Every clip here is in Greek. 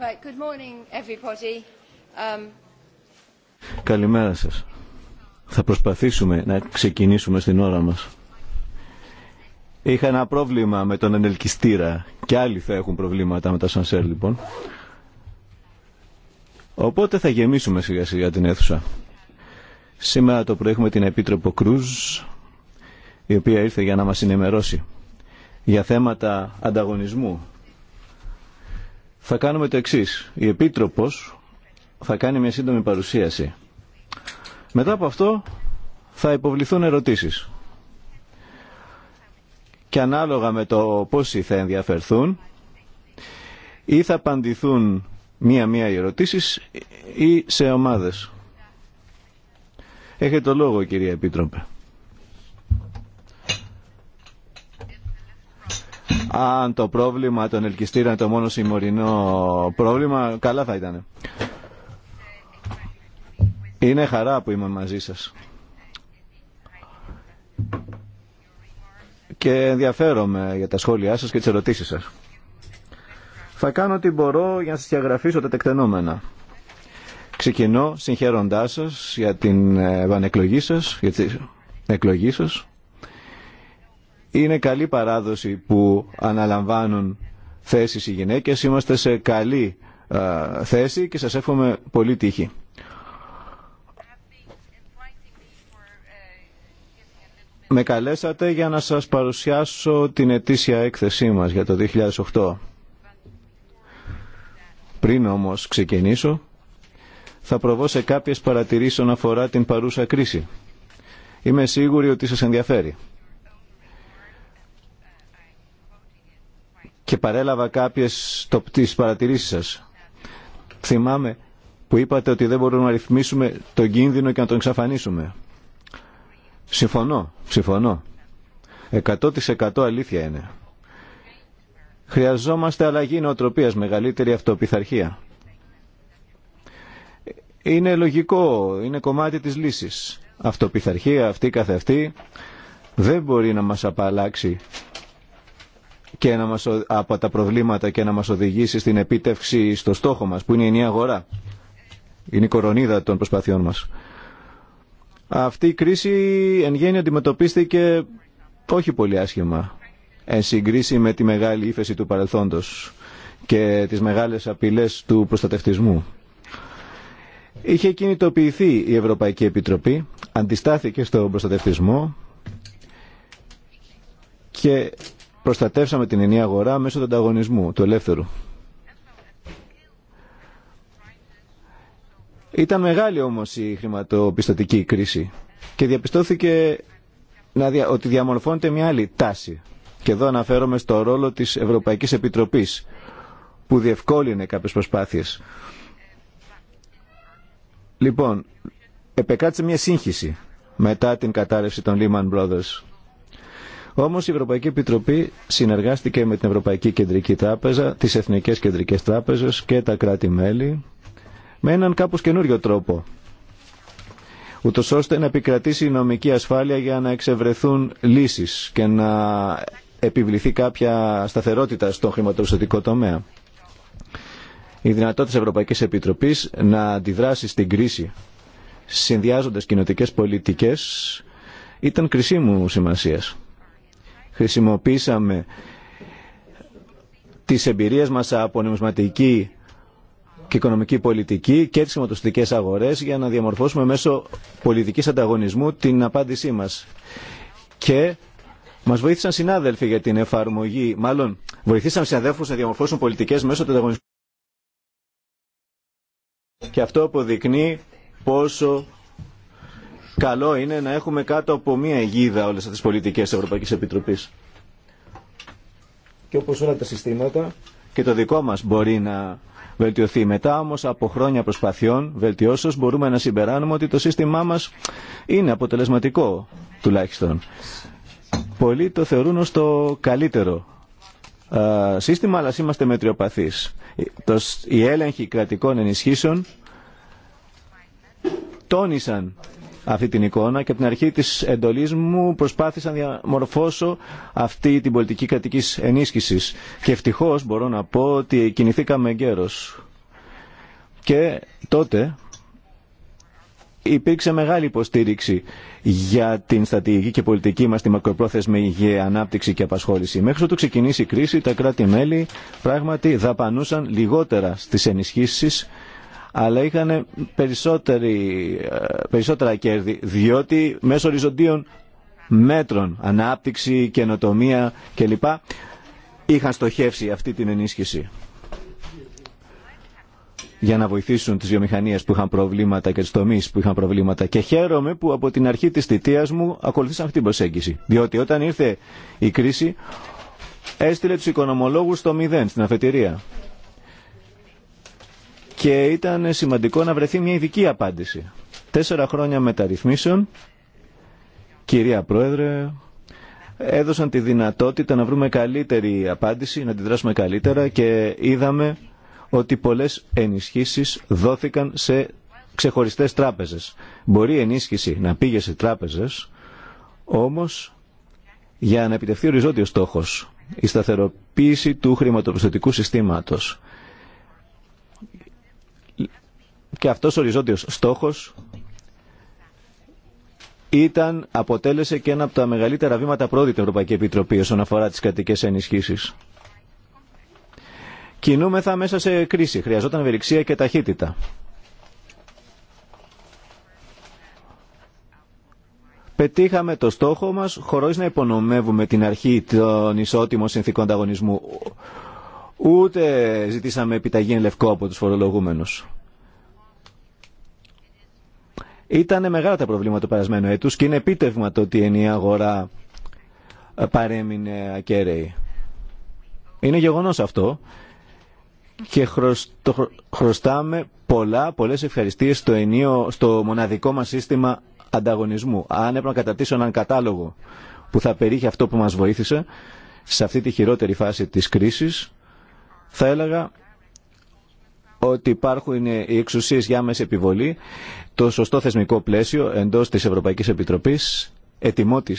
Um, Καλημέρα σας. Θα προσπαθήσουμε να ξεκινήσουμε στην ώρα μας. Είχα ένα πρόβλημα με τον ενελκυστήρα και άλλοι θα έχουν προβλήματα με τα σανσέρ λοιπόν. Οπότε θα γεμίσουμε σιγά σιγά την αίθουσα. Σήμερα το πρωί έχουμε την Επίτροπο Κρούζ η οποία ήρθε για να μας ενημερώσει για θέματα ανταγωνισμού θα κάνουμε το εξής. Η Επίτροπος θα κάνει μια σύντομη παρουσίαση. Μετά από αυτό θα υποβληθούν ερωτήσεις. Και ανάλογα με το πόσοι θα ενδιαφερθούν ή θα απαντηθούν μία-μία οι ερωτήσεις ή σε ομάδες. Έχετε το λόγο κυρία Επίτροπε. Αν το πρόβλημα των ελκυστήρων είναι το μόνο σημερινό πρόβλημα, καλά θα ήταν. Είναι χαρά που είμαι μαζί σας. Και ενδιαφέρομαι για τα σχόλιά σας και τις ερωτήσεις σας. Θα κάνω ό,τι μπορώ για να σας διαγραφήσω τα τεκτενόμενα. Ξεκινώ συγχαίροντάς σας για την ε, επανεκλογή σας, για την εκλογή σας. Είναι καλή παράδοση που αναλαμβάνουν θέσεις οι γυναίκες. Είμαστε σε καλή θέση και σας εύχομαι πολύ τύχη. Με καλέσατε για να σας παρουσιάσω την ετήσια έκθεσή μας για το 2008. Πριν όμως ξεκινήσω, θα προβώ σε κάποιες παρατηρήσεις όσον αφορά την παρούσα κρίση. Είμαι σίγουρη ότι σας ενδιαφέρει. και παρέλαβα κάποιες τις παρατηρήσεις σας. Θυμάμαι που είπατε ότι δεν μπορούμε να ρυθμίσουμε τον κίνδυνο και να τον εξαφανίσουμε. Συμφωνώ, συμφωνώ. 100% αλήθεια είναι. Χρειαζόμαστε αλλαγή νοοτροπίας, μεγαλύτερη αυτοπιθαρχία. Είναι λογικό, είναι κομμάτι της λύσης. Αυτοπιθαρχία αυτή αυτή δεν μπορεί να μας απαλλάξει και να μας, από τα προβλήματα και να μας οδηγήσει στην επίτευξη στο στόχο μας που είναι η νέα αγορά. Είναι η κορονίδα των προσπαθειών μας. Αυτή η κρίση εν γέννη αντιμετωπίστηκε όχι πολύ άσχημα εν συγκρίση με τη μεγάλη ύφεση του παρελθόντος και τις μεγάλες απειλές του προστατευτισμού. Είχε κινητοποιηθεί η Ευρωπαϊκή Επιτροπή, αντιστάθηκε στον προστατευτισμό και προστατεύσαμε την ενιαία αγορά μέσω του ανταγωνισμού, του ελεύθερου. Ήταν μεγάλη όμως η χρηματοπιστωτική κρίση και διαπιστώθηκε ότι διαμορφώνεται μια άλλη τάση. Και εδώ αναφέρομαι στο ρόλο της Ευρωπαϊκής Επιτροπής που διευκόλυνε κάποιες προσπάθειες. Λοιπόν, επεκράτησε μια σύγχυση μετά την κατάρρευση των Lehman Brothers Όμω η Ευρωπαϊκή Επιτροπή συνεργάστηκε με την Ευρωπαϊκή Κεντρική Τράπεζα, τις Εθνικές Κεντρικές Τράπεζε και τα κράτη-μέλη με έναν κάπως καινούριο τρόπο ούτω ώστε να επικρατήσει η νομική ασφάλεια για να εξευρεθούν λύσεις και να επιβληθεί κάποια σταθερότητα στον χρηματοπιστωτικό τομέα. Η δυνατότητα της Ευρωπαϊκής Επιτροπής να αντιδράσει στην κρίση συνδυάζοντας κοινοτικές πολιτικές ήταν κρισίμου σημασίας. Χρησιμοποίησαμε τις εμπειρίες μας από νομισματική και οικονομική πολιτική και τις χρηματοστικές αγορές για να διαμορφώσουμε μέσω πολιτικής ανταγωνισμού την απάντησή μας. Και μας βοήθησαν συνάδελφοι για την εφαρμογή, μάλλον βοηθήσαν συναδέλφους να διαμορφώσουν πολιτικές μέσω του ανταγωνισμού. Και αυτό αποδεικνύει πόσο καλό είναι να έχουμε κάτω από μία αιγίδα όλες αυτές τις πολιτικές της Ευρωπαϊκής Επιτροπής. Και όπω όλα τα συστήματα και το δικό μας μπορεί να βελτιωθεί. Μετά όμως από χρόνια προσπαθειών βελτιώσεω μπορούμε να συμπεράνουμε ότι το σύστημά μας είναι αποτελεσματικό τουλάχιστον. Πολλοί το θεωρούν ως το καλύτερο ε, σύστημα, αλλά είμαστε μετριοπαθείς. οι έλεγχοι κρατικών ενισχύσεων τόνισαν αυτή την εικόνα και από την αρχή της εντολής μου προσπάθησα να διαμορφώσω αυτή την πολιτική κρατικής ενίσχυσης και ευτυχώς μπορώ να πω ότι κινηθήκαμε εγκαίρως. Και τότε υπήρξε μεγάλη υποστήριξη για την στρατηγική και πολιτική μας τη μακροπρόθεσμη για ανάπτυξη και απασχόληση. Μέχρι ότου ξεκινήσει η κρίση, τα κράτη-μέλη πράγματι δαπανούσαν λιγότερα στις ενισχύσεις αλλά είχαν ε, περισσότερα κέρδη, διότι μέσω οριζοντίων μέτρων, ανάπτυξη, καινοτομία κλπ. είχαν στοχεύσει αυτή την ενίσχυση για να βοηθήσουν τις βιομηχανίες που είχαν προβλήματα και τις τομείς που είχαν προβλήματα. Και χαίρομαι που από την αρχή της θητείας μου ακολουθήσαν αυτή την προσέγγιση. Διότι όταν ήρθε η κρίση έστειλε τους οικονομολόγους στο μηδέν, στην αφετηρία και ήταν σημαντικό να βρεθεί μια ειδική απάντηση. Τέσσερα χρόνια μεταρρυθμίσεων, κυρία Πρόεδρε, έδωσαν τη δυνατότητα να βρούμε καλύτερη απάντηση, να αντιδράσουμε καλύτερα και είδαμε ότι πολλές ενισχύσεις δόθηκαν σε ξεχωριστές τράπεζες. Μπορεί η ενίσχυση να πήγε σε τράπεζες, όμως για να επιτευχθεί οριζόντιος στόχος, η σταθεροποίηση του χρηματοπιστωτικού συστήματος και αυτός ο οριζόντιος στόχος ήταν, αποτέλεσε και ένα από τα μεγαλύτερα βήματα πρόοδη την Ευρωπαϊκή Επιτροπή όσον αφορά τις κρατικές ενισχύσεις. Κινούμεθα μέσα σε κρίση. Χρειαζόταν ευελιξία και ταχύτητα. Πετύχαμε το στόχο μας χωρίς να υπονομεύουμε την αρχή των ισότιμων συνθήκων ανταγωνισμού. Ούτε ζητήσαμε επιταγή εν λευκό από τους φορολογούμενους. Ήταν μεγάλα τα προβλήματα του περασμένου έτου και είναι επίτευγμα το ότι η ενιαία αγορά ε, παρέμεινε ακέραιη. Είναι γεγονός αυτό και χρωστάμε πολλά, πολλές ευχαριστίες στο, ενίο, στο μοναδικό μας σύστημα ανταγωνισμού. Αν έπρεπε να κατατήσω έναν κατάλογο που θα περίχει αυτό που μας βοήθησε σε αυτή τη χειρότερη φάση της κρίσης, θα έλεγα ότι υπάρχουν ε, οι εξουσίε για άμεση επιβολή, το σωστό θεσμικό πλαίσιο εντός της Ευρωπαϊκής Επιτροπής, ετοιμότη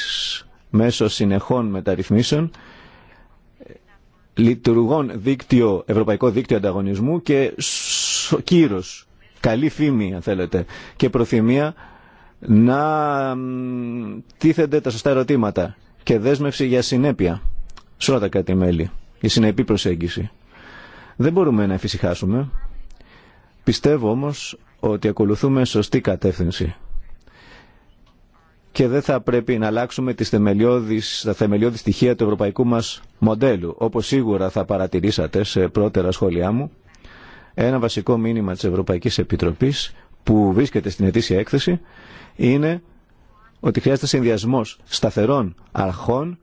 μέσω συνεχών μεταρρυθμίσεων, λειτουργών δίκτυο, ευρωπαϊκό δίκτυο ανταγωνισμού και κύρος, καλή φήμη αν θέλετε και προθυμία να τίθενται τα σωστά ερωτήματα και δέσμευση για συνέπεια σε όλα τα κράτη-μέλη, για συνεπή προσέγγιση. Δεν μπορούμε να εφησυχάσουμε. Πιστεύω όμως ότι ακολουθούμε σωστή κατεύθυνση και δεν θα πρέπει να αλλάξουμε τις θεμελιώδεις, τα θεμελιώδη στοιχεία του ευρωπαϊκού μας μοντέλου. Όπως σίγουρα θα παρατηρήσατε σε πρώτερα σχόλιά μου, ένα βασικό μήνυμα της Ευρωπαϊκής Επιτροπής που βρίσκεται στην ετήσια έκθεση είναι ότι χρειάζεται συνδυασμό σταθερών αρχών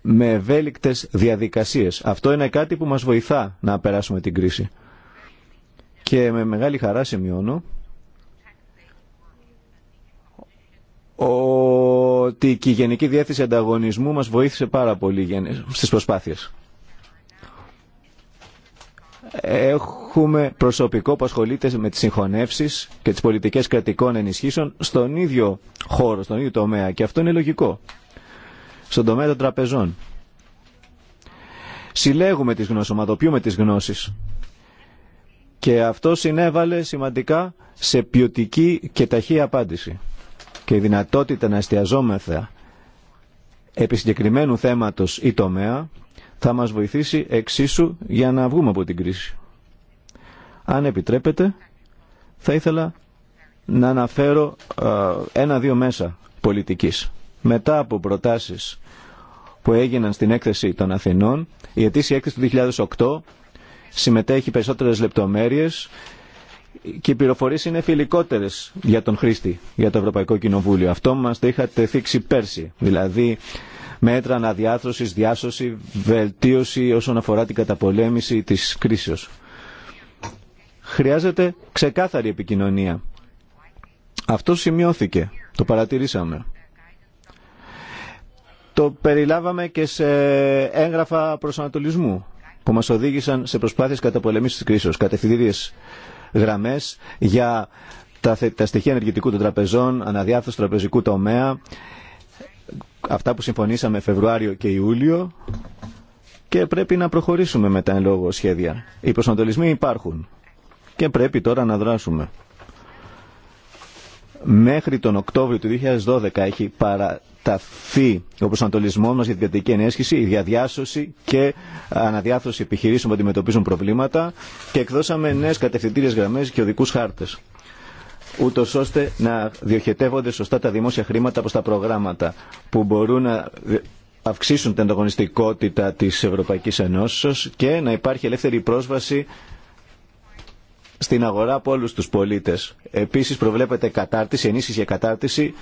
με ευέλικτες διαδικασίες. Αυτό είναι κάτι που μας βοηθά να περάσουμε την κρίση. Και με μεγάλη χαρά σημειώνω ότι και η Γενική Διεύθυνση Ανταγωνισμού μας βοήθησε πάρα πολύ στις προσπάθειες. Έχουμε προσωπικό που ασχολείται με τις συγχωνεύσεις και τις πολιτικές κρατικών ενισχύσεων στον ίδιο χώρο, στον ίδιο τομέα και αυτό είναι λογικό. Στον τομέα των τραπεζών. Συλλέγουμε τις γνώσεις, ομαδοποιούμε τις γνώσεις και αυτό συνέβαλε σημαντικά σε ποιοτική και ταχύ απάντηση και η δυνατότητα να εστιαζόμεθα επί συγκεκριμένου θέματος ή τομέα θα μας βοηθήσει εξίσου για να βγούμε από την κρίση. Αν επιτρέπετε, θα ήθελα να αναφέρω ένα-δύο μέσα πολιτικής. Μετά από προτάσεις που έγιναν στην έκθεση των Αθηνών, η ετήσια έκθεση του 2008 συμμετέχει περισσότερες λεπτομέρειες και οι πληροφορίε είναι φιλικότερε για τον χρήστη, για το Ευρωπαϊκό Κοινοβούλιο. Αυτό μα το είχατε θίξει πέρσι. Δηλαδή, μέτρα αναδιάθρωση, διάσωση, βελτίωση όσον αφορά την καταπολέμηση της κρίσεω. Χρειάζεται ξεκάθαρη επικοινωνία. Αυτό σημειώθηκε. Το παρατηρήσαμε. Το περιλάβαμε και σε έγγραφα προσανατολισμού που μας οδήγησαν σε προσπάθειες καταπολεμήσης της κρίσης, κατευθυντήριες γραμμές για τα, τα στοιχεία ενεργητικού των τραπεζών, αναδιάθρωση τραπεζικού τομέα, αυτά που συμφωνήσαμε Φεβρουάριο και Ιούλιο και πρέπει να προχωρήσουμε με τα εν λόγω σχέδια. Οι προσανατολισμοί υπάρχουν και πρέπει τώρα να δράσουμε. Μέχρι τον Οκτώβριο του 2012 έχει παραταθεί ο προσανατολισμό μα για την κρατική ενέσχυση, η διαδιάσωση και αναδιάθρωση επιχειρήσεων που αντιμετωπίζουν προβλήματα και εκδώσαμε νέε κατευθυντήριε γραμμέ και οδικού χάρτε ούτω ώστε να διοχετεύονται σωστά τα δημόσια χρήματα προ τα προγράμματα που μπορούν να αυξήσουν την ανταγωνιστικότητα της Ευρωπαϊκής Ενώσεως και να υπάρχει ελεύθερη πρόσβαση στην αγορά από όλου του πολίτε. Επίση, προβλέπεται κατάρτιση, ενίσχυση για κατάρτιση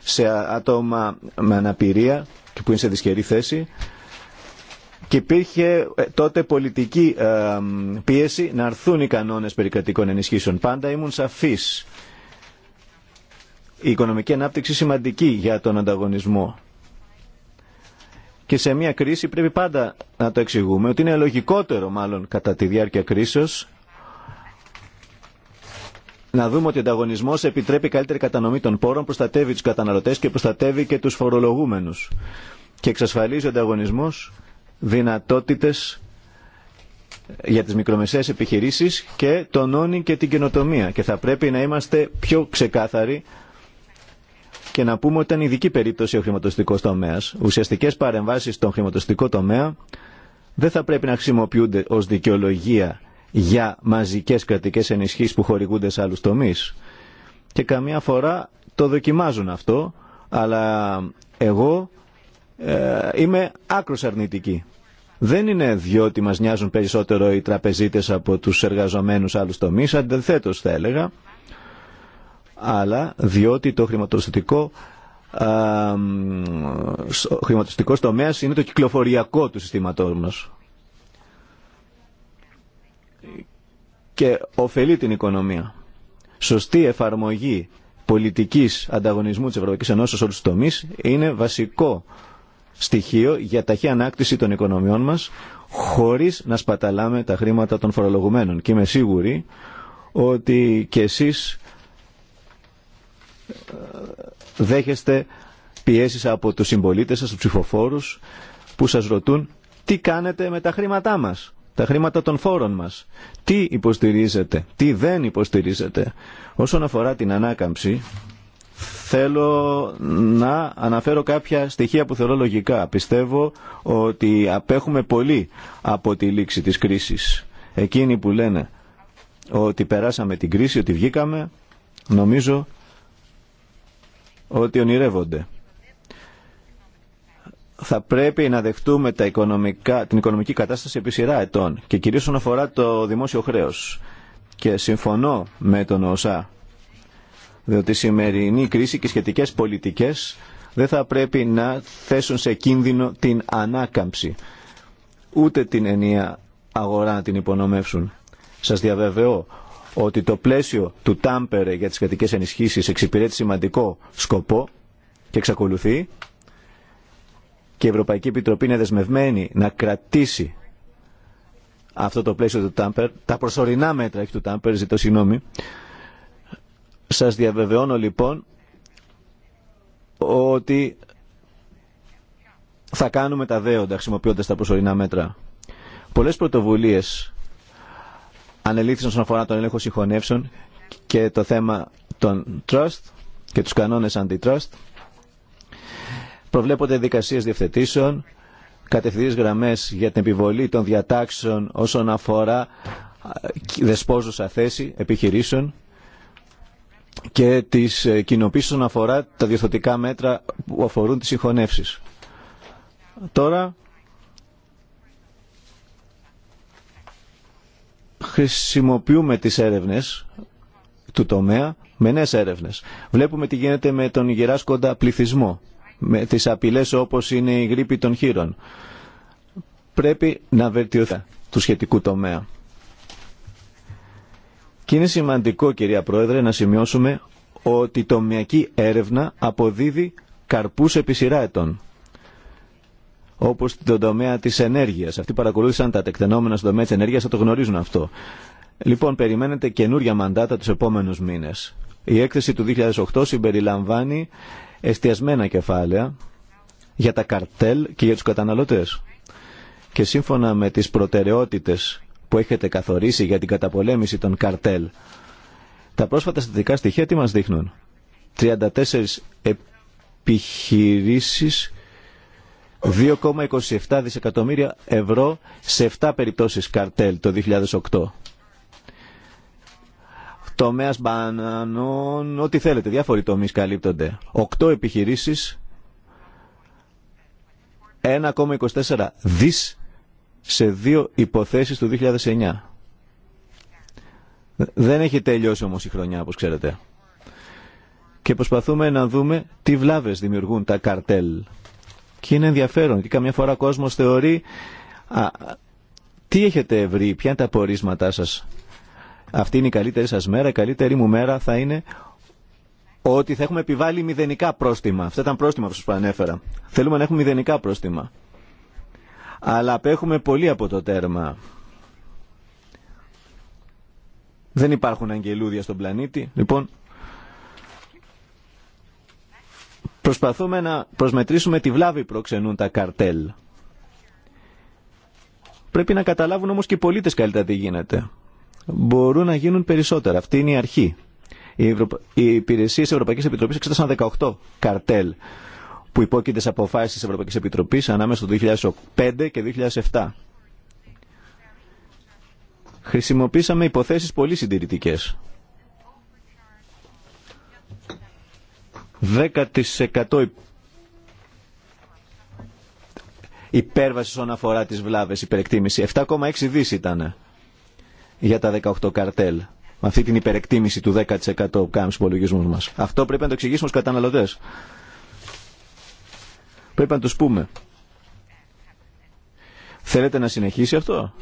σε άτομα με αναπηρία και που είναι σε δυσκερή θέση. Και υπήρχε ε, τότε πολιτική ε, πίεση να αρθούν οι κανόνες περικρατικών ενισχύσεων. Πάντα ήμουν σαφής. Η οικονομική ανάπτυξη σημαντική για τον ανταγωνισμό. Και σε μια κρίση πρέπει πάντα να το εξηγούμε ότι είναι λογικότερο μάλλον κατά τη διάρκεια κρίσεως να δούμε ότι ο ανταγωνισμό επιτρέπει καλύτερη κατανομή των πόρων, προστατεύει του καταναλωτέ και προστατεύει και του φορολογούμενου. Και εξασφαλίζει ο ανταγωνισμό δυνατότητε για τις μικρομεσαίες επιχειρήσεις και τονώνει και την καινοτομία. Και θα πρέπει να είμαστε πιο ξεκάθαροι και να πούμε ότι ήταν ειδική περίπτωση ο χρηματοστικό τομέα. Ουσιαστικέ παρεμβάσει στον χρηματοστικό τομέα δεν θα πρέπει να χρησιμοποιούνται ω δικαιολογία για μαζικές κρατικές ενισχύσεις που χορηγούνται σε άλλους τομείς. Και καμιά φορά το δοκιμάζουν αυτό, αλλά εγώ ε, είμαι άκρος αρνητική. Δεν είναι διότι μας νοιάζουν περισσότερο οι τραπεζίτες από τους εργαζομένους άλλους τομείς, αντιθέτως θα έλεγα, αλλά διότι το χρηματοστατικό ε, ο τομέας είναι το κυκλοφοριακό του συστήματός μας. και ωφελεί την οικονομία. Σωστή εφαρμογή πολιτικής ανταγωνισμού τη Ευρωπαϊκή Ενώσης σε όλους του τομείς είναι βασικό στοιχείο για ταχύ ανάκτηση των οικονομιών μας χωρίς να σπαταλάμε τα χρήματα των φορολογουμένων. Και είμαι σίγουρη ότι κι εσείς ε, δέχεστε πιέσεις από τους συμπολίτες σας, τους ψηφοφόρους που σας ρωτούν τι κάνετε με τα χρήματά μας τα χρήματα των φόρων μας. Τι υποστηρίζετε, τι δεν υποστηρίζετε. Όσον αφορά την ανάκαμψη, θέλω να αναφέρω κάποια στοιχεία που θεωρώ λογικά. Πιστεύω ότι απέχουμε πολύ από τη λήξη της κρίσης. Εκείνοι που λένε ότι περάσαμε την κρίση, ότι βγήκαμε, νομίζω ότι ονειρεύονται θα πρέπει να δεχτούμε τα οικονομικά, την οικονομική κατάσταση επί σειρά ετών και κυρίως όσον αφορά το δημόσιο χρέος. Και συμφωνώ με τον ΟΣΑ, διότι η σημερινή κρίση και οι σχετικές πολιτικές δεν θα πρέπει να θέσουν σε κίνδυνο την ανάκαμψη, ούτε την ενία αγορά να την υπονομεύσουν. Σας διαβεβαιώ ότι το πλαίσιο του Τάμπερε για τις κρατικές ενισχύσεις εξυπηρέτει σημαντικό σκοπό και εξακολουθεί και η Ευρωπαϊκή Επιτροπή είναι δεσμευμένη να κρατήσει αυτό το πλαίσιο του Τάμπερ, τα προσωρινά μέτρα έχει του Τάμπερ, ζητώ συγγνώμη. Σας διαβεβαιώνω λοιπόν ότι θα κάνουμε τα δέοντα χρησιμοποιώντα τα προσωρινά μέτρα. Πολλές πρωτοβουλίες ανελήφθησαν όσον αφορά τον έλεγχο συγχωνεύσεων και το θέμα των trust και τους κανόνες antitrust Προβλέπονται δικασίες διευθετήσεων, κατευθυντήρες γραμμές για την επιβολή των διατάξεων όσον αφορά ε, δεσπόζουσα θέση επιχειρήσεων και τις ε, κοινοποίησεις όσον αφορά τα διορθωτικά μέτρα που αφορούν τις συγχωνεύσεις. Τώρα χρησιμοποιούμε τις έρευνες του τομέα με νέες έρευνες. Βλέπουμε τι γίνεται με τον γεράσκοντα πληθυσμό με τις απειλές όπως είναι η γρήπη των χείρων. Πρέπει να βελτιωθεί του σχετικού τομέα. Και είναι σημαντικό, κυρία Πρόεδρε, να σημειώσουμε ότι η τομιακή έρευνα αποδίδει καρπούς επί σειρά ετών. Όπως στον τομέα της ενέργειας. Αυτοί παρακολούθησαν τα τεκτενόμενα στον τομέα της ενέργειας, θα το γνωρίζουν αυτό. Λοιπόν, περιμένετε καινούρια μαντάτα τους επόμενους μήνες. Η έκθεση του 2008 συμπεριλαμβάνει εστιασμένα κεφάλαια για τα καρτέλ και για τους καταναλωτές. Και σύμφωνα με τις προτεραιότητες που έχετε καθορίσει για την καταπολέμηση των καρτέλ, τα πρόσφατα στατικά στοιχεία τι μας δείχνουν. 34 επιχειρήσεις 2,27 δισεκατομμύρια ευρώ σε 7 περιπτώσεις καρτέλ το 2008 τομέα μπανανών, ό,τι θέλετε, διάφοροι τομείς καλύπτονται. Οκτώ επιχειρήσεις, 1,24 δις σε δύο υποθέσεις του 2009. Δεν έχει τελειώσει όμως η χρονιά, όπως ξέρετε. Και προσπαθούμε να δούμε τι βλάβες δημιουργούν τα καρτέλ. Και είναι ενδιαφέρον και καμιά φορά ο κόσμος θεωρεί τι έχετε βρει, ποια είναι τα πορίσματά σας αυτή είναι η καλύτερη σας μέρα, η καλύτερη μου μέρα θα είναι ότι θα έχουμε επιβάλει μηδενικά πρόστιμα. Αυτά ήταν πρόστιμα που σας προανέφερα. Θέλουμε να έχουμε μηδενικά πρόστιμα. Αλλά απέχουμε πολύ από το τέρμα. Δεν υπάρχουν αγγελούδια στον πλανήτη. Λοιπόν, προσπαθούμε να προσμετρήσουμε τη βλάβη που προξενούν τα καρτέλ. Πρέπει να καταλάβουν όμως και οι πολίτες καλύτερα τι γίνεται μπορούν να γίνουν περισσότερα. Αυτή είναι η αρχή. Οι, Ευρω... οι υπηρεσίε Ευρωπαϊκή Επιτροπή εξέτασαν 18 καρτέλ που υπόκειται σε αποφάσει τη Ευρωπαϊκή Επιτροπή ανάμεσα στο 2005 και 2007. Χρησιμοποίησαμε υποθέσεις πολύ συντηρητικέ. 10% υπέρβαση όσον αφορά τις βλάβες, υπερεκτίμηση. 7,6 δις ήταν για τα 18 καρτέλ. Με αυτή την υπερεκτίμηση του 10% κάμψη υπολογισμού μα. Αυτό πρέπει να το εξηγήσουμε στου καταναλωτέ. Πρέπει να του πούμε. Θέλετε να συνεχίσει αυτό.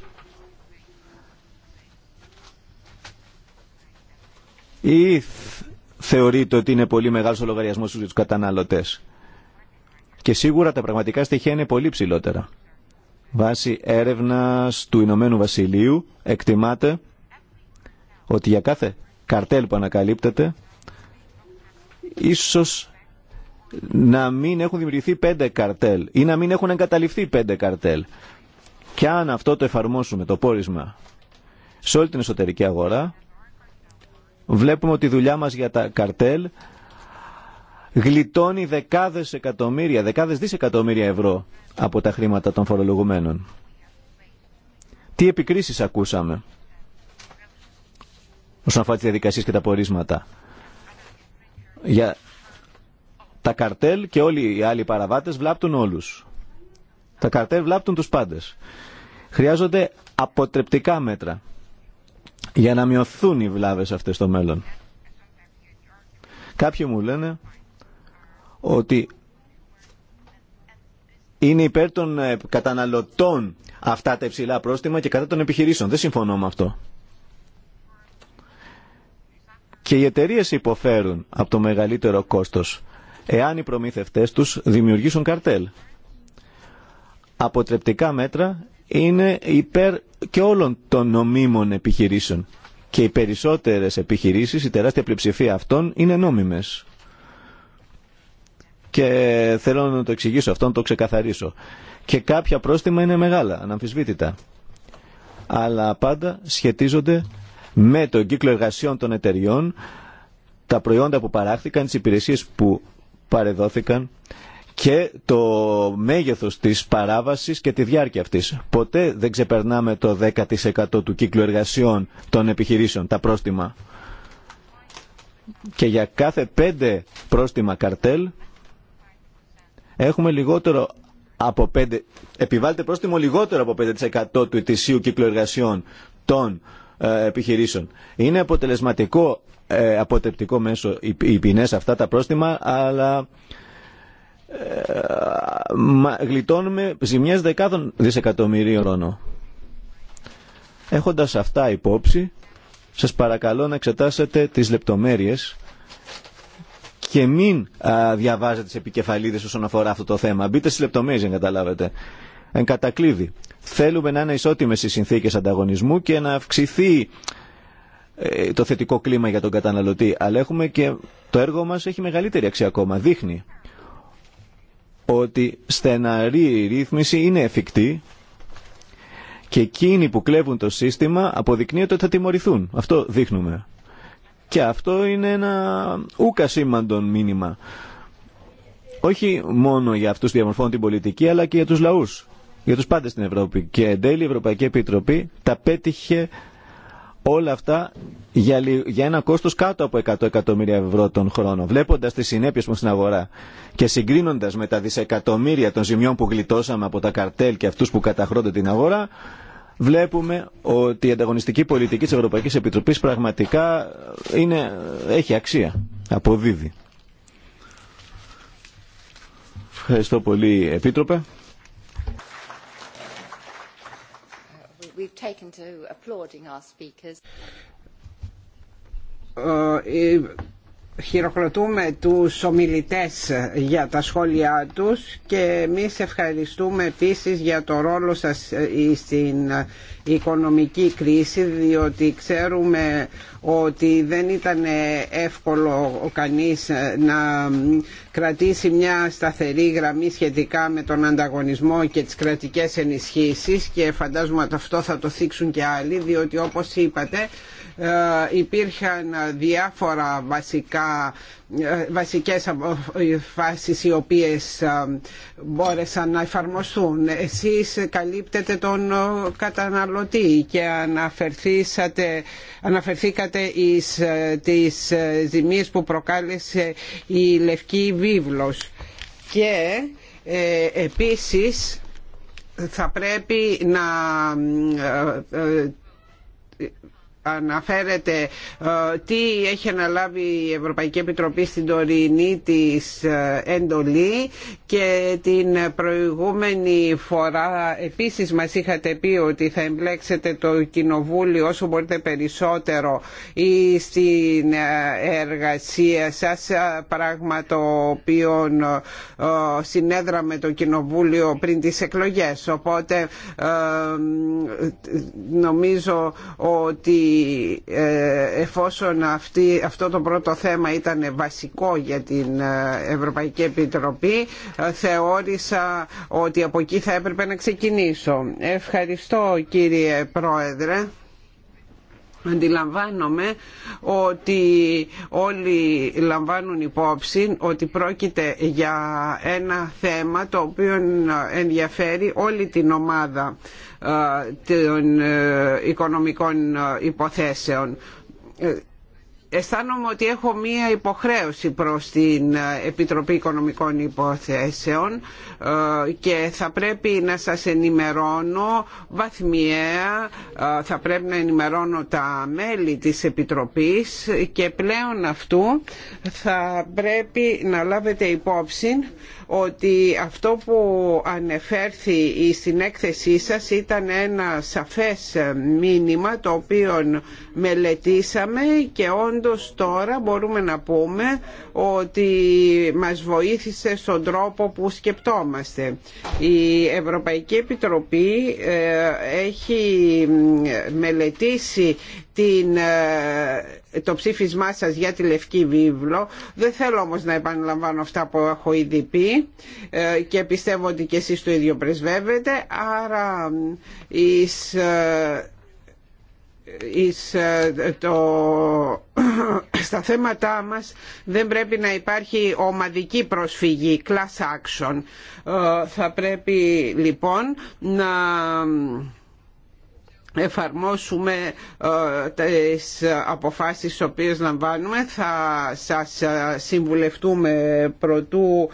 Ή θεωρείτε ότι είναι πολύ μεγάλος ο λογαριασμός για τους καταναλωτές. Και σίγουρα τα πραγματικά στοιχεία είναι πολύ ψηλότερα. Βάσει έρευνας του Ηνωμένου Βασιλείου εκτιμάται ότι για κάθε καρτέλ που ανακαλύπτεται ίσως να μην έχουν δημιουργηθεί πέντε καρτέλ ή να μην έχουν εγκαταλειφθεί πέντε καρτέλ. Και αν αυτό το εφαρμόσουμε, το πόρισμα, σε όλη την εσωτερική αγορά, βλέπουμε ότι η δουλειά μας για τα καρτέλ γλιτώνει δεκάδες εκατομμύρια, δεκάδες δισεκατομμύρια ευρώ από τα χρήματα των φορολογουμένων. Τι επικρίσεις ακούσαμε όσον αφορά τις διαδικασίες και τα πορίσματα. Για τα καρτέλ και όλοι οι άλλοι παραβάτες βλάπτουν όλους. Τα καρτέλ βλάπτουν τους πάντες. Χρειάζονται αποτρεπτικά μέτρα για να μειωθούν οι βλάβες αυτές στο μέλλον. Κάποιοι μου λένε ότι είναι υπέρ των ε, καταναλωτών αυτά τα υψηλά πρόστιμα και κατά των επιχειρήσεων. Δεν συμφωνώ με αυτό. Και οι εταιρείε υποφέρουν από το μεγαλύτερο κόστος εάν οι προμήθευτές τους δημιουργήσουν καρτέλ. Αποτρεπτικά μέτρα είναι υπέρ και όλων των νομίμων επιχειρήσεων. Και οι περισσότερες επιχειρήσεις, η τεράστια πλειοψηφία αυτών, είναι νόμιμες. Και θέλω να το εξηγήσω αυτό, να το ξεκαθαρίσω. Και κάποια πρόστιμα είναι μεγάλα, αναμφισβήτητα. Αλλά πάντα σχετίζονται με τον κύκλο εργασιών των εταιριών, τα προϊόντα που παράχθηκαν, τις υπηρεσίες που παρεδόθηκαν και το μέγεθος της παράβασης και τη διάρκεια αυτής. Ποτέ δεν ξεπερνάμε το 10% του κύκλου εργασιών των επιχειρήσεων, τα πρόστιμα. Και για κάθε πέντε πρόστιμα καρτέλ έχουμε λιγότερο από 5, επιβάλλεται πρόστιμο λιγότερο από 5% του ετησίου κύκλου των ε, επιχειρήσεων. Είναι αποτελεσματικό ε, αποτεπτικό μέσο οι, ποινέ αυτά τα πρόστιμα, αλλά ε, μα, γλιτώνουμε ζημιές δεκάδων δισεκατομμυρίων χρόνο. Έχοντας αυτά υπόψη, σας παρακαλώ να εξετάσετε τις λεπτομέρειες και μην διαβάζετε τι επικεφαλίδε όσον αφορά αυτό το θέμα. Μπείτε στι λεπτομέρειε, για καταλάβετε. Εν κατακλείδη, θέλουμε να είναι ισότιμες οι συνθήκε ανταγωνισμού και να αυξηθεί ε, το θετικό κλίμα για τον καταναλωτή. Αλλά έχουμε και το έργο μας έχει μεγαλύτερη αξία ακόμα. Δείχνει ότι στεναρή ρύθμιση είναι εφικτή και εκείνοι που κλέβουν το σύστημα αποδεικνύεται ότι θα τιμωρηθούν. Αυτό δείχνουμε. Και αυτό είναι ένα ούκα σήμαντον μήνυμα. Όχι μόνο για αυτούς που διαμορφώνουν την πολιτική, αλλά και για τους λαούς, για τους πάντες στην Ευρώπη. Και εν τέλει η Ευρωπαϊκή Επιτροπή τα πέτυχε όλα αυτά για, για ένα κόστος κάτω από 100 εκατομμύρια ευρώ τον χρόνο. Βλέποντας τις συνέπειες μου στην αγορά και συγκρίνοντας με τα δισεκατομμύρια των ζημιών που γλιτώσαμε από τα καρτέλ και αυτούς που καταχρώνται την αγορά, βλέπουμε ότι η ανταγωνιστική πολιτική της Ευρωπαϊκής Επιτροπής πραγματικά είναι, έχει αξία, αποδίδει. Ευχαριστώ πολύ, Επίτροπε. We've taken to ε, χειροκροτούμε τους ομιλητές για τα σχόλιά τους και εμεί ευχαριστούμε επίσης για το ρόλο σας ε, στην ε, οικονομική κρίση διότι ξέρουμε ότι δεν ήταν εύκολο ο κανείς ε, να κρατήσει μια σταθερή γραμμή σχετικά με τον ανταγωνισμό και τις κρατικές ενισχύσεις και φαντάζομαι ότι αυτό θα το θίξουν και άλλοι διότι όπως είπατε ε, υπήρχαν διάφορα βασικά ε, βασικές φάσεις οι οποίες ε, μπόρεσαν να εφαρμοστούν. Εσείς καλύπτετε τον καταναλωτή και αναφερθήκατε εις τις ζημίες που προκάλεσε η Λευκή Βίβλος και επίσης θα πρέπει να αναφέρεται ε, τι έχει αναλάβει η Ευρωπαϊκή Επιτροπή στην τωρινή της ε, εντολή και την προηγούμενη φορά επίσης μας είχατε πει ότι θα εμπλέξετε το Κοινοβούλιο όσο μπορείτε περισσότερο ή στην ε, εργασία σας πράγμα το οποίο συνέδραμε το Κοινοβούλιο πριν τις εκλογές οπότε νομίζω ότι ε, εφόσον αυτή, αυτό το πρώτο θέμα ήταν βασικό για την ε, Ευρωπαϊκή Επιτροπή ε, θεώρησα ότι από εκεί θα έπρεπε να ξεκινήσω. Ευχαριστώ κύριε Πρόεδρε. Αντιλαμβάνομαι ότι όλοι λαμβάνουν υπόψη ότι πρόκειται για ένα θέμα το οποίο ενδιαφέρει όλη την ομάδα των ε, οικονομικών ε, υποθέσεων ε, αισθάνομαι ότι έχω μία υποχρέωση προς την Επιτροπή Οικονομικών Υποθέσεων και θα πρέπει να σας ενημερώνω βαθμιαία, θα πρέπει να ενημερώνω τα μέλη της Επιτροπής και πλέον αυτού θα πρέπει να λάβετε υπόψη ότι αυτό που ανεφέρθη στην έκθεσή σας ήταν ένα σαφές μήνυμα το οποίο μελετήσαμε και όντως τώρα μπορούμε να πούμε ότι μας βοήθησε στον τρόπο που σκεπτόμαστε. Η Ευρωπαϊκή Επιτροπή ε, έχει μελετήσει την, ε, το ψήφισμά σας για τη Λευκή Βίβλο. Δεν θέλω όμως να επαναλαμβάνω αυτά που έχω ήδη πει ε, και πιστεύω ότι και εσείς το ίδιο πρεσβεύετε. Άρα ε, το, στα θέματά μας δεν πρέπει να υπάρχει ομαδική προσφυγή, class action. Θα πρέπει λοιπόν να εφαρμόσουμε ε, τις αποφάσεις τις οποίες λαμβάνουμε θα σας ε, συμβουλευτούμε προτού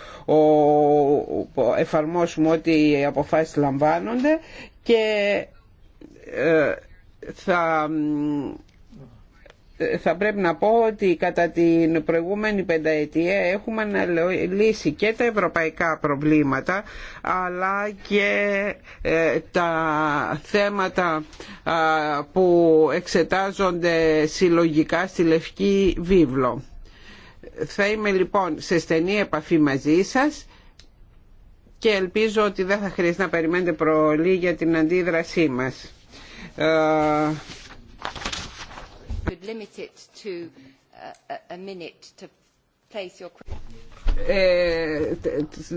εφαρμόσουμε ό,τι οι αποφάσεις λαμβάνονται και ε, θα θα πρέπει να πω ότι κατά την προηγούμενη πενταετία έχουμε λύσει και τα ευρωπαϊκά προβλήματα αλλά και ε, τα θέματα που εξετάζονται συλλογικά στη Λευκή Βίβλο. Θα είμαι λοιπόν σε στενή επαφή μαζί σας και ελπίζω ότι δεν θα χρειάζεται να περιμένετε προλή για την αντίδρασή μας ε,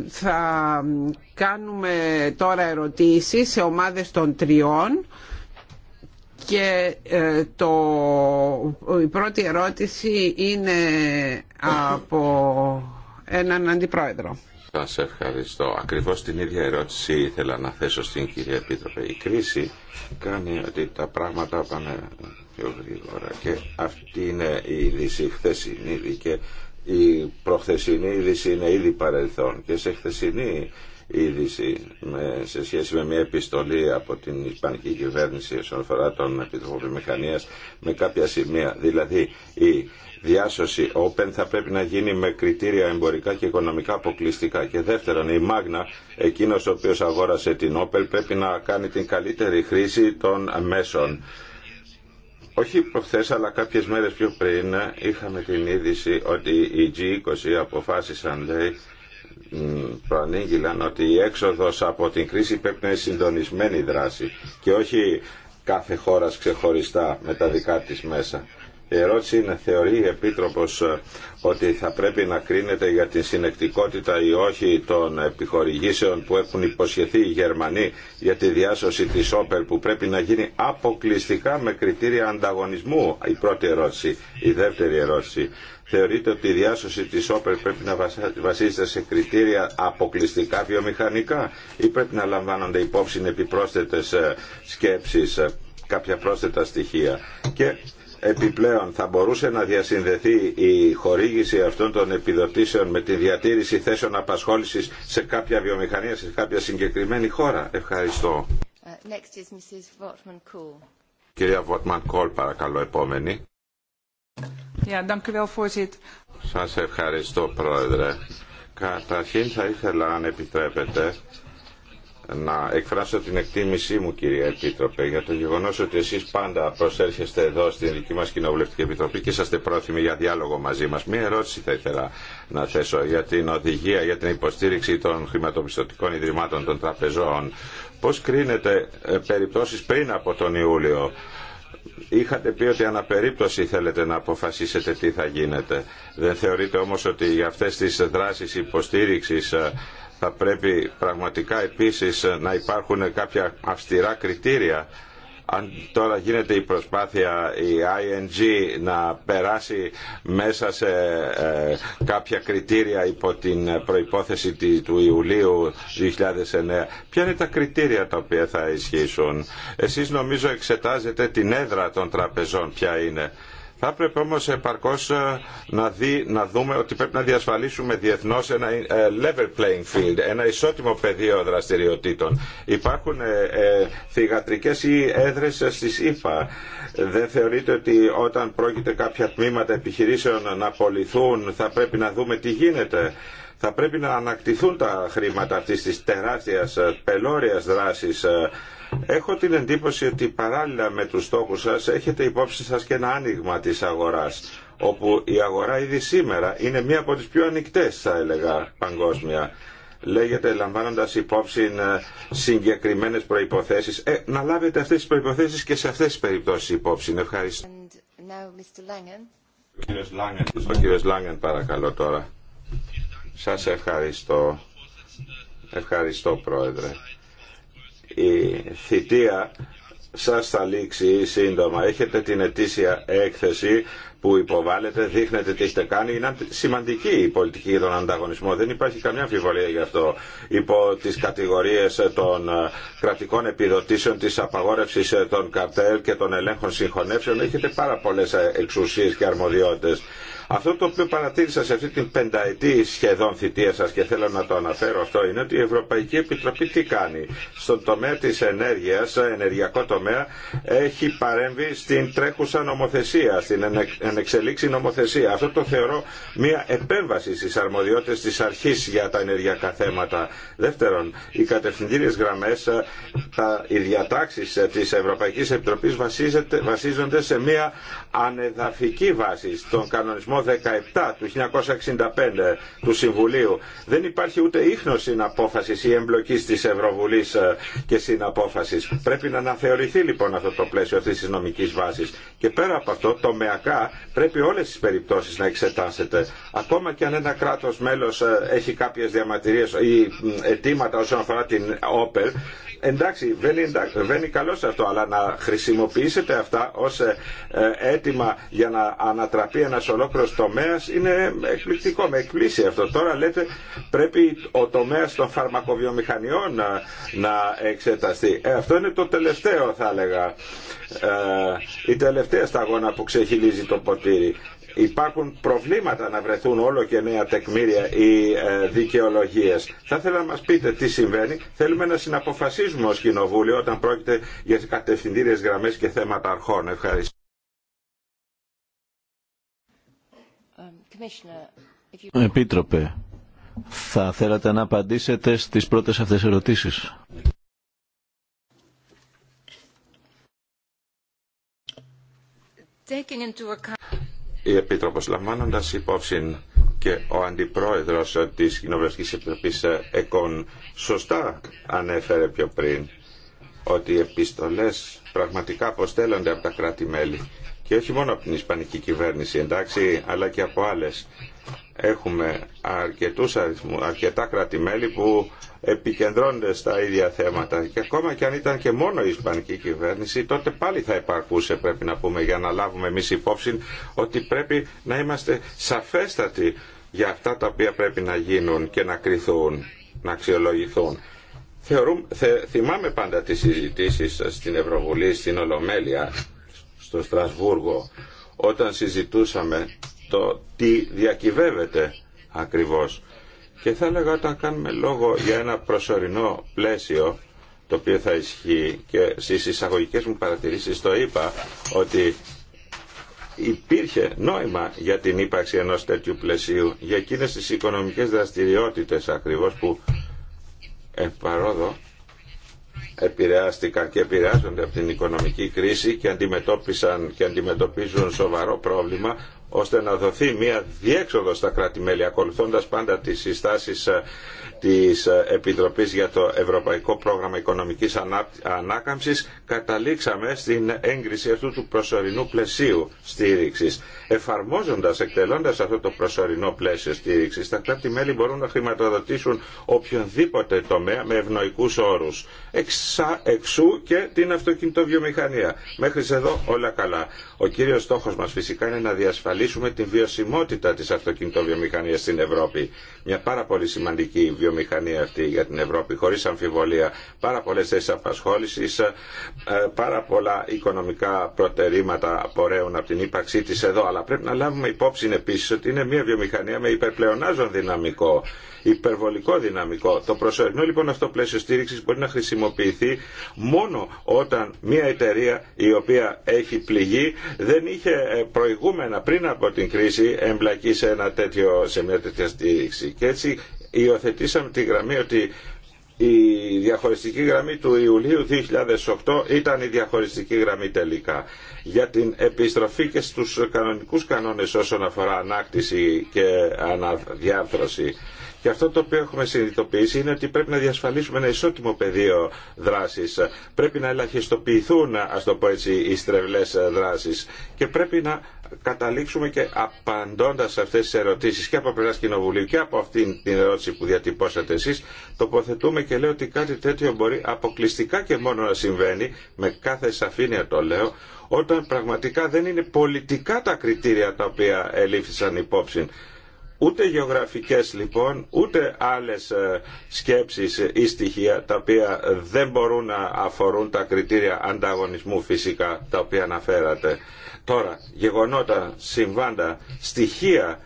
θα κάνουμε τώρα ερωτήσεις σε ομάδες των τριών και ε, η πρώτη ερώτηση είναι από έναν αντιπρόεδρο. Σας ευχαριστώ. Ακριβώς την ίδια ερώτηση ήθελα να θέσω στην κυρία Επίτροπε. Η κρίση κάνει ότι τα πράγματα πάνε πιο γρήγορα και αυτή είναι η είδηση η χθεσινή και η προχθεσινή είδηση είναι ήδη παρελθόν και σε χθεσινή είδηση με, σε σχέση με μια επιστολή από την Ισπανική κυβέρνηση όσον αφορά τον Επιτροπό με κάποια σημεία. Δηλαδή η διάσωση open θα πρέπει να γίνει με κριτήρια εμπορικά και οικονομικά αποκλειστικά. Και δεύτερον, η Μάγνα, εκείνος ο οποίος αγόρασε την Opel, πρέπει να κάνει την καλύτερη χρήση των μέσων όχι προχθές αλλά κάποιες μέρες πιο πριν είχαμε την είδηση ότι οι G20 αποφάσισαν λέει προανήγγυλαν ότι η έξοδος από την κρίση πρέπει να είναι συντονισμένη δράση και όχι κάθε χώρα ξεχωριστά με τα δικά της μέσα. Η ερώτηση είναι, θεωρεί η Επίτροπος ε, ότι θα πρέπει να κρίνεται για την συνεκτικότητα ή όχι των επιχορηγήσεων που έχουν υποσχεθεί οι Γερμανοί για τη διάσωση της Όπελ που πρέπει να γίνει αποκλειστικά με κριτήρια ανταγωνισμού. Η πρώτη ερώτηση. Η δεύτερη ερώτηση. Θεωρείτε ότι η διάσωση της Όπερ πρέπει να βασίζεται σε κριτήρια αποκλειστικά βιομηχανικά ή πρέπει να λαμβάνονται υπόψη επιπρόσθετες ε, σκέψεις, ε, κάποια πρόσθετα στοιχεία. Και επιπλέον θα μπορούσε να διασυνδεθεί η χορήγηση αυτών των επιδοτήσεων με τη διατήρηση θέσεων απασχόλησης σε κάποια βιομηχανία, σε κάποια συγκεκριμένη χώρα. Ευχαριστώ. Uh, Κυρία Βότμαν Κόλ, παρακαλώ, επόμενη. Yeah, Σας ευχαριστώ, Πρόεδρε. Καταρχήν θα ήθελα, αν επιτρέπετε, να εκφράσω την εκτίμησή μου κύριε Επίτροπε για το γεγονός ότι εσείς πάντα προσέρχεστε εδώ στην δική μας Κοινοβουλευτική Επιτροπή και είσαστε πρόθυμοι για διάλογο μαζί μας. Μία ερώτηση θα ήθελα να θέσω για την οδηγία, για την υποστήριξη των χρηματοπιστωτικών ιδρυμάτων των τραπεζών. Πώς κρίνετε ε, περιπτώσεις πριν από τον Ιούλιο Είχατε πει ότι αναπερίπτωση θέλετε να αποφασίσετε τι θα γίνεται. Δεν θεωρείτε όμως ότι για αυτές τις δράσεις υποστήριξης ε, θα πρέπει πραγματικά επίσης να υπάρχουν κάποια αυστηρά κριτήρια αν τώρα γίνεται η προσπάθεια η ING να περάσει μέσα σε ε, κάποια κριτήρια υπό την προϋπόθεση του Ιουλίου 2009, ποια είναι τα κριτήρια τα οποία θα ισχύσουν. Εσείς νομίζω εξετάζετε την έδρα των τραπεζών ποια είναι. Θα πρέπει όμως επαρκώς ε, να, δούμε ότι πρέπει να διασφαλίσουμε διεθνώς ένα ε, level playing field, ένα ισότιμο πεδίο δραστηριοτήτων. Υπάρχουν ε, θυγατρικέ ή έδρε στις ΙΦΑ. Δεν θεωρείτε ότι όταν πρόκειται κάποια τμήματα επιχειρήσεων να απολυθούν θα πρέπει να δούμε τι γίνεται θα πρέπει να ανακτηθούν τα χρήματα αυτή της τεράστια πελώριας δράση. Έχω την εντύπωση ότι παράλληλα με τους στόχους σας έχετε υπόψη σας και ένα άνοιγμα της αγοράς όπου η αγορά ήδη σήμερα είναι μία από τις πιο ανοιχτές θα έλεγα παγκόσμια λέγεται λαμβάνοντας υπόψη ε, συγκεκριμένες προϋποθέσεις. Ε, να λάβετε αυτές τις προϋποθέσεις και σε αυτές τις περιπτώσεις υπόψη. Ευχαριστώ. Ο κύριος παρακαλώ τώρα. Σας ευχαριστώ. Ευχαριστώ Πρόεδρε η θητεία σας θα λήξει σύντομα. Έχετε την ετήσια έκθεση που υποβάλλεται, δείχνετε τι έχετε κάνει. Είναι σημαντική η πολιτική για τον ανταγωνισμό. Δεν υπάρχει καμιά αμφιβολία γι' αυτό. Υπό τι κατηγορίε των ε, κρατικών επιδοτήσεων, τη απαγόρευση ε, των καρτέλ και των ελέγχων συγχωνεύσεων έχετε πάρα πολλέ ε, εξουσίε και αρμοδιότητε. Αυτό το οποίο παρατήρησα σε αυτή την πενταετή σχεδόν θητεία σας και θέλω να το αναφέρω αυτό είναι ότι η Ευρωπαϊκή Επιτροπή τι κάνει. Στον τομέα της ενέργειας, ενεργειακό τομέα, έχει παρέμβει στην τρέχουσα νομοθεσία, στην εξελίξει νομοθεσία. Αυτό το θεωρώ μια επέμβαση στι αρμοδιότητε τη αρχής για τα ενεργειακά θέματα. Δεύτερον, οι κατευθυντήριες γραμμές, ε, οι διατάξει ε, τη Ευρωπαϊκή Επιτροπής βασίζονται σε μια ανεδαφική βάση στον κανονισμό 17 του 1965 του Συμβουλίου. Δεν υπάρχει ούτε ίχνος συναπόφασης ή εμπλοκής της Ευρωβουλής ε, και συναπόφασης. Πρέπει να αναθεωρηθεί λοιπόν αυτό το πλαίσιο αυτής της νομικής βάσης. Και πέρα από αυτό, τομεακά πρέπει όλες τις περιπτώσεις να εξετάσετε. Ακόμα και αν ένα κράτος μέλος ε, έχει κάποιες διαμαρτυρίες ή αιτήματα όσον αφορά την Όπελ, εντάξει, βαίνει, καλό αυτό, αλλά να χρησιμοποιήσετε αυτά ως ε, έτοιμα για να ανατραπεί ένας ολόκληρος τομέας είναι εκπληκτικό, με εκπλήσει αυτό. Τώρα λέτε πρέπει ο τομέας των φαρμακοβιομηχανιών να, να εξεταστεί. Ε, αυτό είναι το τελευταίο θα έλεγα, ε, η τελευταία σταγόνα που ξεχυλίζει το ποτήρι. Υπάρχουν προβλήματα να βρεθούν όλο και νέα τεκμήρια ή ε, δικαιολογίε. Θα ήθελα να μα πείτε τι συμβαίνει. Θέλουμε να συναποφασίζουμε ω Κοινοβούλιο όταν πρόκειται για κατευθυντήριε γραμμέ και θέματα αρχών. Ευχαριστώ. Επίτροπε, θα θέλατε να απαντήσετε στις πρώτες αυτές ερωτήσεις. Η Επίτροπος λαμβάνοντας υπόψη και ο Αντιπρόεδρος της Κοινοβουλευτικής Επιτροπής ε, ΕΚΟΝ σωστά ανέφερε πιο πριν ότι οι επιστολές πραγματικά αποστέλλονται από τα κράτη-μέλη και όχι μόνο από την Ισπανική κυβέρνηση εντάξει αλλά και από άλλες έχουμε αριθμού, κρατημέλη που επικεντρώνονται στα ίδια θέματα και ακόμα και αν ήταν και μόνο η Ισπανική κυβέρνηση τότε πάλι θα υπαρκούσε πρέπει να πούμε για να λάβουμε εμείς υπόψη ότι πρέπει να είμαστε σαφέστατοι για αυτά τα οποία πρέπει να γίνουν και να κρυθούν να αξιολογηθούν. Θεωρούμε, θε, θυμάμαι πάντα τις συζητήσεις στην Ευρωβουλή, στην Ολομέλεια στο Στρασβούργο όταν συζητούσαμε το τι διακυβεύεται ακριβώς. Και θα έλεγα όταν κάνουμε λόγο για ένα προσωρινό πλαίσιο το οποίο θα ισχύει και στις εισαγωγικές μου παρατηρήσεις το είπα ότι υπήρχε νόημα για την ύπαρξη ενός τέτοιου πλαισίου για εκείνες τις οικονομικές δραστηριότητες ακριβώς που ε, παρόδο επηρεάστηκαν και επηρεάζονται από την οικονομική κρίση και αντιμετώπισαν και αντιμετωπίζουν σοβαρό πρόβλημα ώστε να δοθεί μια διέξοδο στα κράτη-μέλη ακολουθώντας πάντα τις συστάσεις ε, της Επιτροπής για το Ευρωπαϊκό Πρόγραμμα Οικονομικής Ανάκαμψης καταλήξαμε στην έγκριση αυτού του προσωρινού πλαισίου στήριξης. Εφαρμόζοντας, εκτελώντας αυτό το προσωρινό πλαίσιο στήριξης, τα κράτη-μέλη μπορούν να χρηματοδοτήσουν οποιονδήποτε τομέα με ευνοϊκούς όρους. εξού και την αυτοκινητοβιομηχανία. Μέχρι εδώ όλα καλά. Ο κύριος στόχος μας φυσικά είναι να διασφαλίσουμε την βιωσιμότητα της αυτοκινητοβιομηχανίας στην Ευρώπη. Μια πάρα πολύ σημαντική βιομηχανία αυτή για την Ευρώπη, χωρί αμφιβολία. Πάρα πολλέ θέσει απασχόληση, ε, πάρα πολλά οικονομικά προτερήματα απορρέουν από την ύπαρξή τη εδώ, αλλά πρέπει να λάβουμε υπόψη επίση ότι είναι μια βιομηχανία με υπερπλεονάζον δυναμικό, υπερβολικό δυναμικό. Το προσωρινό λοιπόν αυτό πλαίσιο στήριξη μπορεί να χρησιμοποιηθεί μόνο όταν μια εταιρεία η οποία έχει πληγεί δεν είχε ε, προηγούμενα πριν από την κρίση εμπλακεί σε, ένα τέτοιο, σε μια τέτοια στήριξη. Και έτσι υιοθετήσαμε τη γραμμή ότι η διαχωριστική γραμμή του Ιουλίου 2008 ήταν η διαχωριστική γραμμή τελικά. Για την επιστροφή και στους κανονικούς κανόνες όσον αφορά ανάκτηση και αναδιάρθρωση και αυτό το οποίο έχουμε συνειδητοποιήσει είναι ότι πρέπει να διασφαλίσουμε ένα ισότιμο πεδίο δράση. Πρέπει να ελαχιστοποιηθούν, α το πω έτσι, οι στρεβλέ δράσει. Και πρέπει να καταλήξουμε και απαντώντα σε αυτέ τι ερωτήσει και από πλευρά Κοινοβουλίου και από αυτήν την ερώτηση που διατυπώσατε εσεί, τοποθετούμε και λέω ότι κάτι τέτοιο μπορεί αποκλειστικά και μόνο να συμβαίνει, με κάθε σαφήνεια το λέω, όταν πραγματικά δεν είναι πολιτικά τα κριτήρια τα οποία ελήφθησαν υπόψη Ούτε γεωγραφικές λοιπόν, ούτε άλλες ε, σκέψεις ή στοιχεία τα οποία δεν μπορούν να αφορούν τα κριτήρια ανταγωνισμού φυσικά τα οποία αναφέρατε. Τώρα, γεγονότα, συμβάντα, στοιχεία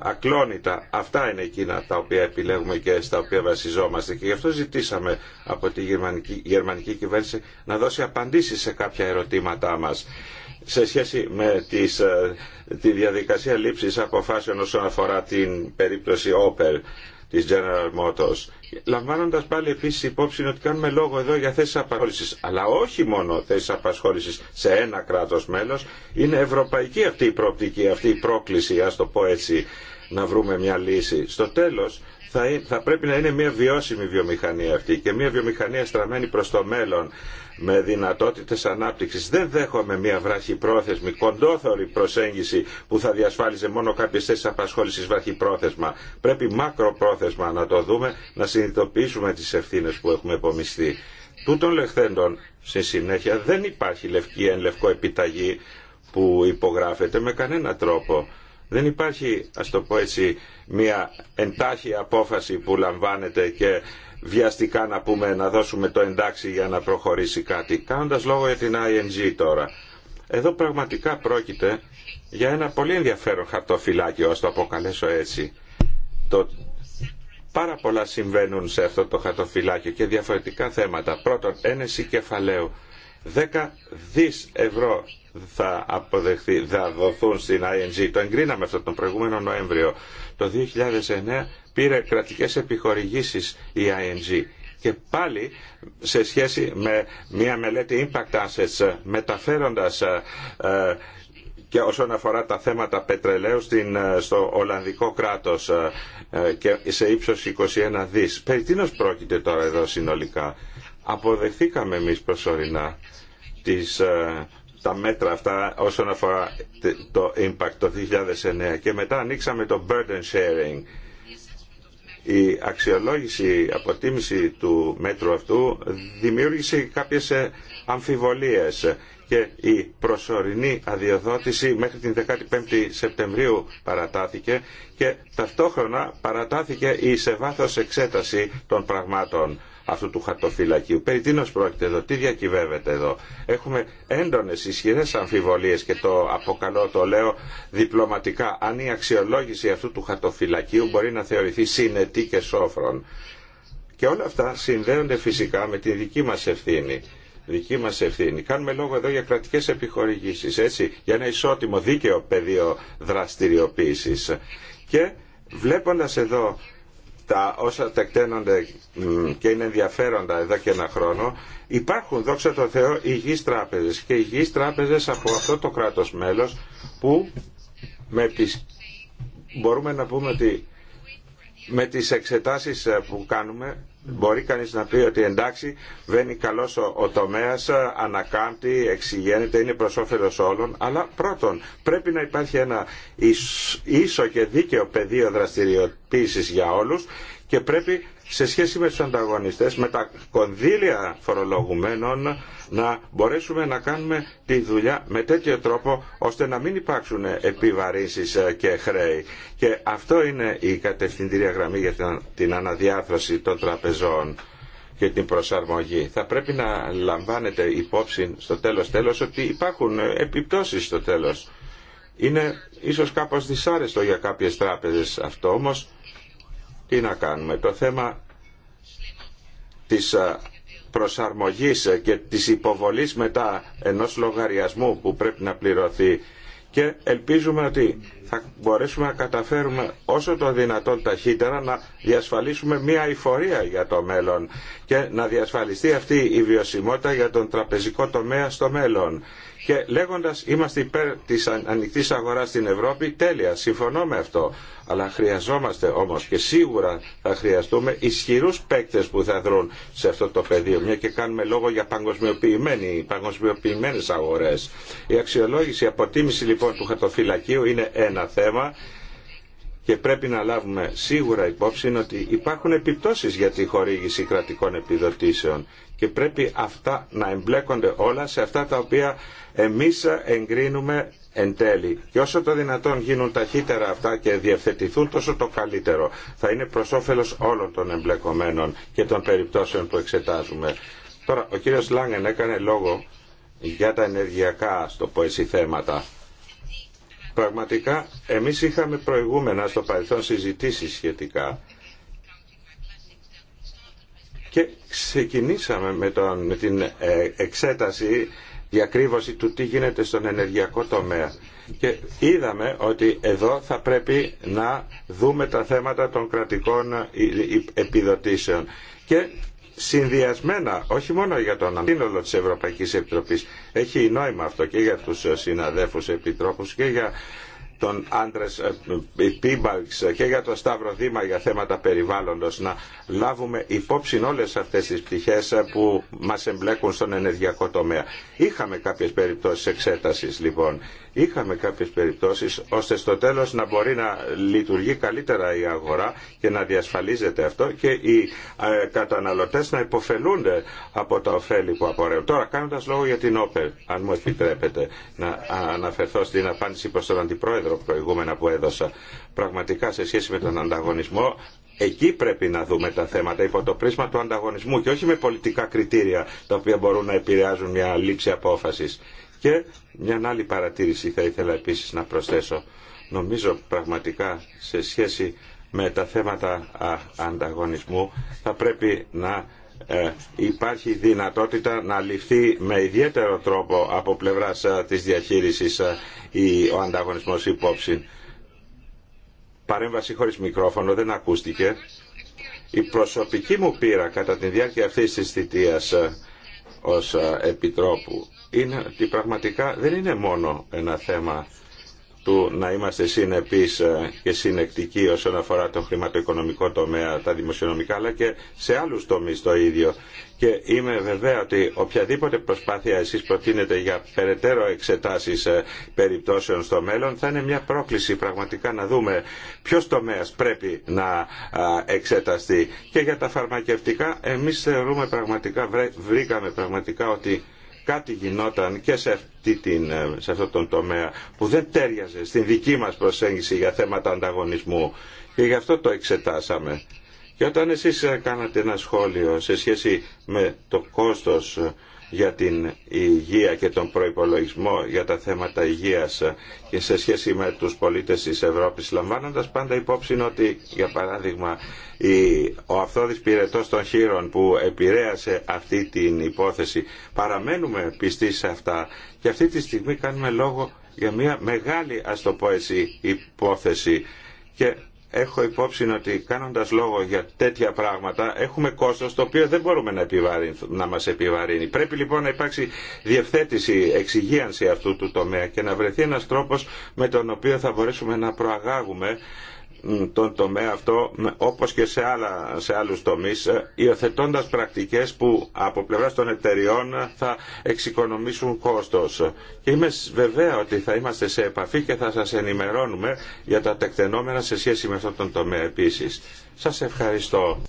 ακλόνητα. Αυτά είναι εκείνα τα οποία επιλέγουμε και στα οποία βασιζόμαστε. Και γι' αυτό ζητήσαμε από τη γερμανική, γερμανική κυβέρνηση να δώσει απαντήσεις σε κάποια ερωτήματά μας σε σχέση με τις ε, τη διαδικασία λήψης αποφάσεων όσον αφορά την περίπτωση Όπελ της General Motors. Λαμβάνοντας πάλι επίσης υπόψη ότι κάνουμε λόγο εδώ για θέσεις απασχόλησης, αλλά όχι μόνο θέσεις απασχόλησης σε ένα κράτος μέλος, είναι ευρωπαϊκή αυτή η προοπτική, αυτή η πρόκληση, ας το πω έτσι, να βρούμε μια λύση. Στο τέλος, θα, πρέπει να είναι μια βιώσιμη βιομηχανία αυτή και μια βιομηχανία στραμμένη προς το μέλλον με δυνατότητες ανάπτυξης. Δεν δέχομαι μια βραχυπρόθεσμη, κοντόθωρη προσέγγιση που θα διασφάλιζε μόνο κάποιες θέσεις απασχόλησης βραχυπρόθεσμα. Πρέπει μακροπρόθεσμα να το δούμε, να συνειδητοποιήσουμε τις ευθύνε που έχουμε υπομειστεί. Τούτων λεχθέντων, στη συνέχεια, δεν υπάρχει λευκή εν λευκό επιταγή που υπογράφεται με κανένα τρόπο. Δεν υπάρχει, ας το πω έτσι, μια εντάχει απόφαση που λαμβάνεται και βιαστικά να πούμε να δώσουμε το εντάξει για να προχωρήσει κάτι. Κάνοντας λόγο για την ING τώρα. Εδώ πραγματικά πρόκειται για ένα πολύ ενδιαφέρον χαρτοφυλάκιο, ας το αποκαλέσω έτσι. Το... Πάρα πολλά συμβαίνουν σε αυτό το χαρτοφυλάκιο και διαφορετικά θέματα. Πρώτον, ένεση κεφαλαίου. 10 δις ευρώ θα αποδεχθεί, θα δοθούν στην ING. Το εγκρίναμε αυτό τον προηγούμενο Νοέμβριο. Το 2009 πήρε κρατικές επιχορηγήσεις η ING και πάλι σε σχέση με μια μελέτη impact assets μεταφέροντας ε, και όσον αφορά τα θέματα πετρελαίου στην, ε, στο Ολλανδικό κράτος ε, και σε ύψος 21 δις. Περί τίνος πρόκειται τώρα εδώ συνολικά. Αποδεχθήκαμε εμείς προσωρινά τις τα μέτρα αυτά όσον αφορά το impact το 2009 και μετά ανοίξαμε το burden sharing. Η αξιολόγηση, η αποτίμηση του μέτρου αυτού δημιούργησε κάποιες ε, αμφιβολίες και η προσωρινή αδειοδότηση μέχρι την 15η Σεπτεμβρίου παρατάθηκε και ταυτόχρονα παρατάθηκε η σε βάθος εξέταση των πραγμάτων αυτού του χαρτοφυλακίου. Περί τίνος πρόκειται εδώ, τι διακυβεύεται εδώ. Έχουμε έντονες ισχυρές αμφιβολίες και το αποκαλώ, το λέω διπλωματικά, αν η αξιολόγηση αυτού του χαρτοφυλακίου μπορεί να θεωρηθεί συνετή και σόφρον. Και όλα αυτά συνδέονται φυσικά με τη δική μας ευθύνη δική μας ευθύνη. Κάνουμε λόγο εδώ για κρατικές επιχορηγήσεις, έτσι, για ένα ισότιμο δίκαιο πεδίο δραστηριοποίησης. Και βλέποντας εδώ τα όσα τεκταίνονται και είναι ενδιαφέροντα εδώ και ένα χρόνο, υπάρχουν δόξα τω Θεώ υγιείς τράπεζες και υγιείς τράπεζες από αυτό το κράτος μέλος που με τις, μπορούμε να πούμε ότι με τις εξετάσεις ε, που κάνουμε μπορεί κανείς να πει ότι εντάξει βαίνει καλός ο, ο τομέας, ανακάμπτει, εξηγένεται, είναι προς όφελος όλων, αλλά πρώτον πρέπει να υπάρχει ένα ίσο και δίκαιο πεδίο δραστηριοποίησης για όλους και πρέπει σε σχέση με τους ανταγωνιστές, με τα κονδύλια φορολογουμένων, να μπορέσουμε να κάνουμε τη δουλειά με τέτοιο τρόπο ώστε να μην υπάρξουν επιβαρύνσεις ε, και χρέη. Και αυτό είναι η κατευθυντήρια γραμμή για την αναδιάρθρωση των τραπεζών και την προσαρμογή. Θα πρέπει να λαμβάνετε υπόψη στο τέλος τέλος ότι υπάρχουν ε, επιπτώσεις στο τέλος. Είναι ίσως κάπως δυσάρεστο για κάποιες τράπεζες αυτό όμως τι να κάνουμε. Το θέμα της προσαρμογής και της υποβολής μετά ενός λογαριασμού που πρέπει να πληρωθεί και ελπίζουμε ότι θα μπορέσουμε να καταφέρουμε όσο το δυνατόν ταχύτερα να διασφαλίσουμε μια ειφορία για το μέλλον και να διασφαλιστεί αυτή η βιωσιμότητα για τον τραπεζικό τομέα στο μέλλον και λέγοντας είμαστε υπέρ τη ανοιχτή αγορά στην Ευρώπη, τέλεια, συμφωνώ με αυτό. Αλλά χρειαζόμαστε όμω και σίγουρα θα χρειαστούμε ισχυρού παίκτε που θα δρουν σε αυτό το πεδίο, μια και κάνουμε λόγο για παγκοσμιοποιημένε αγορέ. Η αξιολόγηση, η αποτίμηση λοιπόν του χαρτοφυλακίου είναι ένα θέμα και πρέπει να λάβουμε σίγουρα υπόψη ότι υπάρχουν επιπτώσεις για τη χορήγηση κρατικών επιδοτήσεων και πρέπει αυτά να εμπλέκονται όλα σε αυτά τα οποία εμείς εγκρίνουμε εν τέλει. Και όσο το δυνατόν γίνουν ταχύτερα αυτά και διευθετηθούν, τόσο το καλύτερο. Θα είναι προς όφελος όλων των εμπλεκομένων και των περιπτώσεων που εξετάζουμε. Τώρα, ο κύριος Λάγκεν έκανε λόγο για τα ενεργειακά, στο πω εσύ, θέματα. Πραγματικά, εμείς είχαμε προηγούμενα στο παρελθόν συζητήσεις σχετικά και ξεκινήσαμε με, τον, με την ε, εξέταση διακρύβωση του τι γίνεται στον ενεργειακό τομέα. Και είδαμε ότι εδώ θα πρέπει να δούμε τα θέματα των κρατικών ε, ε, επιδοτήσεων. Και συνδυασμένα, όχι μόνο για τον σύνολο της Ευρωπαϊκής Επιτροπής, έχει νόημα αυτό και για τους συναδέφους επιτρόπους και για τον Άντρες ε, Πίμπαλξ και για το Σταύρο Δήμα για θέματα περιβάλλοντος να λάβουμε υπόψη όλες αυτές τις πτυχές ε, που μας εμπλέκουν στον ενεργειακό τομέα. Είχαμε κάποιες περιπτώσεις εξέτασης λοιπόν είχαμε κάποιες περιπτώσεις ώστε στο τέλος να μπορεί να λειτουργεί καλύτερα η αγορά και να διασφαλίζεται αυτό και οι ε, καταναλωτές να υποφελούνται από τα ωφέλη που απορρέουν. Τώρα κάνοντας λόγο για την Όπερ, αν μου επιτρέπετε να αναφερθώ στην απάντηση προς τον Αντιπρόεδρο προηγούμενα που έδωσα, πραγματικά σε σχέση με τον ανταγωνισμό Εκεί πρέπει να δούμε τα θέματα υπό το πρίσμα του ανταγωνισμού και όχι με πολιτικά κριτήρια τα οποία μπορούν να επηρεάζουν μια λήψη απόφασης. Και μια άλλη παρατήρηση θα ήθελα επίσης να προσθέσω. Νομίζω πραγματικά σε σχέση με τα θέματα ανταγωνισμού θα πρέπει να ε, υπάρχει δυνατότητα να ληφθεί με ιδιαίτερο τρόπο από πλευράς της διαχείρισης η, ο ανταγωνισμός υπόψη. Παρέμβαση χωρίς μικρόφωνο δεν ακούστηκε. Η προσωπική μου πείρα κατά τη διάρκεια αυτής της θητείας ως Επιτρόπου είναι ότι πραγματικά δεν είναι μόνο ένα θέμα του να είμαστε συνεπείς ε, και συνεκτικοί όσον αφορά το χρηματοοικονομικό τομέα, τα δημοσιονομικά, αλλά και σε άλλους τομείς το ίδιο. Και είμαι βεβαία ότι οποιαδήποτε προσπάθεια εσείς προτείνετε για περαιτέρω εξετάσεις ε, περιπτώσεων στο μέλλον θα είναι μια πρόκληση πραγματικά να δούμε ποιος τομέας πρέπει να εξεταστεί. Και για τα φαρμακευτικά εμείς θεωρούμε πραγματικά, βρήκαμε πραγματικά ότι κάτι γινόταν και σε, αυτή την, ε, σε αυτόν τον τομέα που δεν τέριαζε στην δική μας προσέγγιση για θέματα ανταγωνισμού και γι' αυτό το εξετάσαμε. Και όταν εσείς ε, κάνατε ένα σχόλιο σε σχέση με το κόστος για την υγεία και τον προϋπολογισμό για τα θέματα υγείας και σε σχέση με τους πολίτες της Ευρώπης λαμβάνοντας πάντα υπόψη ότι για παράδειγμα ο αυθόδης πυρετός των χείρων που επηρέασε αυτή την υπόθεση παραμένουμε πιστοί σε αυτά και αυτή τη στιγμή κάνουμε λόγο για μια μεγάλη α το πω εσύ υπόθεση και έχω υπόψη ότι κάνοντας λόγο για τέτοια πράγματα έχουμε κόστος το οποίο δεν μπορούμε να, να μας επιβαρύνει. Πρέπει λοιπόν να υπάρξει διευθέτηση, εξυγίανση αυτού του τομέα και να βρεθεί ένας τρόπος με τον οποίο θα μπορέσουμε να προαγάγουμε τον τομέα αυτό όπως και σε, άλλα, σε άλλους τομείς ε, υιοθετώντα πρακτικές που από πλευρά των εταιριών ε, θα εξοικονομήσουν κόστος. Και είμαι βεβαία ότι θα είμαστε σε επαφή και θα σας ενημερώνουμε για τα τεκτενόμενα σε σχέση με αυτόν τον τομέα επίσης. Σας ευχαριστώ.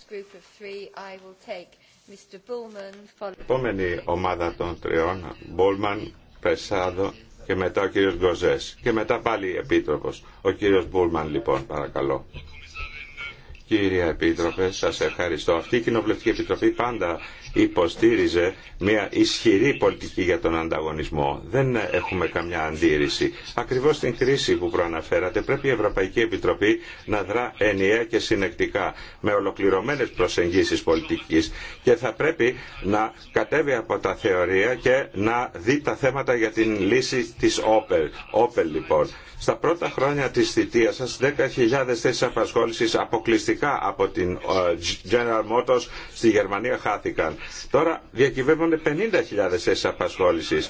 Επόμενη ομάδα των τριών, Μπόλμαν, Πρεσάδο και μετά ο κύριος Γκοζές και μετά πάλι Επίτροπος. Ο κύριος Μπούλμαν λοιπόν παρακαλώ. Κύριε Επίτροπε, σας ευχαριστώ. Αυτή η Κοινοβουλευτική Επιτροπή πάντα υποστήριζε μια ισχυρή πολιτική για τον ανταγωνισμό. Δεν έχουμε καμιά αντίρρηση. Ακριβώ στην κρίση που προαναφέρατε πρέπει η Ευρωπαϊκή Επιτροπή να δρά ενιαία και συνεκτικά με ολοκληρωμένε προσεγγίσεις πολιτική και θα πρέπει να κατέβει από τα θεωρία και να δει τα θέματα για την λύση τη Όπελ. Όπελ λοιπόν. Στα πρώτα χρόνια της θητείας σας, 10.000 θέσεις απασχόλησης αποκλειστικά από την ε, General Motors στη Γερμανία χάθηκαν. Τώρα διακυβεύονται 50.000 θέσει απασχόληση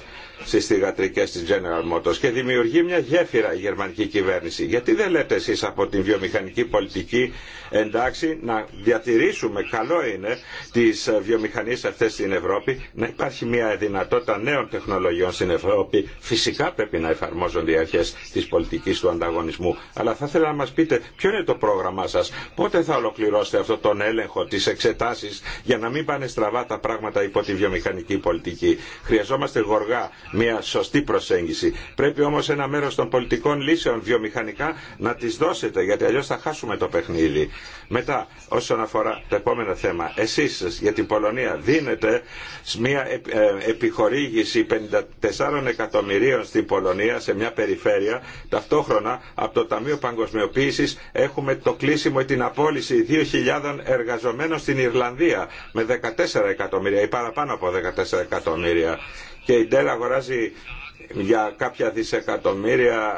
στι θηγατρικέ τη General Motors και δημιουργεί μια γέφυρα η γερμανική κυβέρνηση. Γιατί δεν λέτε εσεί από την βιομηχανική πολιτική εντάξει να διατηρήσουμε, καλό είναι, τι βιομηχανίε αυτέ στην Ευρώπη, να υπάρχει μια δυνατότητα νέων τεχνολογιών στην Ευρώπη. Φυσικά πρέπει να εφαρμόζονται οι αρχέ τη πολιτική του ανταγωνισμού. Αλλά θα ήθελα να μα πείτε ποιο είναι το πρόγραμμά σα, πότε θα ολοκληρώσετε αυτό τον έλεγχο, τι εξετάσει για να μην πάνε στραβά τα πράγματα υπό τη βιομηχανική πολιτική. Χρειαζόμαστε γοργά μια σωστή προσέγγιση. Πρέπει όμω ένα μέρο των πολιτικών λύσεων βιομηχανικά να τι δώσετε, γιατί αλλιώ θα χάσουμε το παιχνίδι. Μετά, όσον αφορά το επόμενο θέμα, εσεί για την Πολωνία δίνετε μια ε, επιχορήγηση 54 εκατομμυρίων στην Πολωνία σε μια περιφέρεια. Ταυτόχρονα από το Ταμείο Παγκοσμιοποίηση έχουμε το κλείσιμο ή την απόλυση 2.000 εργαζομένων στην Ιρλανδία με 14 εκατομμύρια ή παραπάνω από 14 εκατομμύρια και η Ντέλ αγοράζει για κάποια δισεκατομμύρια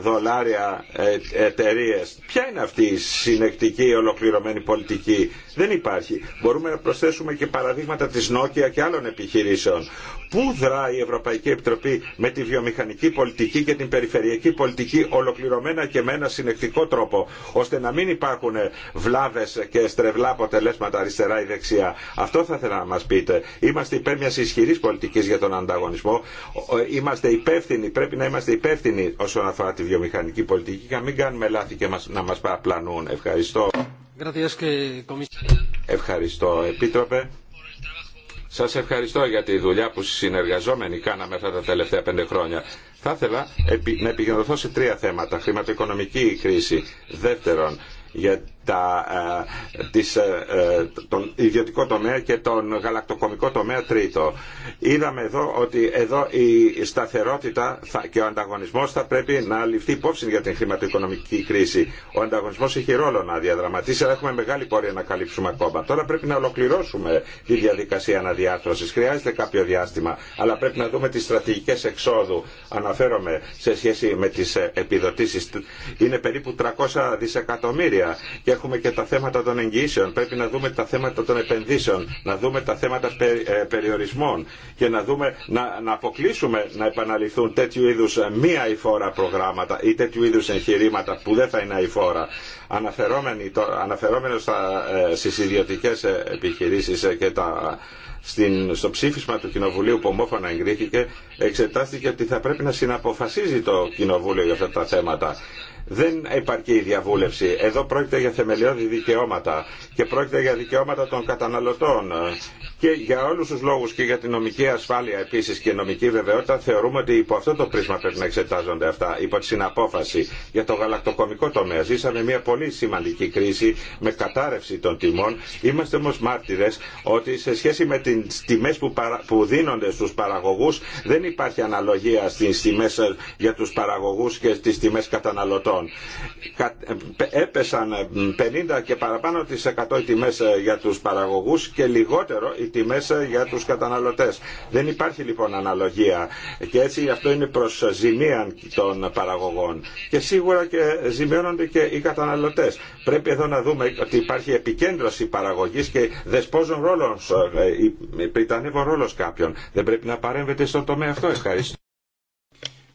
δολάρια ε, εταιρείε. Ποια είναι αυτή η συνεκτική ολοκληρωμένη πολιτική. Δεν υπάρχει. Μπορούμε να προσθέσουμε και παραδείγματα της Νόκια και άλλων επιχειρήσεων. Πού δράει η Ευρωπαϊκή Επιτροπή με τη βιομηχανική πολιτική και την περιφερειακή πολιτική ολοκληρωμένα και με ένα συνεκτικό τρόπο, ώστε να μην υπάρχουν βλάβε και στρεβλά αποτελέσματα αριστερά ή δεξιά. Αυτό θα ήθελα να μα πείτε. Είμαστε υπέρ μια ισχυρή πολιτική για τον ανταγωνισμό. Ε, είμαστε είμαστε υπεύθυνοι, πρέπει να είμαστε υπεύθυνοι όσον αφορά τη βιομηχανική πολιτική και να μην κάνουμε λάθη και να μας παραπλανούν. Ευχαριστώ. Ευχαριστώ. Επίτροπε. Σας ευχαριστώ για τη δουλειά που συνεργαζόμενοι κάναμε αυτά τα τελευταία πέντε χρόνια. Θα ήθελα να επικεντρωθώ σε τρία θέματα. Χρηματοοικονομική κρίση. Δεύτερον, για τα, ε, ε, ε, τον ιδιωτικό τομέα και τον γαλακτοκομικό τομέα τρίτο. Είδαμε εδώ ότι εδώ η σταθερότητα και ο ανταγωνισμός θα πρέπει να ληφθεί υπόψη για την χρηματοοικονομική κρίση. Ο ανταγωνισμός έχει ρόλο να διαδραματίσει, αλλά έχουμε μεγάλη πορεία να καλύψουμε ακόμα. Τώρα πρέπει να ολοκληρώσουμε τη διαδικασία αναδιάρθρωσης. Χρειάζεται κάποιο διάστημα, αλλά πρέπει να δούμε τις στρατηγικές εξόδου. Αναφέρομαι σε σχέση με τις επιδοτήσεις. Είναι περίπου 300 δισεκατομμύρια έχουμε και τα θέματα των εγγυήσεων, πρέπει να δούμε τα θέματα των επενδύσεων, να δούμε τα θέματα ε, περιορισμών και να, δούμε, να, να αποκλείσουμε να επαναληφθούν τέτοιου είδου ε, μη αηφόρα προγράμματα ή τέτοιου είδου εγχειρήματα που δεν θα είναι αηφόρα. Αναφερόμενο ε, στι ιδιωτικέ επιχειρήσει και τα στην, στο ψήφισμα του Κοινοβουλίου που ομόφωνα εγκρίθηκε, εξετάστηκε ότι θα πρέπει να συναποφασίζει το Κοινοβούλιο για αυτά τα θέματα. Δεν υπάρχει η διαβούλευση. Εδώ πρόκειται για θεμελιώδη δικαιώματα και πρόκειται για δικαιώματα των καταναλωτών. Και για όλου του λόγου και για την νομική ασφάλεια επίση και νομική βεβαιότητα θεωρούμε ότι υπό αυτό το πρίσμα πρέπει να εξετάζονται αυτά, υπό τη συναπόφαση. Για το γαλακτοκομικό τομέα ζήσαμε μια πολύ σημαντική κρίση με κατάρρευση των τιμών. Είμαστε όμω μάρτυρε ότι σε σχέση με τι τιμέ που, που δίνονται στου παραγωγού δεν υπάρχει αναλογία στι τιμέ ε, για του παραγωγού και στι τιμέ καταναλωτών ετών. Ε, έπεσαν 50 ε, και παραπάνω τις 100 οι τιμές ε, για τους παραγωγούς και λιγότερο οι τιμές για τους καταναλωτές. Δεν υπάρχει λοιπόν αναλογία και έτσι αυτό είναι προς ζημία των παραγωγών. Και σίγουρα και ζημιώνονται και οι καταναλωτές. Πρέπει εδώ να δούμε ότι υπάρχει επικέντρωση παραγωγής και δεσπόζων ρόλων, πριτανεύων ρόλος κάποιων. Δεν πρέπει να παρέμβεται στον τομέα αυτό. Ευχαριστώ.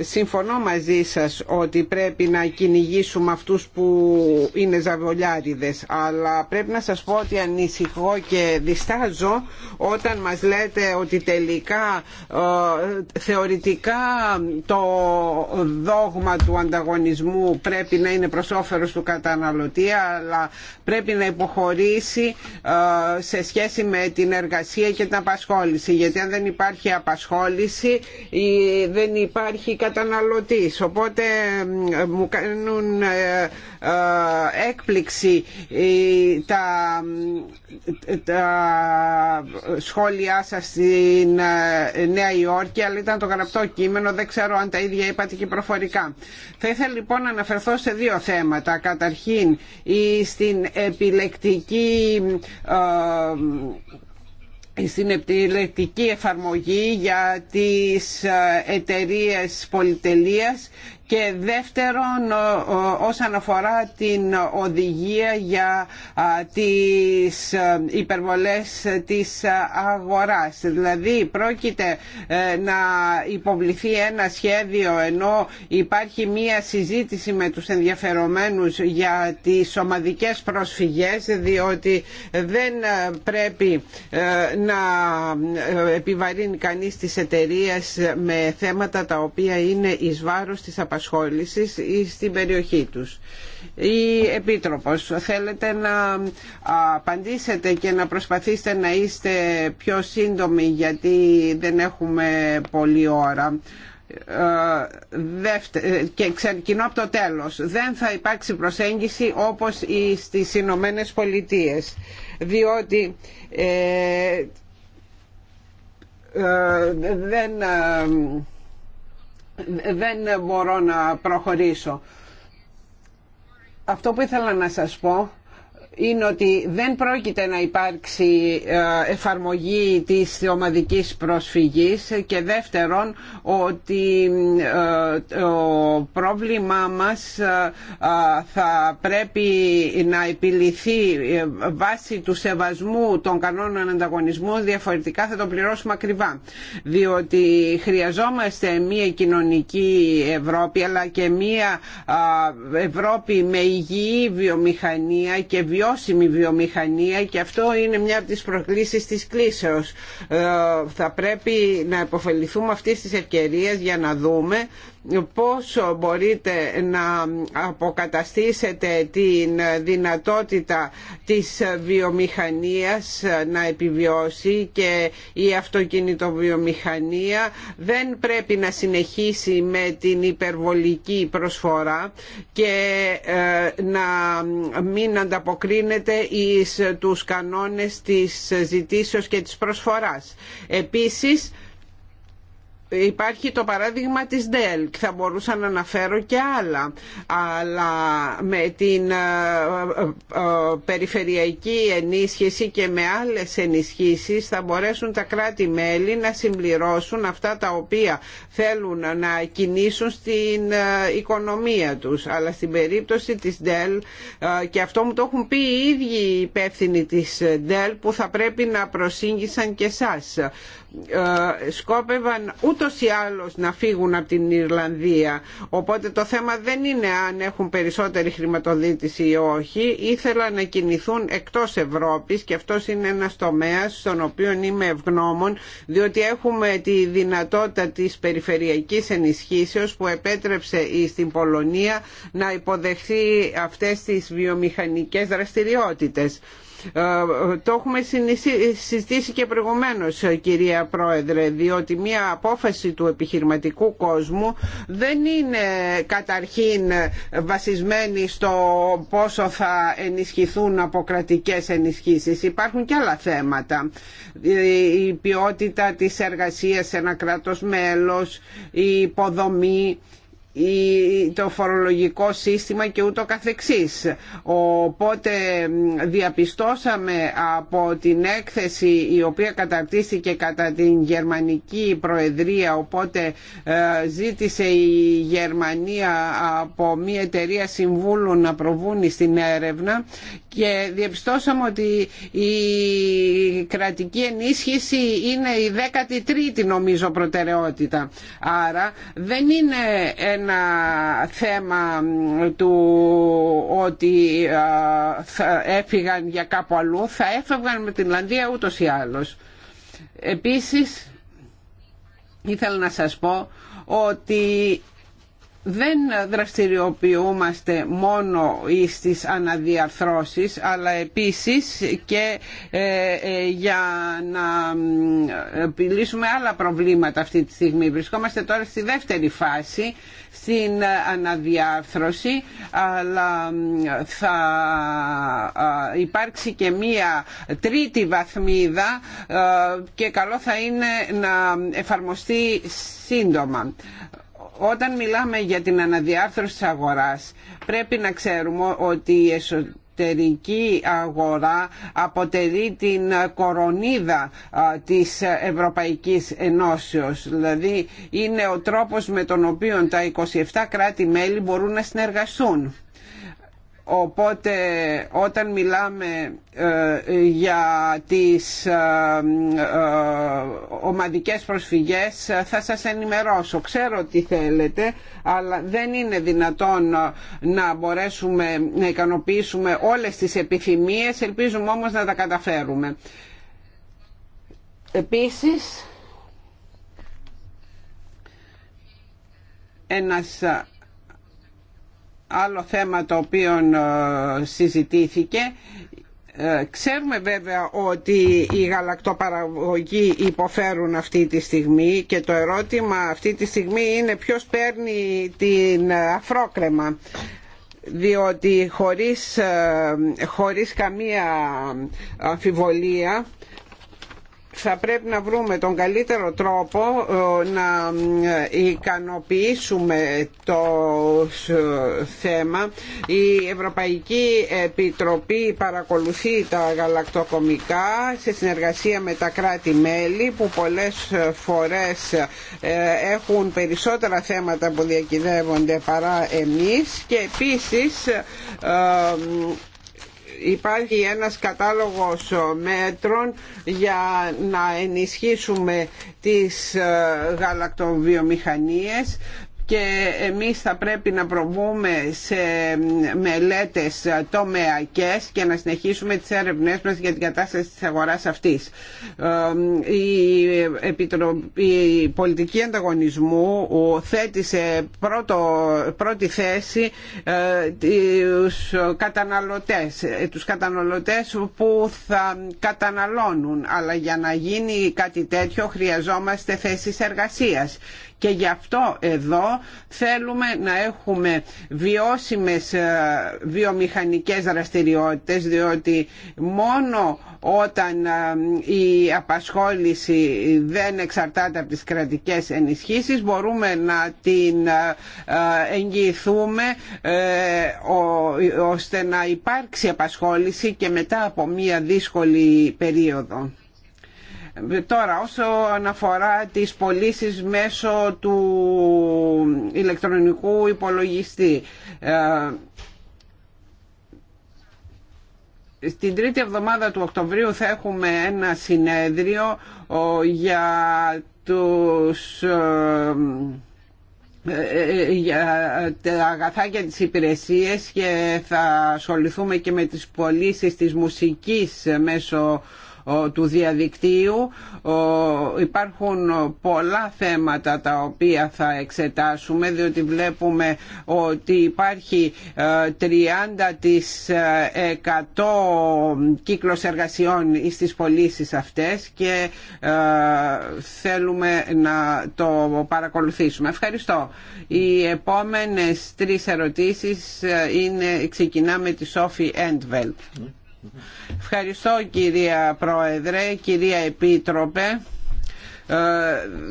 συμφωνώ μαζί σας ότι πρέπει να κυνηγήσουμε αυτούς που είναι ζαβολιάριδες αλλά πρέπει να σας πω ότι ανησυχώ και διστάζω όταν μας λέτε ότι τελικά ε, θεωρητικά το δόγμα του ανταγωνισμού πρέπει να είναι προς όφερος του καταναλωτή αλλά πρέπει να υποχωρήσει ε, σε σχέση με την εργασία και την απασχόληση γιατί αν δεν υπάρχει απασχόληση δεν υπάρχει καταναλωτής οπότε μου κάνουν ε, ε, έκπληξη τα, τα σχόλιά σας στην ε, Νέα Υόρκη αλλά ήταν το γραπτό κείμενο δεν ξέρω αν τα ίδια είπατε και προφορικά θα ήθελα λοιπόν να αναφερθώ σε δύο θέματα καταρχήν στην επιλεκτική στην επιλεκτική εφαρμογή για τις ε, εταιρείες πολυτελείας και δεύτερον όσον αφορά την οδηγία για τις ε, υπερβολές της αγοράς. Δηλαδή πρόκειται ε, να υποβληθεί ένα σχέδιο ενώ υπάρχει μία συζήτηση με τους ενδιαφερομένους για τις ομαδικές προσφυγές διότι δεν ε, πρέπει να επιβαρύνει κανείς τις εταιρείες με θέματα τα οποία είναι εις βάρος της ή στην περιοχή τους. Η Επίτροπος, θέλετε να απαντήσετε και να προσπαθήσετε να είστε πιο σύντομοι γιατί δεν έχουμε πολλή ώρα ε, και ξεκινώ από το τέλος δεν θα υπάρξει προσέγγιση όπως στις Ηνωμένε Πολιτείες διότι ε, ε δεν ε, δεν μπορώ να προχωρήσω. Αυτό που ήθελα να σας πω είναι ότι δεν πρόκειται να υπάρξει ε, εφαρμογή της ομαδικής προσφυγής και δεύτερον ότι ε, το πρόβλημά μας ε, θα πρέπει να επιληθεί βάσει του σεβασμού των κανόνων ανταγωνισμού διαφορετικά θα το πληρώσουμε ακριβά διότι χρειαζόμαστε μια κοινωνική Ευρώπη αλλά και μια Ευρώπη με υγιή βιομηχανία και βιομηχανία βιώσιμη βιομηχανία και αυτό είναι μια από τις προκλήσεις της κλίσεως. Ε, θα πρέπει να υποφεληθούμε αυτής της ευκαιρίας για να δούμε πόσο μπορείτε να αποκαταστήσετε την δυνατότητα της βιομηχανίας να επιβιώσει και η αυτοκινητοβιομηχανία δεν πρέπει να συνεχίσει με την υπερβολική προσφορά και ε, να μην ανταποκρίνεται εις τους κανόνες της ζητήσεως και της προσφοράς. Επίσης Υπάρχει το παράδειγμα της Dell θα μπορούσα να αναφέρω και άλλα αλλά με την ε, ε, ε, περιφερειακή ενίσχυση και με άλλες ενισχύσεις θα μπορέσουν τα κράτη-μέλη να συμπληρώσουν αυτά τα οποία θέλουν να κινήσουν στην οικονομία τους αλλά στην περίπτωση της Dell και αυτό μου το έχουν πει οι ίδιοι υπεύθυνοι της Δέλ που θα πρέπει να προσήγησαν και εσάς ε, σκόπευαν ούτως ή άλλως να φύγουν από την Ιρλανδία οπότε το θέμα δεν είναι αν έχουν περισσότερη χρηματοδίτηση ή όχι ήθελα να κινηθούν εκτός Ευρώπης και αυτός είναι ένας τομέας στον οποίο είμαι ευγνώμων διότι έχουμε τη δυνατότητα της περιφερειακής ενισχύσεως που επέτρεψε στην Πολωνία να υποδεχθεί αυτές τις βιομηχανικές δραστηριότητες ε, το έχουμε συζητήσει και προηγουμένως κυρία Πρόεδρε διότι μια απόφαση του επιχειρηματικού κόσμου δεν είναι καταρχήν βασισμένη στο πόσο θα ενισχυθούν από κρατικέ ενισχύσεις. Υπάρχουν και άλλα θέματα. Ε, η ποιότητα της εργασίας σε ένα κράτος μέλος, η υποδομή το φορολογικό σύστημα και ούτω καθεξής. Οπότε διαπιστώσαμε από την έκθεση η οποία καταρτίστηκε κατά την Γερμανική Προεδρία οπότε ε, ζήτησε η Γερμανία από μια εταιρεία συμβούλου να προβούν στην έρευνα και διαπιστώσαμε ότι η κρατική ενίσχυση είναι η 13η νομίζω προτεραιότητα. Άρα δεν είναι ένα θέμα του ότι θα έφυγαν για κάπου αλλού, θα έφευγαν με την Λανδία ούτως ή άλλως. Επίσης, ήθελα να σας πω ότι δεν δραστηριοποιούμαστε μόνο στι αναδιαρθρώσεις αλλά επίσης και ε, ε, για να ε, λύσουμε άλλα προβλήματα αυτή τη στιγμή. Βρισκόμαστε τώρα στη δεύτερη φάση στην αναδιάρθρωση αλλά θα υπάρξει και μία τρίτη βαθμίδα και καλό θα είναι να εφαρμοστεί σύντομα όταν μιλάμε για την αναδιάρθρωση της αγοράς πρέπει να ξέρουμε ότι η εσωτερική αγορά αποτελεί την κορονίδα της Ευρωπαϊκής Ενώσεως. Δηλαδή είναι ο τρόπος με τον οποίο τα 27 κράτη-μέλη μπορούν να συνεργαστούν Οπότε όταν μιλάμε ε, για τις ε, ε, ομαδικές προσφυγές θα σας ενημερώσω. Ξέρω τι θέλετε, αλλά δεν είναι δυνατόν να μπορέσουμε να ικανοποιήσουμε όλες τις επιθυμίες. Ελπίζουμε όμως να τα καταφέρουμε. Επίσης, ένας άλλο θέμα το οποίο ε, συζητήθηκε ε, Ξέρουμε βέβαια ότι οι γαλακτοπαραγωγοί υποφέρουν αυτή τη στιγμή και το ερώτημα αυτή τη στιγμή είναι ποιος παίρνει την αφρόκρεμα διότι χωρίς, ε, χωρίς καμία αμφιβολία θα πρέπει να βρούμε τον καλύτερο τρόπο ε, να ε, ικανοποιήσουμε το ε, θέμα. Η Ευρωπαϊκή Επιτροπή παρακολουθεί τα γαλακτοκομικά σε συνεργασία με τα κράτη-μέλη που πολλές φορές έχουν περισσότερα θέματα που διακυδεύονται παρά εμείς και επίσης υπάρχει ένας κατάλογος μέτρων για να ενισχύσουμε τις ε, γαλακτοβιομηχανίες και εμείς θα πρέπει να προβούμε σε μελέτες τομεακές και να συνεχίσουμε τις έρευνές μας για την κατάσταση της αγοράς αυτής. Η, Επιτροπή, πολιτική ανταγωνισμού θέτει σε πρώτη θέση ε, τους καταναλωτές, τους καταναλωτές που θα καταναλώνουν, αλλά για να γίνει κάτι τέτοιο χρειαζόμαστε θέσεις εργασίας και γι' αυτό εδώ θέλουμε να έχουμε βιώσιμες ε, βιομηχανικές δραστηριότητες διότι μόνο όταν ε, η απασχόληση δεν εξαρτάται από τις κρατικές ενισχύσεις μπορούμε να την ε, εγγυηθούμε ώστε να υπάρξει απασχόληση και μετά από μία δύσκολη περίοδο. Τώρα όσο αναφορά τις πωλήσει μέσω του ηλεκτρονικού υπολογιστή ε, στην τρίτη εβδομάδα του Οκτωβρίου θα έχουμε ένα συνέδριο για τους ε, ε, για τα αγαθά και τις υπηρεσίες και θα ασχοληθούμε και με τις πωλήσει της μουσικής μέσω του διαδικτύου. Υπάρχουν πολλά θέματα τα οποία θα εξετάσουμε διότι βλέπουμε ότι υπάρχει 30% ε, κύκλος εργασιών στις πωλήσει αυτές και ε, θέλουμε να το παρακολουθήσουμε. Ευχαριστώ. Οι επόμενες τρεις ερωτήσεις ε, είναι, ξεκινάμε τη Σόφη Έντβελτ. Ευχαριστώ κυρία Πρόεδρε, κυρία Επίτροπε. Ε,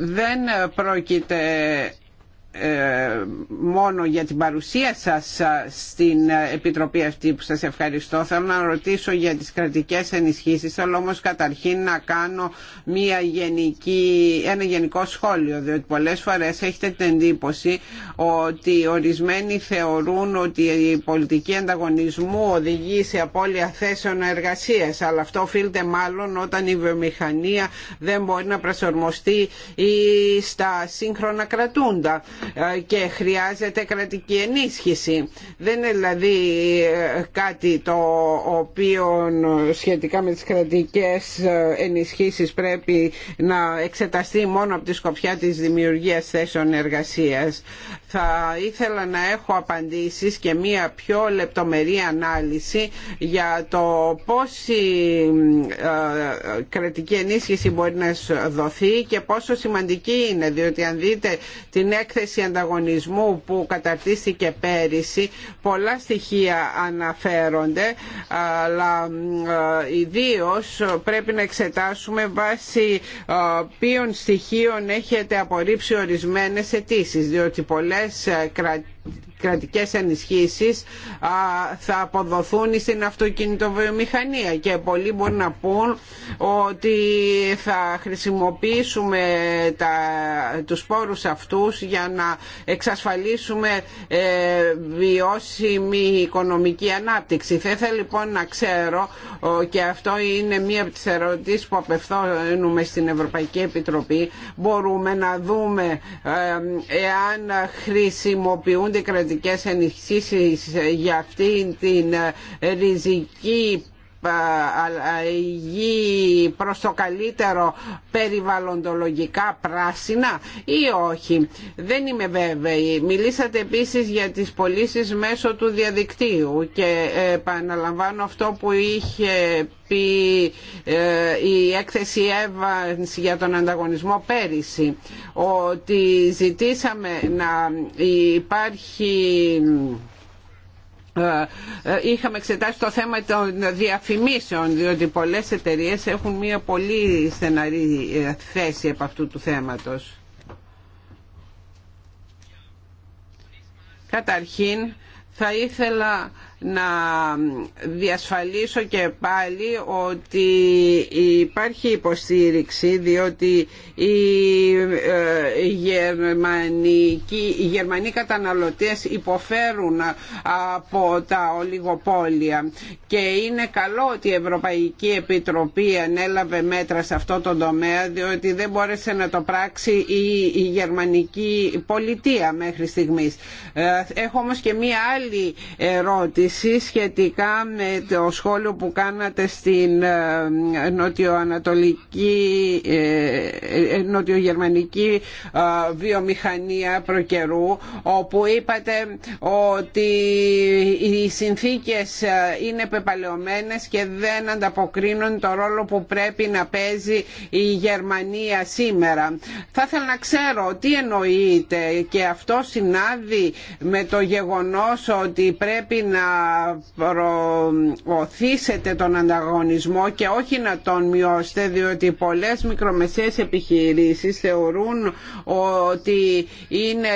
δεν πρόκειται ε, μόνο για την παρουσία σας στην ε, Επιτροπή αυτή που σας ευχαριστώ. Θέλω να ρωτήσω για τις κρατικές ενισχύσεις, αλλά όμως καταρχήν να κάνω μια γενική, ένα γενικό σχόλιο, διότι πολλές φορές έχετε την εντύπωση ότι ορισμένοι θεωρούν ότι η πολιτική ανταγωνισμού οδηγεί σε απώλεια θέσεων εργασία. αλλά αυτό οφείλεται μάλλον όταν η βιομηχανία δεν μπορεί να προσαρμοστεί στα σύγχρονα κρατούντα και χρειάζεται κρατική ενίσχυση. Δεν είναι δηλαδή ε, κάτι το οποίο σχετικά με τις κρατικές ε, ενισχύσεις πρέπει να εξεταστεί μόνο από τη σκοπιά της δημιουργίας θέσεων εργασίας. Θα ήθελα να έχω απαντήσεις και μία πιο λεπτομερή ανάλυση για το πόση ε, κρατική ενίσχυση μπορεί να δοθεί και πόσο σημαντική είναι. Διότι αν δείτε την έκθεση ανταγωνισμού που καταρτίστηκε πέρυσι, πολλά στοιχεία αναφέρονται, αλλά ε, ιδίω πρέπει να εξετάσουμε βάσει ε, ποιων στοιχείων έχετε απορρίψει ορισμένες αιτήσει, διότι σε κρατικές ενισχύσεις θα αποδοθούν στην αυτοκινητοβιομηχανία και πολλοί μπορεί να πούν ότι θα χρησιμοποιήσουμε τα, τους πόρους αυτούς για να εξασφαλίσουμε ε, βιώσιμη οικονομική ανάπτυξη. Θα ήθελα λοιπόν να ξέρω και αυτό είναι μία από τις ερωτήσεις που απευθύνουμε στην Ευρωπαϊκή Επιτροπή μπορούμε να δούμε ε, εάν χρησιμοποιούν κρατικές ενισχύσεις για αυτήν την ε, ριζική αλλαγή προς το καλύτερο περιβαλλοντολογικά πράσινα ή όχι. Δεν είμαι βέβαιη. Μιλήσατε επίσης για τις πωλήσει μέσω του διαδικτύου και επαναλαμβάνω αυτό που είχε πει ε, η έκθεση Εύα για τον ανταγωνισμό πέρυσι ότι ζητήσαμε να υπάρχει ε, ε, είχαμε εξετάσει το θέμα των διαφημίσεων διότι πολλές εταιρείες έχουν μια πολύ στεναρή ε, θέση από αυτού του θέματος. Καταρχήν θα ήθελα να διασφαλίσω και πάλι ότι υπάρχει υποστήριξη διότι οι, ε, γερμανικοί, γερμανοί καταναλωτές υποφέρουν από τα ολιγοπόλια και είναι καλό ότι η Ευρωπαϊκή Επιτροπή ανέλαβε μέτρα σε αυτό το τομέα διότι δεν μπόρεσε να το πράξει η, γερμανική πολιτεία μέχρι στιγμής. Ε, έχω όμως και μία άλλη ερώτηση σχετικά με το σχόλιο που κάνατε στην ε, νοτιοανατολική, ε, ε, νοτιογερμανική βιομηχανία προκαιρού όπου είπατε ότι οι συνθήκες είναι πεπαλαιωμένες και δεν ανταποκρίνουν το ρόλο που πρέπει να παίζει η Γερμανία σήμερα. Θα ήθελα να ξέρω τι εννοείται και αυτό συνάδει με το γεγονός ότι πρέπει να προωθήσετε τον ανταγωνισμό και όχι να τον μειώσετε διότι πολλές μικρομεσαίες επιχειρήσεις θεωρούν ότι είναι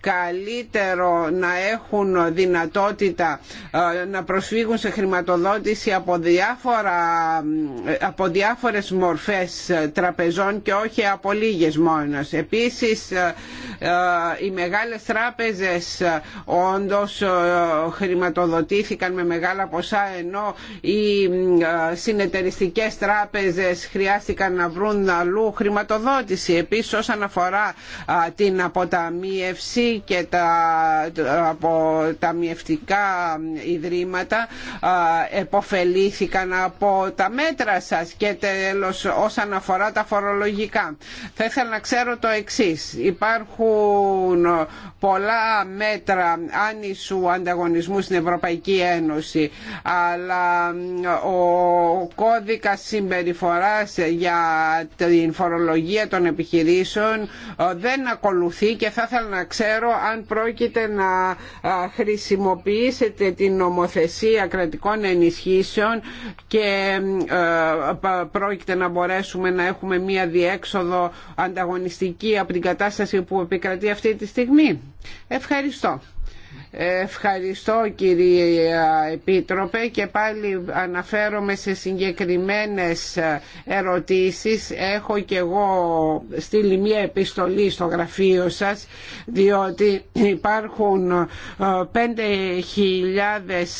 καλύτερο να έχουν δυνατότητα ε, να προσφύγουν σε χρηματοδότηση από, διάφορα, από διάφορες μορφές τραπεζών και όχι από λίγες μόνος. Επίσης ε, ε, οι μεγάλες τράπεζες όντως χρηματοδοτήθηκαν με μεγάλα ποσά ενώ οι συνεταιριστικές τράπεζες χρειάστηκαν να βρουν αλλού χρηματοδότηση. Επίσης όσον αφορά την αποταμίευση και τα αποταμιευτικά ιδρύματα εποφελήθηκαν από τα μέτρα σας και τέλος όσον αφορά τα φορολογικά. Θα ήθελα να ξέρω το εξής. Υπάρχουν πολλά μέτρα άνισου ανταγωνισμού στην Ευρωπαϊκή Ένωση αλλά ο κώδικας συμπεριφοράς για την φορολογία των επιχειρήσεων ε, δεν ακολουθεί και θα ήθελα να ξέρω αν πρόκειται να ε, χρησιμοποιήσετε την νομοθεσία κρατικών ενισχύσεων και ε, πρόκειται να μπορέσουμε να έχουμε μία διέξοδο ανταγωνιστική από την κατάσταση που επικρατεί αυτή τη στιγμή. Ευχαριστώ. Ευχαριστώ κύριε Επίτροπε και πάλι αναφέρομαι σε συγκεκριμένες ερωτήσεις. Έχω και εγώ στείλει μια επιστολή στο γραφείο σας διότι υπάρχουν 5.000 ε,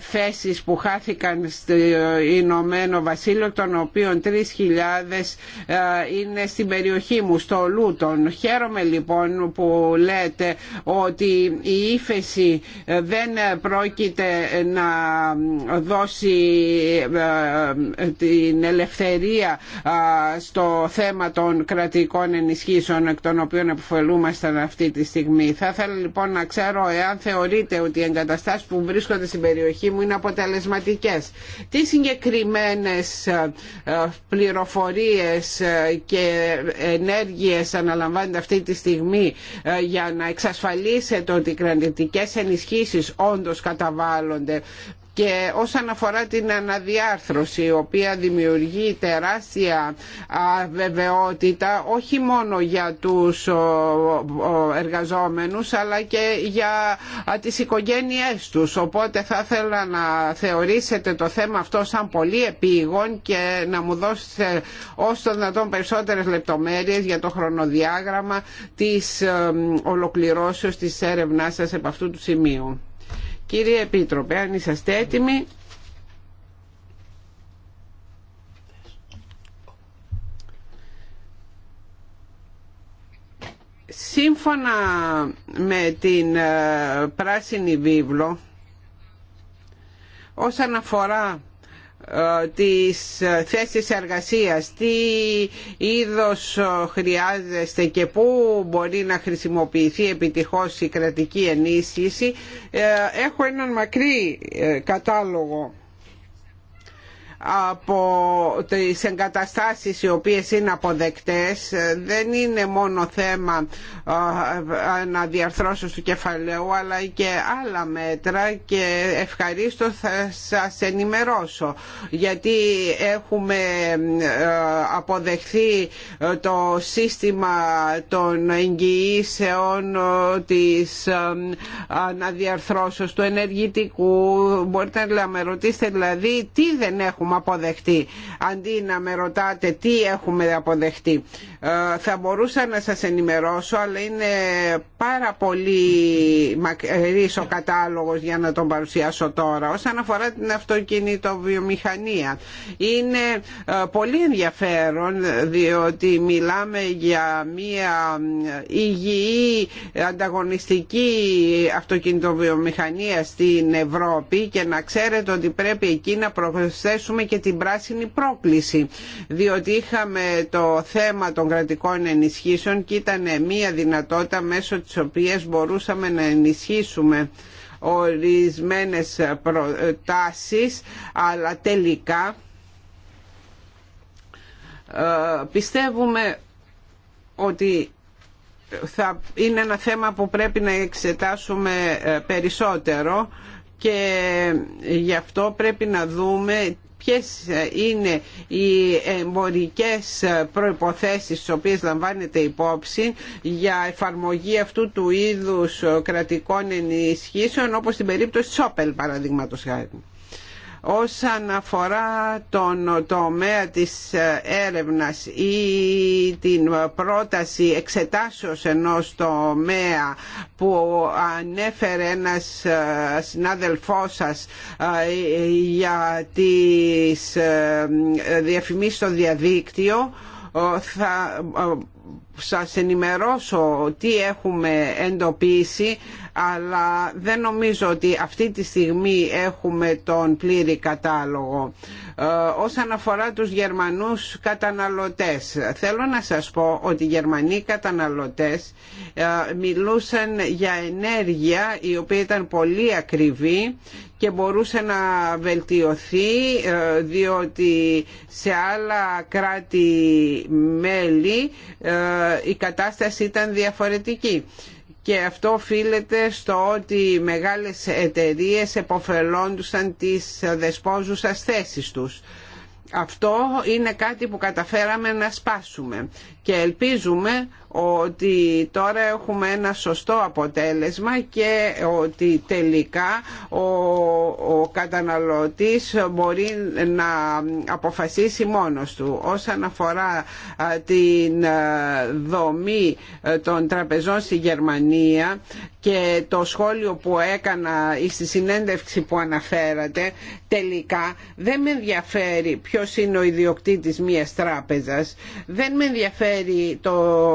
θέσεις που χάθηκαν στο Ηνωμένο Βασίλειο των οποίων 3.000 ε, είναι στην περιοχή μου, στο Λούτον. Χαίρομαι λοιπόν που λέτε ότι η ύφεση ε, δεν πρόκειται να δώσει ε, ε, την ελευθερία στο θέμα των κρατικών ενισχύσεων εκ των οποίων επωφελούμασταν αυτή τη στιγμή. Θα ήθελα λοιπόν να ξέρω εάν θεωρείτε ότι οι εγκαταστάσεις που βρίσκονται στην περιοχή μου είναι αποτελεσματικές. Τι συγκεκριμένες πληροφορίες και ενέργειες αναλαμβάνετε αυτή τη στιγμή για να εξασφαλίσετε ότι οι κυβερνητικές ενισχύσεις όντως καταβάλλονται και όσον αφορά την αναδιάρθρωση η οποία δημιουργεί τεράστια βεβαιότητα όχι μόνο για τους εργαζόμενους αλλά και για τις οικογένειές τους οπότε θα ήθελα να θεωρήσετε το θέμα αυτό σαν πολύ επίγον και να μου δώσετε όσο το δυνατόν περισσότερες λεπτομέρειες για το χρονοδιάγραμμα της ολοκληρώσεως της έρευνάς σας επ' αυτού του σημείου. Κύριε Επίτροπε, αν είσαστε έτοιμοι, σύμφωνα με την ε, Πράσινη Βίβλο, όσον αφορά ε, τις θέσεις εργασίας, τι είδος χρειάζεστε και πού μπορεί να χρησιμοποιηθεί επιτυχώς η κρατική ενίσχυση. Ε, έχω έναν μακρύ ε, κατάλογο από τις εγκαταστάσεις οι οποίες είναι αποδεκτές δεν είναι μόνο θέμα ε, αναδιαρθρώσεως του κεφαλαίου αλλά και άλλα μέτρα και ευχαρίστω θα σας ενημερώσω γιατί έχουμε ε, αποδεχθεί ε, το σύστημα των εγγυήσεων της αναδιαρθρώσεως του ενεργητικού μπορείτε να με ρωτήσετε δηλαδή τι δεν έχουμε αποδεχτεί αντί να με ρωτάτε τι έχουμε αποδεχτεί ε, θα μπορούσα να σας ενημερώσω αλλά είναι πάρα πολύ μακρύς ο κατάλογος για να τον παρουσιάσω τώρα όσον αφορά την αυτοκινητοβιομηχανία είναι ε, πολύ ενδιαφέρον διότι μιλάμε για μια υγιή ανταγωνιστική αυτοκινητοβιομηχανία στην Ευρώπη και να ξέρετε ότι πρέπει εκεί να προσθέσουμε και την πράσινη πρόκληση διότι είχαμε το θέμα των κρατικών ενισχύσεων και ήταν μια δυνατότητα μέσω της οποίας μπορούσαμε να ενισχύσουμε ορισμένες προτάσεις αλλά τελικά ε, πιστεύουμε ότι θα είναι ένα θέμα που πρέπει να εξετάσουμε ε, περισσότερο και γι' αυτό πρέπει να δούμε ποιες ε, είναι οι εμπορικές ε, προϋποθέσεις τις οποίες λαμβάνεται υπόψη για εφαρμογή αυτού του είδους ε, κρατικών ενισχύσεων όπως στην περίπτωση Σόπελ παραδείγματος χάρη όσον αφορά τον τομέα της έρευνας ή την πρόταση εξετάσεως ενός τομέα που ανέφερε ένας συνάδελφός σας ε, για τις ε, διαφημίσεις στο διαδίκτυο ε, θα σας ενημερώσω τι έχουμε εντοπίσει αλλά δεν νομίζω ότι αυτή τη στιγμή έχουμε τον πλήρη κατάλογο. Ε, όσον αφορά τους Γερμανούς καταναλωτές, θέλω να σας πω ότι οι Γερμανοί καταναλωτές ε, μιλούσαν για ενέργεια η οποία ήταν πολύ ακριβή και μπορούσε να βελτιωθεί ε, διότι σε άλλα κράτη-μέλη ε, η κατάσταση ήταν διαφορετική και αυτό οφείλεται στο ότι οι μεγάλες εταιρείες εποφελόντουσαν τις δεσπόζουσες θέσεις τους. Αυτό είναι κάτι που καταφέραμε να σπάσουμε και ελπίζουμε ότι τώρα έχουμε ένα σωστό αποτέλεσμα και ότι τελικά ο, ο καταναλωτής μπορεί να αποφασίσει μόνος του. Όσον αφορά την δομή των τραπεζών στη Γερμανία και το σχόλιο που έκανα στη συνέντευξη που αναφέρατε, τελικά δεν με ενδιαφέρει ποιος είναι ο ιδιοκτήτης μιας τράπεζας, δεν με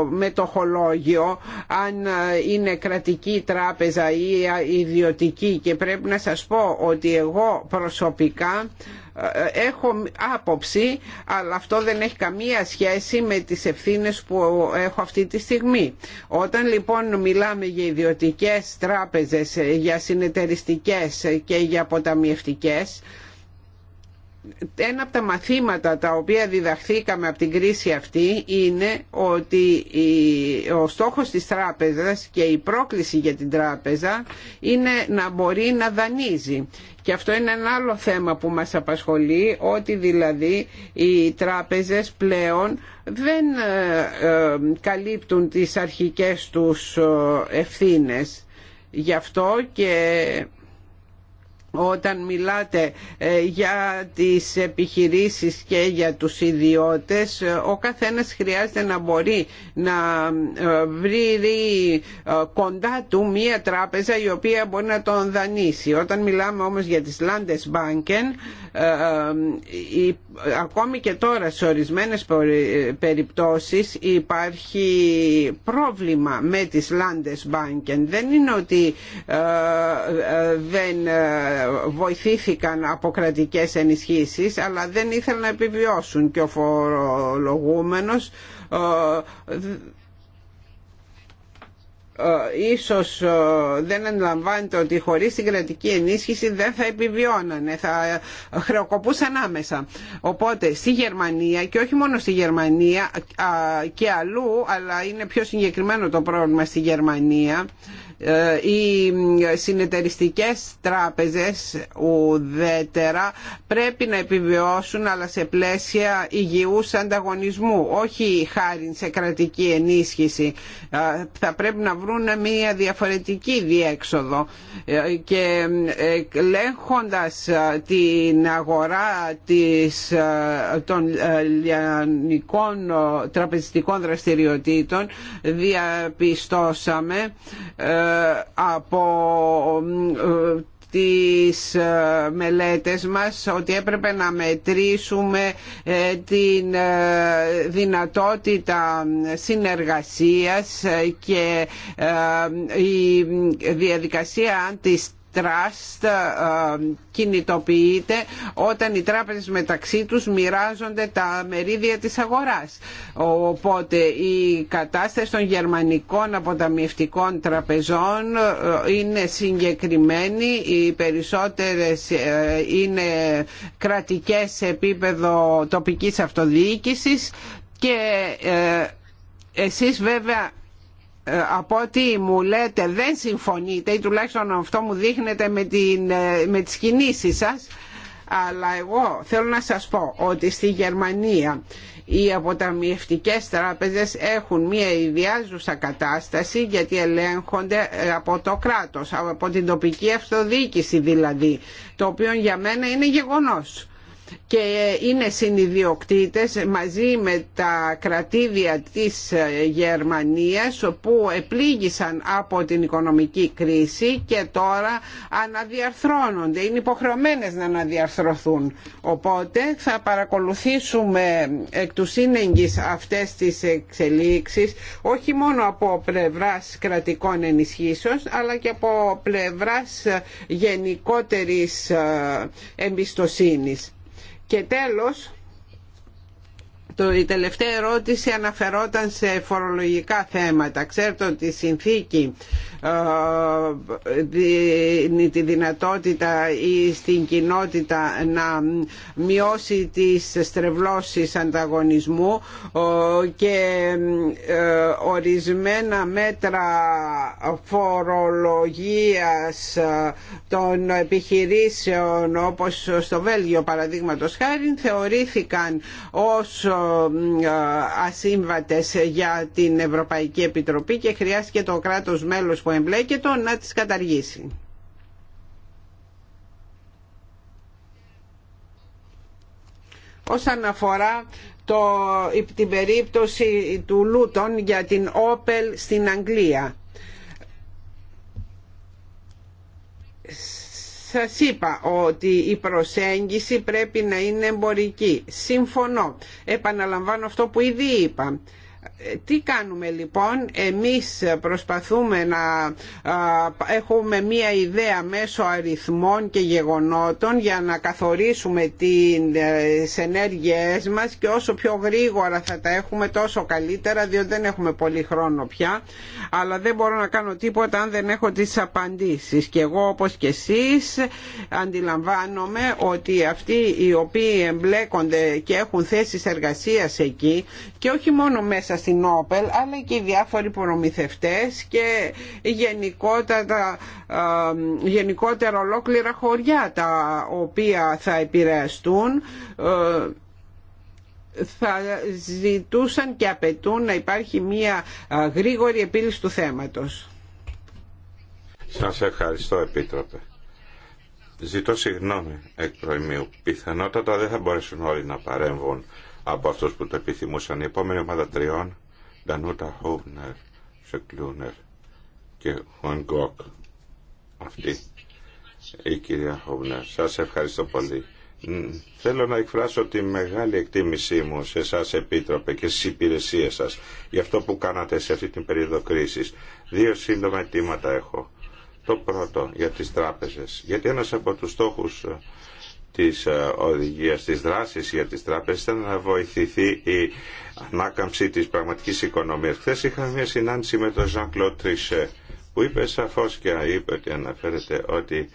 με το χολόγιο, αν ε, είναι κρατική τράπεζα ή ε, ιδιωτική και πρέπει να σας πω ότι εγώ προσωπικά ε, έχω άποψη αλλά αυτό δεν έχει καμία σχέση με τις ευθύνες που έχω αυτή τη στιγμή. Όταν λοιπόν μιλάμε για ιδιωτικές τράπεζες, για συνεταιριστικές και για αποταμιευτικές ένα από τα μαθήματα τα οποία διδαχθήκαμε από την κρίση αυτή είναι ότι ο στόχος της τράπεζας και η πρόκληση για την τράπεζα είναι να μπορεί να δανείζει. Και αυτό είναι ένα άλλο θέμα που μας απασχολεί, ότι δηλαδή οι τράπεζες πλέον δεν ε, ε, καλύπτουν τις αρχικές τους ε, ευθύνες. Γι' αυτό και όταν μιλάτε ε, για τις επιχειρήσεις και για τους ιδιώτες ε, ο καθένας χρειάζεται να μπορεί να ε, βρει κοντά του μία τράπεζα η οποία μπορεί να τον δανείσει. Όταν μιλάμε όμως για τις Landesbanken ακόμη και τώρα σε ορισμένες περιπτώσεις υπάρχει πρόβλημα με τις Landesbanken. Δεν είναι ότι δεν βοηθήθηκαν από κρατικές ενισχύσεις αλλά δεν ήθελαν να επιβιώσουν και ο φορολογούμενος ε, ε, ίσως ε, δεν αντιλαμβάνεται ότι χωρίς την κρατική ενίσχυση δεν θα επιβιώνανε, θα χρεοκοπούσαν άμεσα. Οπότε στη Γερμανία και όχι μόνο στη Γερμανία και αλλού, αλλά είναι πιο συγκεκριμένο το πρόβλημα στη Γερμανία, ε, οι συνεταιριστικές τράπεζες ουδέτερα πρέπει να επιβιώσουν αλλά σε πλαίσια υγιούς ανταγωνισμού όχι χάρη σε κρατική ενίσχυση ε, θα πρέπει να βρουν μια διαφορετική διέξοδο ε, και ελέγχοντας την αγορά της, των λιανικών τραπεζιστικών δραστηριοτήτων διαπιστώσαμε από ε, τις ε, μελέτες μας ότι έπρεπε να μετρήσουμε ε, την δυνατότητα συνεργασίας και η διαδικασία της τραστ ε, κινητοποιείται όταν οι τράπεζες μεταξύ τους μοιράζονται τα μερίδια της αγοράς. Οπότε η κατάσταση των γερμανικών αποταμιευτικών τραπεζών ε, είναι συγκεκριμένη. Οι περισσότερες ε, είναι κρατικές σε επίπεδο τοπικής αυτοδιοίκησης και εσείς βέβαια ε, από ό,τι μου λέτε δεν συμφωνείτε ή τουλάχιστον αυτό μου δείχνετε με, την, ε, με τις κινήσεις σας αλλά εγώ θέλω να σας πω ότι στη Γερμανία οι αποταμιευτικές τράπεζες έχουν μια ιδιάζουσα κατάσταση γιατί ελέγχονται ε, από το κράτος, από την τοπική αυτοδιοίκηση δηλαδή, το οποίο για μένα είναι γεγονός και είναι συνειδιοκτήτες μαζί με τα κρατήδια της Γερμανίας που επλήγησαν από την οικονομική κρίση και τώρα αναδιαρθρώνονται, είναι υποχρεωμένες να αναδιαρθρωθούν. Οπότε θα παρακολουθήσουμε εκ του σύνεγγυς αυτές τις εξελίξεις όχι μόνο από πλευράς κρατικών ενισχύσεων αλλά και από πλευράς γενικότερης εμπιστοσύνης. Και τέλος, το, η τελευταία ερώτηση αναφερόταν σε φορολογικά θέματα. Ξέρετε ότι η συνθήκη δίνει τη δυνατότητα ή στην κοινότητα να μειώσει τις στρεβλώσεις ανταγωνισμού και ε, ορισμένα μέτρα φορολογίας των επιχειρήσεων όπως στο Βέλγιο παραδείγματος χάρη θεωρήθηκαν ως ε, ασύμβατες για την Ευρωπαϊκή Επιτροπή και χρειάστηκε το κράτος μέλος που να τις καταργήσει. Όσον αφορά το, την περίπτωση του λούτων για την Όπελ στην Αγγλία. Σας είπα ότι η προσέγγιση πρέπει να είναι εμπορική. Συμφωνώ. Επαναλαμβάνω αυτό που ήδη είπα. Τι κάνουμε λοιπόν, εμείς προσπαθούμε να έχουμε μία ιδέα μέσω αριθμών και γεγονότων για να καθορίσουμε ε, τις ενέργειές μας και όσο πιο γρήγορα θα τα έχουμε τόσο καλύτερα διότι δεν έχουμε πολύ χρόνο πια αλλά δεν μπορώ να κάνω τίποτα αν δεν έχω τις απαντήσεις και εγώ όπως και εσείς αντιλαμβάνομαι ότι αυτοί οι οποίοι εμπλέκονται και έχουν θέσεις εργασίας εκεί και όχι μόνο μέσα στην Όπελ αλλά και οι διάφοροι προμηθευτές και γενικότερα, γενικότερα ολόκληρα χωριά τα οποία θα επηρεαστούν θα ζητούσαν και απαιτούν να υπάρχει μια γρήγορη επίλυση του θέματος. Σας ευχαριστώ Επίτροπε. Ζητώ συγγνώμη εκ προημίου. Πιθανότατα δεν θα μπορέσουν όλοι να παρέμβουν από αυτούς που το επιθυμούσαν. Η επόμενη ομάδα τριών, Ντανούτα Χούμπνερ, Σεκλούνερ και Χονγκόκ. Αυτή η κυρία Χούμπνερ. Σας ευχαριστώ πολύ. Θέλω να εκφράσω τη μεγάλη εκτίμησή μου σε εσά Επίτροπε και στι υπηρεσίε σας για αυτό που κάνατε σε αυτή την περίοδο κρίσης. Δύο σύντομα αιτήματα έχω. Το πρώτο για τι τράπεζε, Γιατί ένα από του στόχου. Ε, της ε, οδηγίας της δράσης για τις τράπεζες ήταν να βοηθηθεί η ανάκαμψη της πραγματικής οικονομίας. Χθε είχαμε μια συνάντηση με τον Ζαν Κλωτρίσε που είπε σαφώς και είπε ότι αναφέρεται ότι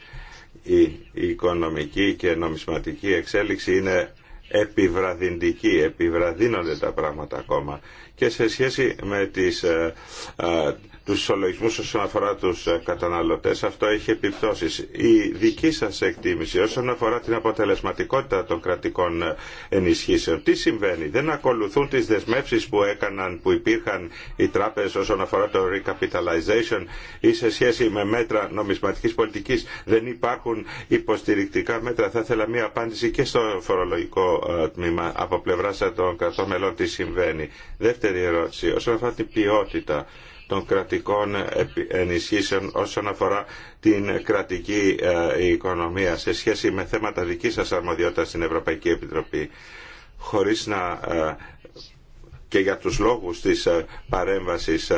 η οικονομική και νομισματική εξέλιξη είναι επιβραδυντική, επιβραδύνονται τα πράγματα ακόμα και σε σχέση με τις ε, ε, τους ισολογισμούς όσον αφορά τους ε, καταναλωτές, αυτό έχει επιπτώσεις. Η δική σας εκτίμηση όσον αφορά την αποτελεσματικότητα των κρατικών ε, ενισχύσεων, τι συμβαίνει, δεν ακολουθούν τις δεσμεύσεις που έκαναν, που υπήρχαν οι τράπεζες όσον αφορά το recapitalization ή σε σχέση με μέτρα νομισματικής πολιτικής δεν υπάρχουν υποστηρικτικά μέτρα. Θα ήθελα μία απάντηση και στο φορολογικό ε, τμήμα από πλευρά των κρατών μελών τι συμβαίνει. Δεύτερη ερώτηση, όσον αφορά την ποιότητα των κρατικών ενισχύσεων όσον αφορά την κρατική ε, οικονομία σε σχέση με θέματα δικής σας αρμοδιότητας στην Ευρωπαϊκή Επιτροπή χωρίς να ε, και για τους λόγους της ε, παρέμβασης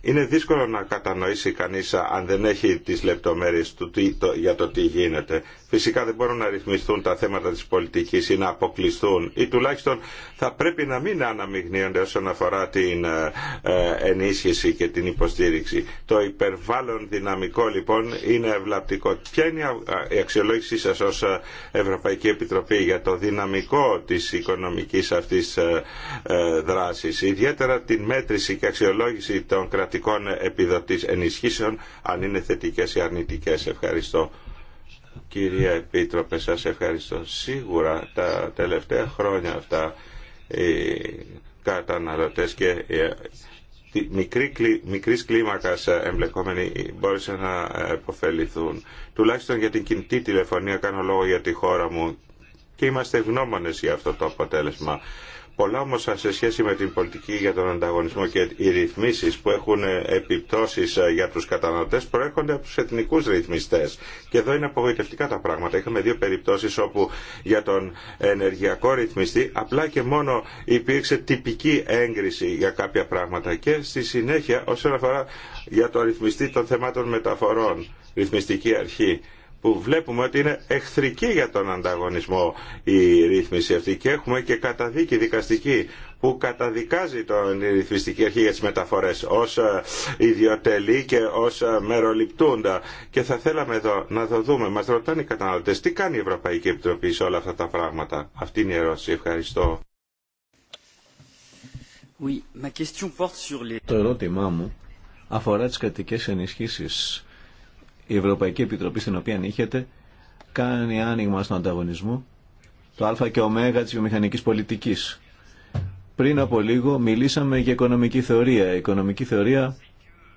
είναι δύσκολο να κατανοήσει κανείς αν δεν έχει τις λεπτομέρειες του, τι, το, για το τι γίνεται. Φυσικά δεν μπορούν να ρυθμιστούν τα θέματα της πολιτικής ή να αποκλειστούν ή τουλάχιστον θα πρέπει να μην αναμειγνύονται όσον αφορά την ε, ε, ενίσχυση και την υποστήριξη. Το υπερβάλλον δυναμικό λοιπόν είναι ευλαπτικό. Ποια είναι η αξιολόγησή σας ως ε, Ευρωπαϊκή Επιτροπή για το δυναμικό της οικονομικής αυτής δράσης, ιδιαίτερα την μέτρηση και αξιολόγηση των κρατικών επιδοτής ενισχύσεων, αν είναι θετικές ή αρνητικές. Ευχαριστώ. Κυρία Επίτροπε, σας ευχαριστώ. Σίγουρα τα τελευταία χρόνια αυτά οι καταναλωτές και ε, μικρή, μικρής κλίμακας εμπλεκόμενοι μπόρεσαν να επωφεληθούν. Τουλάχιστον για την κινητή τηλεφωνία κάνω λόγο για τη χώρα μου και είμαστε γνώμονες για αυτό το αποτέλεσμα. Πολλά όμω σε σχέση με την πολιτική για τον ανταγωνισμό και οι ρυθμίσει που έχουν επιπτώσεις ε, για τους καταναλωτές προέρχονται από του εθνικού ρυθμιστέ. Και εδώ είναι απογοητευτικά τα πράγματα. Είχαμε δύο περιπτώσεις όπου για τον ενεργειακό ρυθμιστή απλά και μόνο υπήρξε τυπική έγκριση για κάποια πράγματα. Και στη συνέχεια όσον αφορά για τον ρυθμιστή των θεμάτων μεταφορών, ρυθμιστική αρχή που βλέπουμε ότι είναι εχθρική για τον ανταγωνισμό η ρύθμιση αυτή και έχουμε και καταδίκη δικαστική που καταδικάζει τον ρυθμιστική αρχή για τις μεταφορές ως ε, ιδιοτελή και ως ε, μεροληπτούντα. Και θα θέλαμε εδώ να το δούμε. Μας ρωτάνε οι καταναλωτές τι κάνει η Ευρωπαϊκή Επιτροπή σε όλα αυτά τα πράγματα. Αυτή είναι η ερώτηση. Ευχαριστώ. Το ερώτημά μου αφορά τις κρατικές ενισχύσεις η Ευρωπαϊκή Επιτροπή στην οποία ανήχεται κάνει άνοιγμα στον ανταγωνισμό το α και ω της βιομηχανικής πολιτικής. Πριν από λίγο μιλήσαμε για οικονομική θεωρία. Η οικονομική θεωρία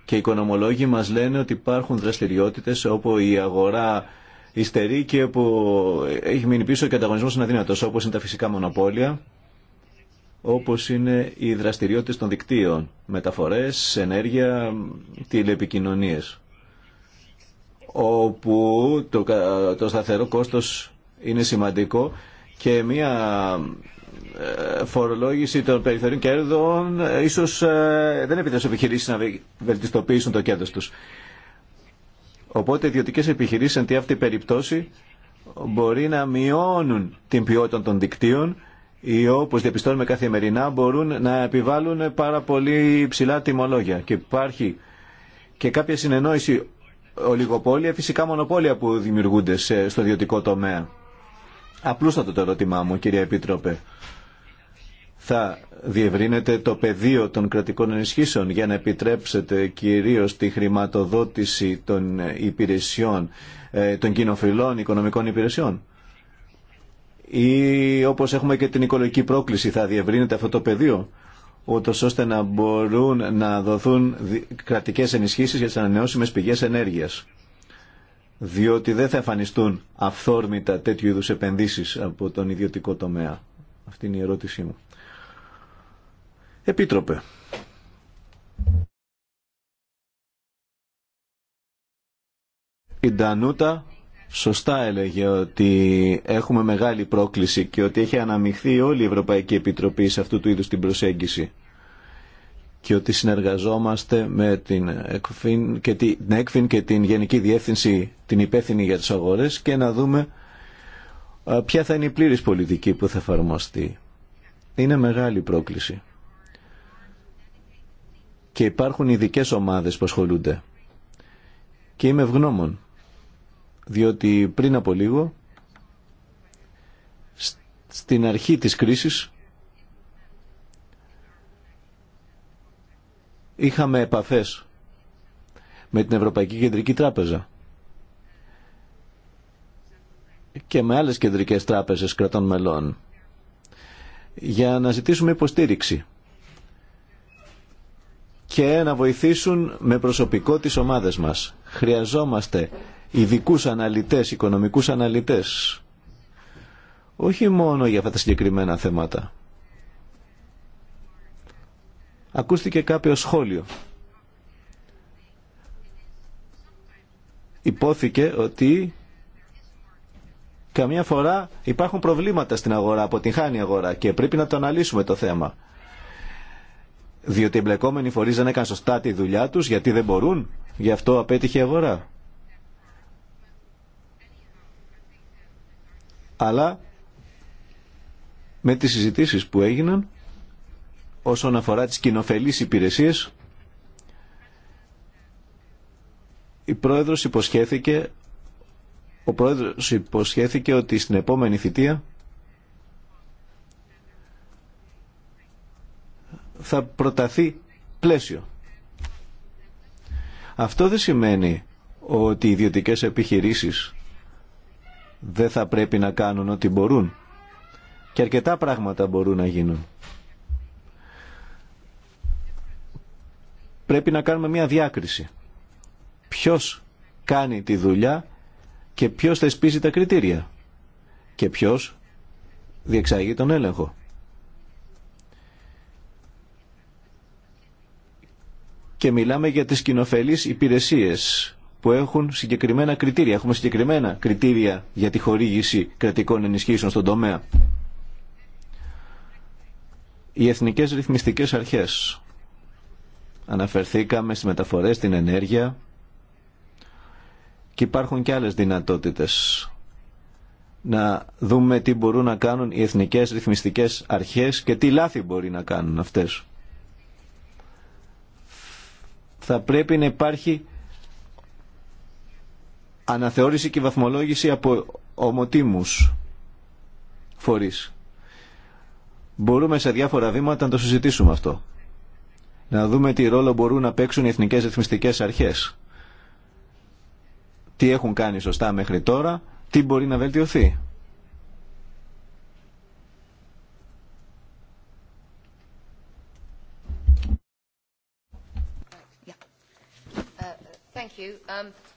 και οι οικονομολόγοι μας λένε ότι υπάρχουν δραστηριότητες όπου η αγορά υστερεί και που έχει μείνει πίσω και ο ανταγωνισμός είναι αδύνατος, όπως είναι τα φυσικά μονοπόλια, όπως είναι οι δραστηριότητες των δικτύων, μεταφορές, ενέργεια, τηλεπικοινωνίε όπου το, το σταθερό κόστος είναι σημαντικό και μια ε, φορολόγηση των περιθωρίων κέρδων ε, ίσως ε, δεν επιτρέψει επιχειρήσεις να βελτιστοποιήσουν το κέρδος τους. Οπότε ιδιωτικές επιχειρήσεις εν τη αυτή περιπτώσει μπορεί να μειώνουν την ποιότητα των δικτύων ή όπως διαπιστώνουμε καθημερινά μπορούν να επιβάλλουν πάρα πολύ ψηλά τιμολόγια. Και υπάρχει και κάποια συνεννόηση ολιγοπόλια, φυσικά μονοπόλια που δημιουργούνται στο ιδιωτικό τομέα. Απλούστατο το ερώτημά μου, κυρία Επίτροπε. Θα διευρύνετε το πεδίο των κρατικών ενισχύσεων για να επιτρέψετε κυρίως τη χρηματοδότηση των υπηρεσιών, ε, των κοινοφιλών οικονομικών υπηρεσιών. Ή όπως έχουμε και την οικολογική πρόκληση, θα διευρύνετε αυτό το πεδίο ούτως ώστε να μπορούν να δοθούν κρατικές ενισχύσεις για τις ανανεώσιμες πηγές ενέργειας. Διότι δεν θα εμφανιστούν αυθόρμητα τέτοιου είδους επενδύσεις από τον ιδιωτικό τομέα. Αυτή είναι η ερώτησή μου. Επίτροπε. Η Σωστά έλεγε ότι έχουμε μεγάλη πρόκληση και ότι έχει αναμειχθεί όλη η Ευρωπαϊκή Επιτροπή σε αυτού του είδους την προσέγγιση και ότι συνεργαζόμαστε με την ΕΚΦΙΝ και την, ΕΚΦΙΝ και την Γενική Διεύθυνση την υπεύθυνη για τις αγορές και να δούμε ποια θα είναι η πλήρης πολιτική που θα εφαρμοστεί. Είναι μεγάλη πρόκληση. Και υπάρχουν ειδικέ ομάδες που ασχολούνται. Και είμαι ευγνώμων διότι πριν από λίγο στην αρχή της κρίσης είχαμε επαφές με την Ευρωπαϊκή Κεντρική Τράπεζα και με άλλες κεντρικές τράπεζες κρατών μελών για να ζητήσουμε υποστήριξη και να βοηθήσουν με προσωπικό τις ομάδες μας. Χρειαζόμαστε ειδικού αναλυτές, οικονομικούς αναλυτές. Όχι μόνο για αυτά τα συγκεκριμένα θέματα. Ακούστηκε κάποιο σχόλιο. Υπόθηκε ότι καμιά φορά υπάρχουν προβλήματα στην αγορά, αποτυγχάνει η αγορά και πρέπει να το αναλύσουμε το θέμα. Διότι οι εμπλεκόμενοι φορείς δεν έκανε σωστά τη δουλειά τους, γιατί δεν μπορούν, γι' αυτό απέτυχε η αγορά. αλλά με τις συζητήσεις που έγιναν όσον αφορά τις κοινοφελείς υπηρεσίες η πρόεδρος υποσχέθηκε ο πρόεδρος υποσχέθηκε ότι στην επόμενη θητεία θα προταθεί πλαίσιο. Αυτό δεν σημαίνει ότι οι ιδιωτικές επιχειρήσεις δεν θα πρέπει να κάνουν ό,τι μπορούν. Και αρκετά πράγματα μπορούν να γίνουν. Πρέπει να κάνουμε μια διάκριση. Ποιος κάνει τη δουλειά και ποιος θεσπίζει τα κριτήρια και ποιος διεξάγει τον έλεγχο. Και μιλάμε για τις κοινοφελείς υπηρεσίες που έχουν συγκεκριμένα κριτήρια. Έχουμε συγκεκριμένα κριτήρια για τη χορήγηση κρατικών ενισχύσεων στον τομέα. Οι εθνικές ρυθμιστικές αρχές. Αναφερθήκαμε στις μεταφορές, στην ενέργεια και υπάρχουν και άλλες δυνατότητες να δούμε τι μπορούν να κάνουν οι εθνικές ρυθμιστικές αρχές και τι λάθη μπορεί να κάνουν αυτές. Θα πρέπει να υπάρχει αναθεώρηση και βαθμολόγηση από ομοτήμους φορείς. Μπορούμε σε διάφορα βήματα να το συζητήσουμε αυτό. Να δούμε τι ρόλο μπορούν να παίξουν οι εθνικές ρυθμιστικές αρχές. Τι έχουν κάνει σωστά μέχρι τώρα, τι μπορεί να βελτιωθεί. Uh, thank you. Um...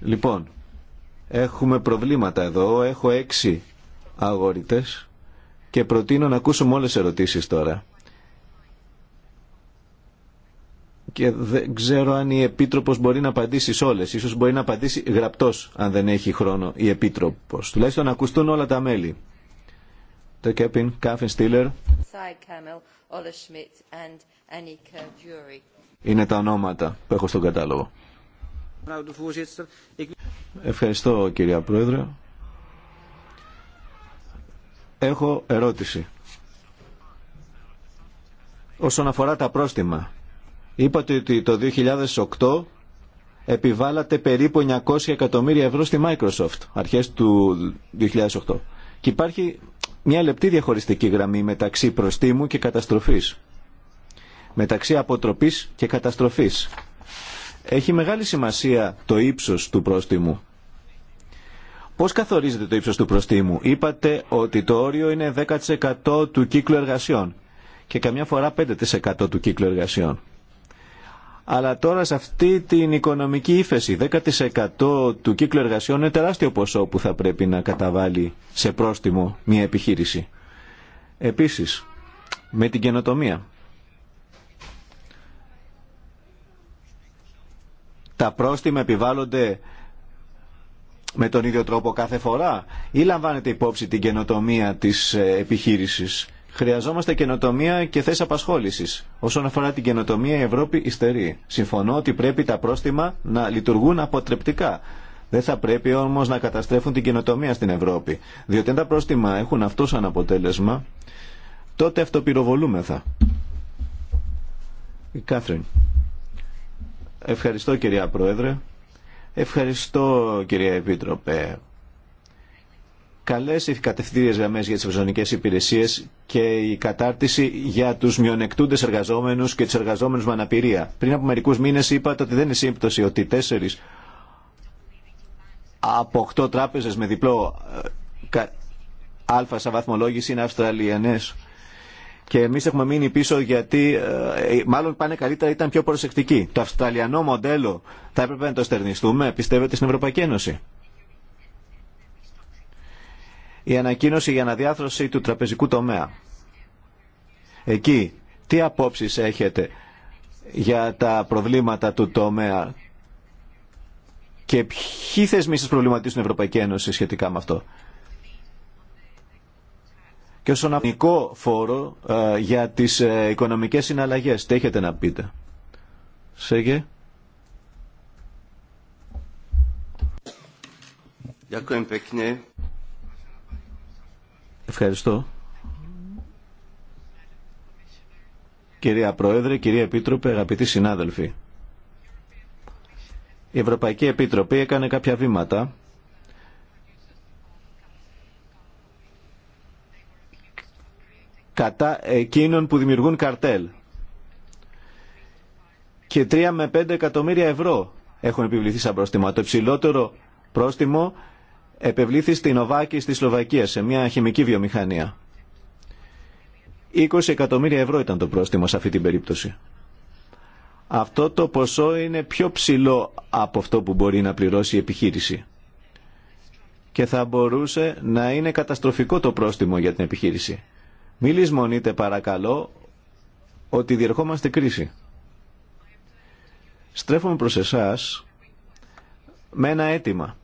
Λοιπόν, έχουμε προβλήματα εδώ. Έχω έξι αγόριτες και προτείνω να ακούσουμε όλες τις ερωτήσεις τώρα. Και δεν ξέρω αν η Επίτροπος μπορεί να απαντήσει σε όλες. Ίσως μπορεί να απαντήσει γραπτός, αν δεν έχει χρόνο η Επίτροπος. Τουλάχιστον να ακουστούν όλα τα μέλη. Το Κέπιν, Κάφιν Στήλερ. Είναι τα ονόματα που έχω στον κατάλογο. Ευχαριστώ κυρία Πρόεδρε. Έχω ερώτηση. Όσον αφορά τα πρόστιμα, είπατε ότι το 2008 επιβάλλατε περίπου 900 εκατομμύρια ευρώ στη Microsoft, αρχές του 2008. Και υπάρχει μια λεπτή διαχωριστική γραμμή μεταξύ προστίμου και καταστροφής. Μεταξύ αποτροπής και καταστροφής. Έχει μεγάλη σημασία το ύψος του πρόστιμου. Πώς καθορίζεται το ύψος του προστίμου. Είπατε ότι το όριο είναι 10% του κύκλου εργασιών και καμιά φορά 5% του κύκλου εργασιών. Αλλά τώρα σε αυτή την οικονομική ύφεση 10% του κύκλου εργασιών είναι τεράστιο ποσό που θα πρέπει να καταβάλει σε πρόστιμο μια επιχείρηση. Επίσης, με την καινοτομία. τα πρόστιμα επιβάλλονται με τον ίδιο τρόπο κάθε φορά ή λαμβάνετε υπόψη την καινοτομία της ε, επιχείρησης. Χρειαζόμαστε καινοτομία και θέσει απασχόληση. Όσον αφορά την καινοτομία, η λαμβανεται υποψη την καινοτομια της υστερεί. θεση απασχοληση οσον αφορα ότι πρέπει τα πρόστιμα να λειτουργούν αποτρεπτικά. Δεν θα πρέπει όμω να καταστρέφουν την καινοτομία στην Ευρώπη. Διότι αν τα πρόστιμα έχουν αυτό σαν αποτέλεσμα, τότε αυτοπυροβολούμεθα. Η Κάθριν. Ευχαριστώ κυρία Πρόεδρε. Ευχαριστώ κυρία Επίτροπε. Καλές οι κατευθύνες γραμμές για τις ευρωζωνικές υπηρεσίες και η κατάρτιση για τους μειονεκτούντες εργαζόμενους και τους εργαζόμενους με αναπηρία. Πριν από μερικούς μήνες είπατε ότι δεν είναι σύμπτωση ότι τέσσερις από οκτώ τράπεζες με διπλό ε, α σε βαθμολόγηση είναι Αυστραλιανές και εμείς έχουμε μείνει πίσω γιατί ε, ε, μάλλον πάνε καλύτερα ήταν πιο προσεκτικοί. Το αυστραλιανό μοντέλο θα έπρεπε να το στερνιστούμε, πιστεύετε, στην Ευρωπαϊκή Ένωση. Η ανακοίνωση για αναδιάθρωση του τραπεζικού τομέα. Εκεί, τι απόψεις έχετε για τα προβλήματα του τομέα και ποιοι θεσμοί σας προβληματίζουν στην Ευρωπαϊκή Ένωση σχετικά με αυτό και στον αμνικό φόρο ε, για τις ε, οικονομικές συναλλαγές. Τι έχετε να πείτε. Σέγε. Ευχαριστώ. Κυρία Πρόεδρε, κυρία Επίτροπε, αγαπητοί συνάδελφοι. Η Ευρωπαϊκή Επιτροπή έκανε κάποια βήματα κατά εκείνων που δημιουργούν καρτέλ. Και 3 με 5 εκατομμύρια ευρώ έχουν επιβληθεί σαν πρόστιμο. Το υψηλότερο πρόστιμο επευλήθη στην Οβάκη στη Σλοβακία, σε μια χημική βιομηχανία. 20 εκατομμύρια ευρώ ήταν το πρόστιμο σε αυτή την περίπτωση. Αυτό το ποσό είναι πιο ψηλό από αυτό που μπορεί να πληρώσει η επιχείρηση. Και θα μπορούσε να είναι καταστροφικό το πρόστιμο για την επιχείρηση. Μη λησμονείτε παρακαλώ ότι διερχόμαστε κρίση. Στρέφομαι προς εσάς με ένα αίτημα.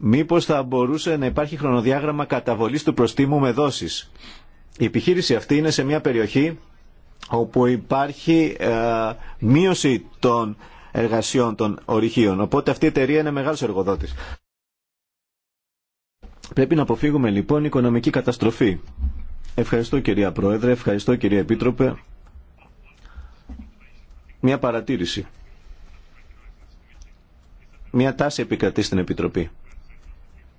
Μήπως θα μπορούσε να υπάρχει χρονοδιάγραμμα καταβολής του προστίμου με δόσεις. Η επιχείρηση αυτή είναι σε μια περιοχή όπου υπάρχει ε, μείωση των εργασιών των ορυχείων. Οπότε αυτή η εταιρεία είναι μεγάλος εργοδότης. Πρέπει να αποφύγουμε λοιπόν οικονομική καταστροφή. Ευχαριστώ κυρία Πρόεδρε, ευχαριστώ κυρία Επίτροπε. Μια παρατήρηση. Μια τάση επικρατεί στην Επιτροπή.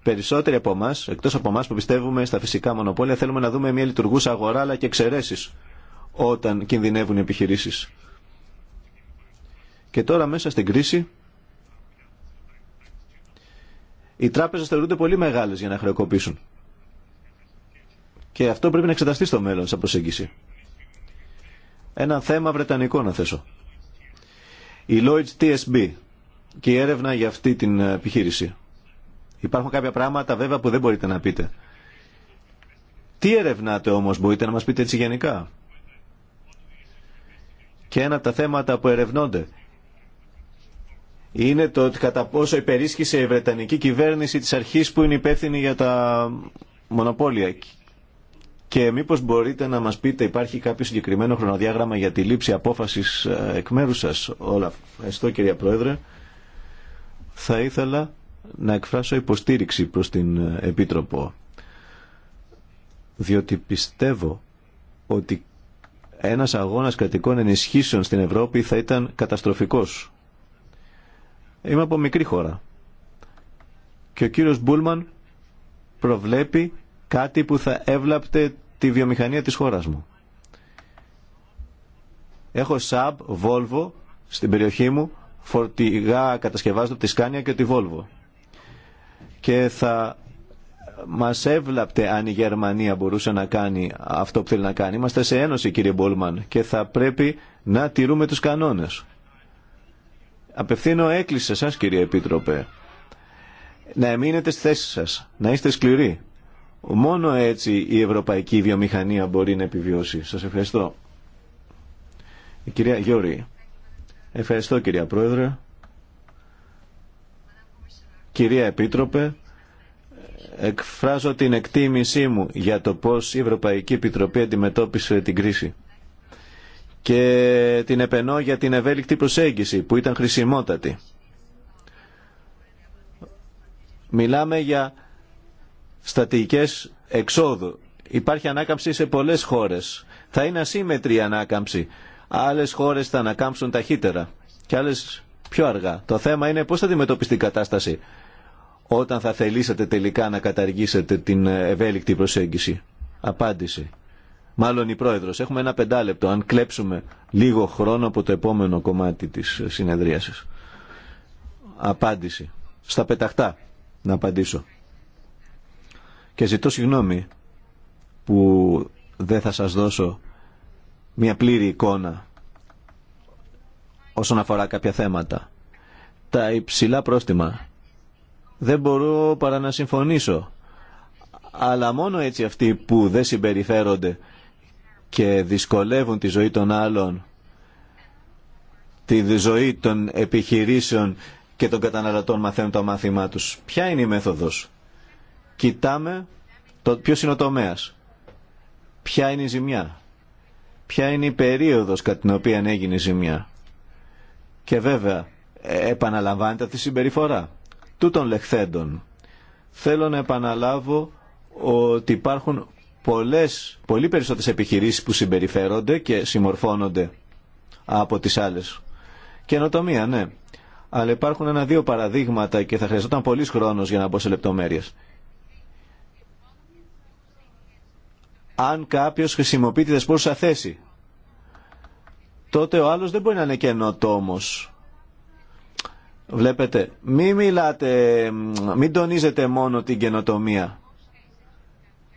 Περισσότεροι από εμά, εκτό από εμά που πιστεύουμε στα φυσικά μονοπόλια, θέλουμε να δούμε μια λειτουργούσα αγορά αλλά και εξαιρέσει όταν κινδυνεύουν οι επιχειρήσει. Και τώρα μέσα στην κρίση οι τράπεζε θεωρούνται πολύ μεγάλε για να χρεοκοπήσουν. Και αυτό πρέπει να εξεταστεί στο μέλλον σαν προσέγγιση. Ένα θέμα βρετανικό να θέσω. Η Lloyds TSB και η έρευνα για αυτή την επιχείρηση. Υπάρχουν κάποια πράγματα βέβαια που δεν μπορείτε να πείτε. Τι ερευνάτε όμως μπορείτε να μας πείτε έτσι γενικά. Και ένα από τα θέματα που ερευνώνται είναι το ότι κατά πόσο υπερίσχυσε η Βρετανική κυβέρνηση της αρχής που είναι υπεύθυνη για τα μονοπόλια. Και μήπως μπορείτε να μας πείτε υπάρχει κάποιο συγκεκριμένο χρονοδιάγραμμα για τη λήψη απόφασης ε, εκ μέρου σας όλα. Ευχαριστώ κυρία Πρόεδρε. Θα ήθελα να εκφράσω υποστήριξη προς την ε, Επίτροπο διότι πιστεύω ότι ένας αγώνας κρατικών ενισχύσεων στην Ευρώπη θα ήταν καταστροφικός Είμαι από μικρή χώρα. Και ο κύριος Μπούλμαν προβλέπει κάτι που θα έβλαπτε τη βιομηχανία της χώρας μου. Έχω Saab, Βόλβο στην περιοχή μου, φορτηγά κατασκευάζονται από τη Σκάνια και τη Βόλβο. Και θα μας έβλαπτε αν η Γερμανία μπορούσε να κάνει αυτό που θέλει να κάνει. Είμαστε σε ένωση κύριε Μπούλμαν και θα πρέπει να τηρούμε τους κανόνες. Απευθύνω έκκληση σε εσά, κύριε Επίτροπε να εμείνετε στη θέση σας, να είστε σκληροί. Μόνο έτσι η ευρωπαϊκή βιομηχανία μπορεί να επιβιώσει. Σας ευχαριστώ. Η κυρία Γιώργη, Ευχαριστώ κυρία Πρόεδρε. Κυρία Επίτροπε, εκφράζω την εκτίμησή μου για το πώς η Ευρωπαϊκή Επιτροπή αντιμετώπισε την κρίση και την επενώ για την ευέλικτη προσέγγιση που ήταν χρησιμότατη. Μιλάμε για στατικές εξόδου. Υπάρχει ανάκαμψη σε πολλές χώρες. Θα είναι ασύμετρη η ανάκαμψη. Άλλες χώρες θα ανακάμψουν ταχύτερα και άλλες πιο αργά. Το θέμα είναι πώς θα αντιμετωπιστεί η κατάσταση όταν θα θελήσετε τελικά να καταργήσετε την ευέλικτη προσέγγιση. Απάντηση. Μάλλον η πρόεδρος. Έχουμε ένα πεντάλεπτο, αν κλέψουμε λίγο χρόνο από το επόμενο κομμάτι της συνεδρίασης. Απάντηση. Στα πεταχτά να απαντήσω. Και ζητώ συγγνώμη που δεν θα σας δώσω μια πλήρη εικόνα όσον αφορά κάποια θέματα. Τα υψηλά πρόστιμα. Δεν μπορώ παρά να συμφωνήσω. Αλλά μόνο έτσι αυτοί που δεν συμπεριφέρονται και δυσκολεύουν τη ζωή των άλλων, τη ζωή των επιχειρήσεων και των καταναλωτών μαθαίνουν το μάθημά τους. Ποια είναι η μέθοδος. Κοιτάμε το, ποιος είναι ο τομέας. Ποια είναι η ζημιά. Ποια είναι η περίοδος κατά την οποία έγινε η ζημιά. Και βέβαια επαναλαμβάνεται αυτή η συμπεριφορά. Τούτων λεχθέντων. Θέλω να επαναλάβω ότι υπάρχουν πολλές, πολύ περισσότερες επιχειρήσεις που συμπεριφέρονται και συμμορφώνονται από τις άλλες. Καινοτομία, ναι. Αλλά υπάρχουν ένα-δύο παραδείγματα και θα χρειαζόταν πολύ χρόνο για να μπω σε λεπτομέρειε. Αν κάποιο χρησιμοποιεί τη δεσπόρουσα θέση, τότε ο άλλο δεν μπορεί να είναι καινοτόμο. Βλέπετε, μην μιλάτε, μην τονίζετε μόνο την καινοτομία.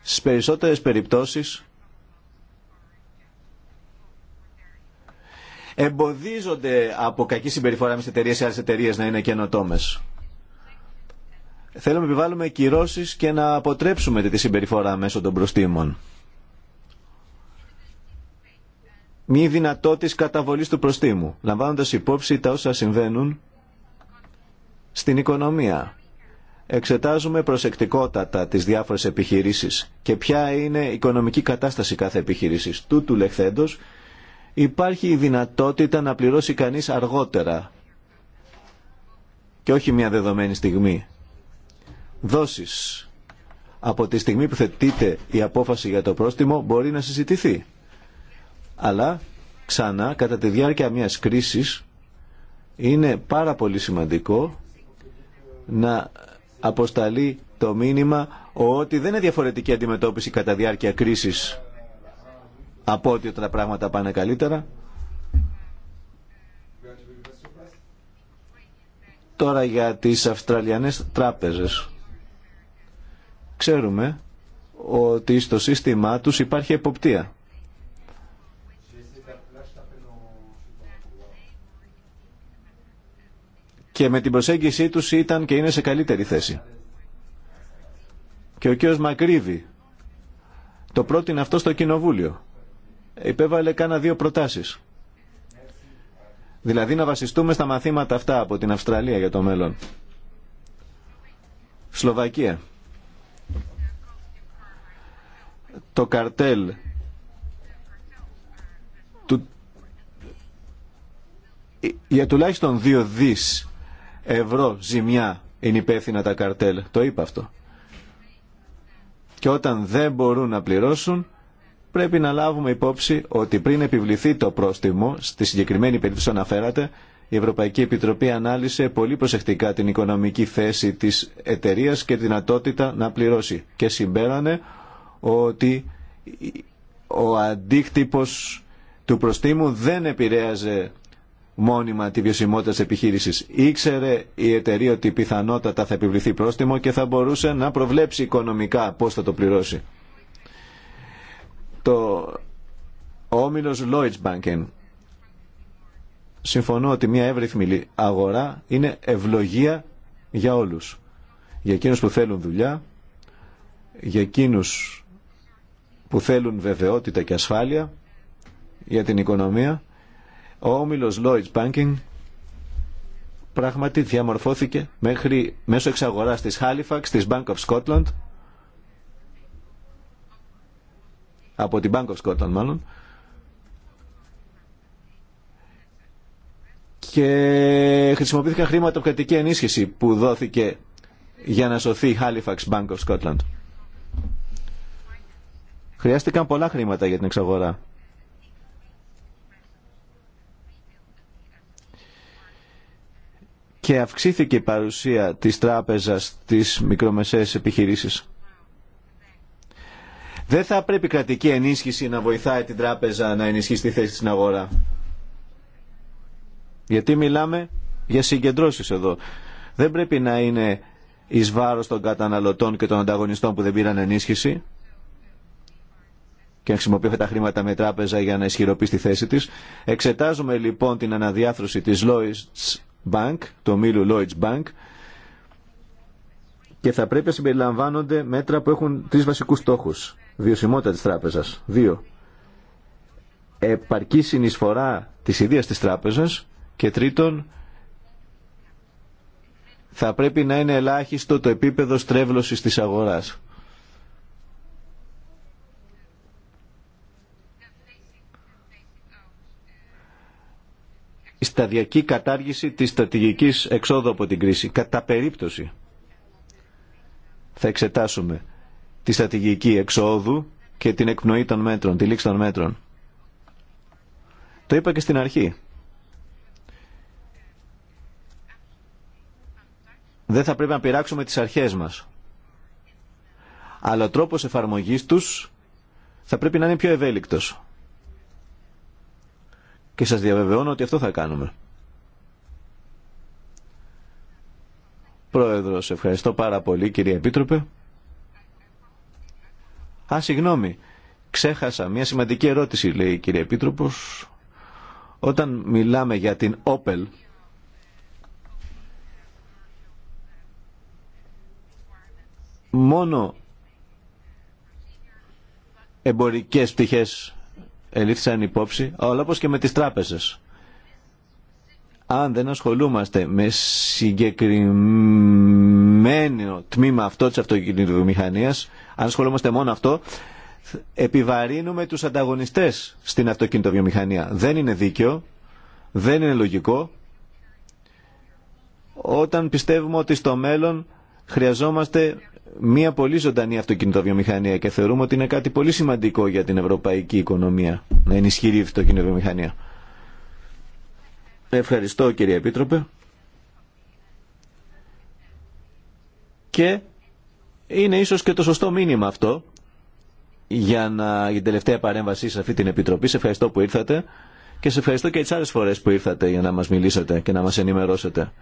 Στις περισσότερες περιπτώσεις εμποδίζονται από κακή συμπεριφορά με εταιρείε ή άλλε εταιρείε να είναι καινοτόμε. Θέλουμε να επιβάλλουμε κυρώσει και να αποτρέψουμε τη συμπεριφορά μέσω των προστήμων. Μη δυνατότητα καταβολή του προστήμου, λαμβάνοντα υπόψη τα όσα συμβαίνουν στην οικονομία εξετάζουμε προσεκτικότατα τις διάφορες επιχειρήσεις και ποια είναι η οικονομική κατάσταση κάθε επιχειρήσης. Τούτου λεχθέντος υπάρχει η δυνατότητα να πληρώσει κανείς αργότερα και όχι μια δεδομένη στιγμή. Δόσεις από τη στιγμή που θετείται η απόφαση για το πρόστιμο μπορεί να συζητηθεί. Αλλά ξανά κατά τη διάρκεια μιας κρίσης είναι πάρα πολύ σημαντικό να αποσταλεί το μήνυμα ότι δεν είναι διαφορετική αντιμετώπιση κατά διάρκεια κρίσης από ότι τα πράγματα πάνε καλύτερα. Τώρα για τις Αυστραλιανές τράπεζες. Ξέρουμε ότι στο σύστημά τους υπάρχει εποπτεία. και με την προσέγγιση τους ήταν και είναι σε καλύτερη θέση. Και ο κ. Μακρύβη το πρότεινε αυτό στο Κοινοβούλιο. Υπέβαλε κάνα δύο προτάσεις. Δηλαδή να βασιστούμε στα μαθήματα αυτά από την Αυστραλία για το μέλλον. Σλοβακία. Το καρτέλ του... για τουλάχιστον δύο δις ευρώ ζημιά είναι υπεύθυνα τα καρτέλ. Το είπα αυτό. Και όταν δεν μπορούν να πληρώσουν, πρέπει να λάβουμε υπόψη ότι πριν επιβληθεί το πρόστιμο, στη συγκεκριμένη περίπτωση που αναφέρατε, η Ευρωπαϊκή Επιτροπή ανάλυσε πολύ προσεκτικά την οικονομική θέση της εταιρεία και τη δυνατότητα να πληρώσει. Και συμπέρανε ότι ο αντίκτυπος του προστίμου δεν επηρέαζε μόνιμα τη βιωσιμότητα τη επιχείρηση. Ήξερε η εταιρεία ότι πιθανότατα θα επιβληθεί πρόστιμο και θα μπορούσε να προβλέψει οικονομικά πώ θα το πληρώσει. Το... Όμιλος όμιλο Lloyds Banken. Συμφωνώ ότι μια εύρυθμη αγορά είναι ευλογία για όλους. Για εκείνους που θέλουν δουλειά, για εκείνους που θέλουν βεβαιότητα και ασφάλεια για την οικονομία ο όμιλος Lloyds Banking πράγματι διαμορφώθηκε μέχρι, μέσω εξαγοράς της Halifax, της Bank of Scotland, από την Bank of Scotland μάλλον, και χρησιμοποιήθηκαν χρήματα από κρατική ενίσχυση που δόθηκε για να σωθεί η Halifax Bank of Scotland. Χρειάστηκαν πολλά χρήματα για την εξαγορά. και αυξήθηκε η παρουσία της τράπεζας στις μικρομεσαίες επιχειρήσεις. Δεν θα πρέπει κρατική ενίσχυση να βοηθάει την τράπεζα να ενισχύσει τη θέση στην αγορά. Γιατί μιλάμε για συγκεντρώσεις εδώ. Δεν πρέπει να είναι εις βάρος των καταναλωτών και των ανταγωνιστών που δεν πήραν ενίσχυση και να χρησιμοποιεί τα χρήματα με τράπεζα για να ισχυροποιήσει τη θέση της. Εξετάζουμε λοιπόν την αναδιάθρωση της Lloyds Bank, το ομίλου Lloyds Bank και θα πρέπει να συμπεριλαμβάνονται μέτρα που έχουν τρεις βασικούς στόχους. Βιωσιμότητα της τράπεζας. Δύο. Επαρκή συνεισφορά της ιδίας της τράπεζας. Και τρίτον, θα πρέπει να είναι ελάχιστο το επίπεδο στρέβλωσης της αγοράς. η σταδιακή κατάργηση της στρατηγικής εξόδου από την κρίση. Κατά περίπτωση θα εξετάσουμε τη στρατηγική εξόδου και την εκπνοή των μέτρων, τη λήξη των μέτρων. Το είπα και στην αρχή. Δεν θα πρέπει να πειράξουμε τις αρχές μας. Αλλά ο τρόπος εφαρμογής τους θα πρέπει να είναι πιο ευέλικτος. Και σας διαβεβαιώνω ότι αυτό θα κάνουμε. Πρόεδρος, ευχαριστώ πάρα πολύ κύριε Επίτροπε. Α, συγγνώμη, ξέχασα μια σημαντική ερώτηση λέει η κυρία Επίτροπος. Όταν μιλάμε για την Όπελ, μόνο εμπορικές πτυχές ελήφθησαν υπόψη, αλλά όπως και με τις τράπεζες. Αν δεν ασχολούμαστε με συγκεκριμένο τμήμα αυτό της αυτοκινητοβιομηχανίας, αν ασχολούμαστε μόνο αυτό, επιβαρύνουμε τους ανταγωνιστές στην αυτοκινητοβιομηχανία. Δεν είναι δίκαιο, δεν είναι λογικό. Όταν πιστεύουμε ότι στο μέλλον χρειαζόμαστε μια πολύ ζωντανή αυτοκινητοβιομηχανία και θεωρούμε ότι είναι κάτι πολύ σημαντικό για την ευρωπαϊκή οικονομία να ενισχυρεί η αυτοκινητοβιομηχανία. Ευχαριστώ κύριε Επίτροπε. Και είναι ίσως και το σωστό μήνυμα αυτό για, να, για την τελευταία παρέμβασή σε αυτή την Επιτροπή. Σε ευχαριστώ που ήρθατε και σε ευχαριστώ και τις άλλες φορές που ήρθατε για να μας μιλήσετε και να μας ενημερώσετε.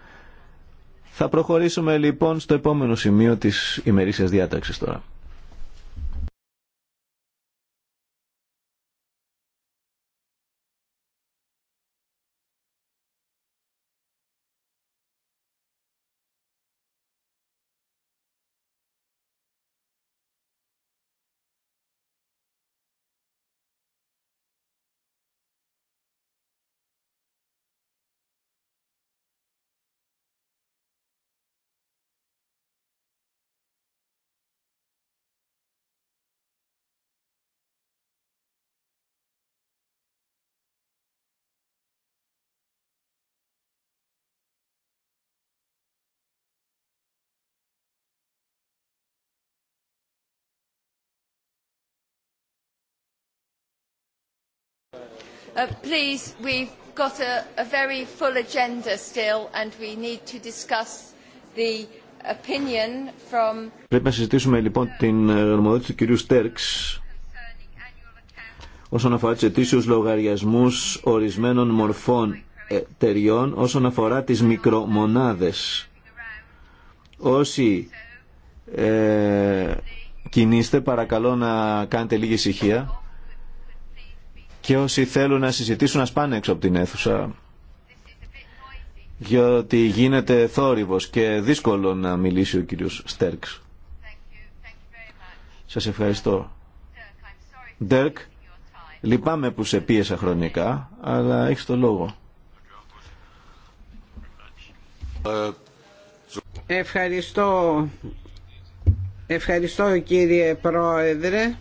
Θα προχωρήσουμε λοιπόν στο επόμενο σημείο της ημερήσιας διάταξης τώρα. Πρέπει να συζητήσουμε λοιπόν την ε, γνωμοδότηση του κυρίου Στέρξ όσον αφορά τις αιτήσιους λογαριασμούς ορισμένων μορφών εταιριών όσον αφορά τις μικρομονάδες. Όσοι ε, κινείστε παρακαλώ να κάνετε λίγη ησυχία και όσοι θέλουν να συζητήσουν να σπάνε έξω από την αίθουσα γιατί γίνεται θόρυβος και δύσκολο να μιλήσει ο κύριος Στέρξ. Σας ευχαριστώ. Ντέρκ, λυπάμαι που σε πίεσα χρονικά, αλλά έχεις το λόγο. Ευχαριστώ. Ευχαριστώ κύριε Πρόεδρε.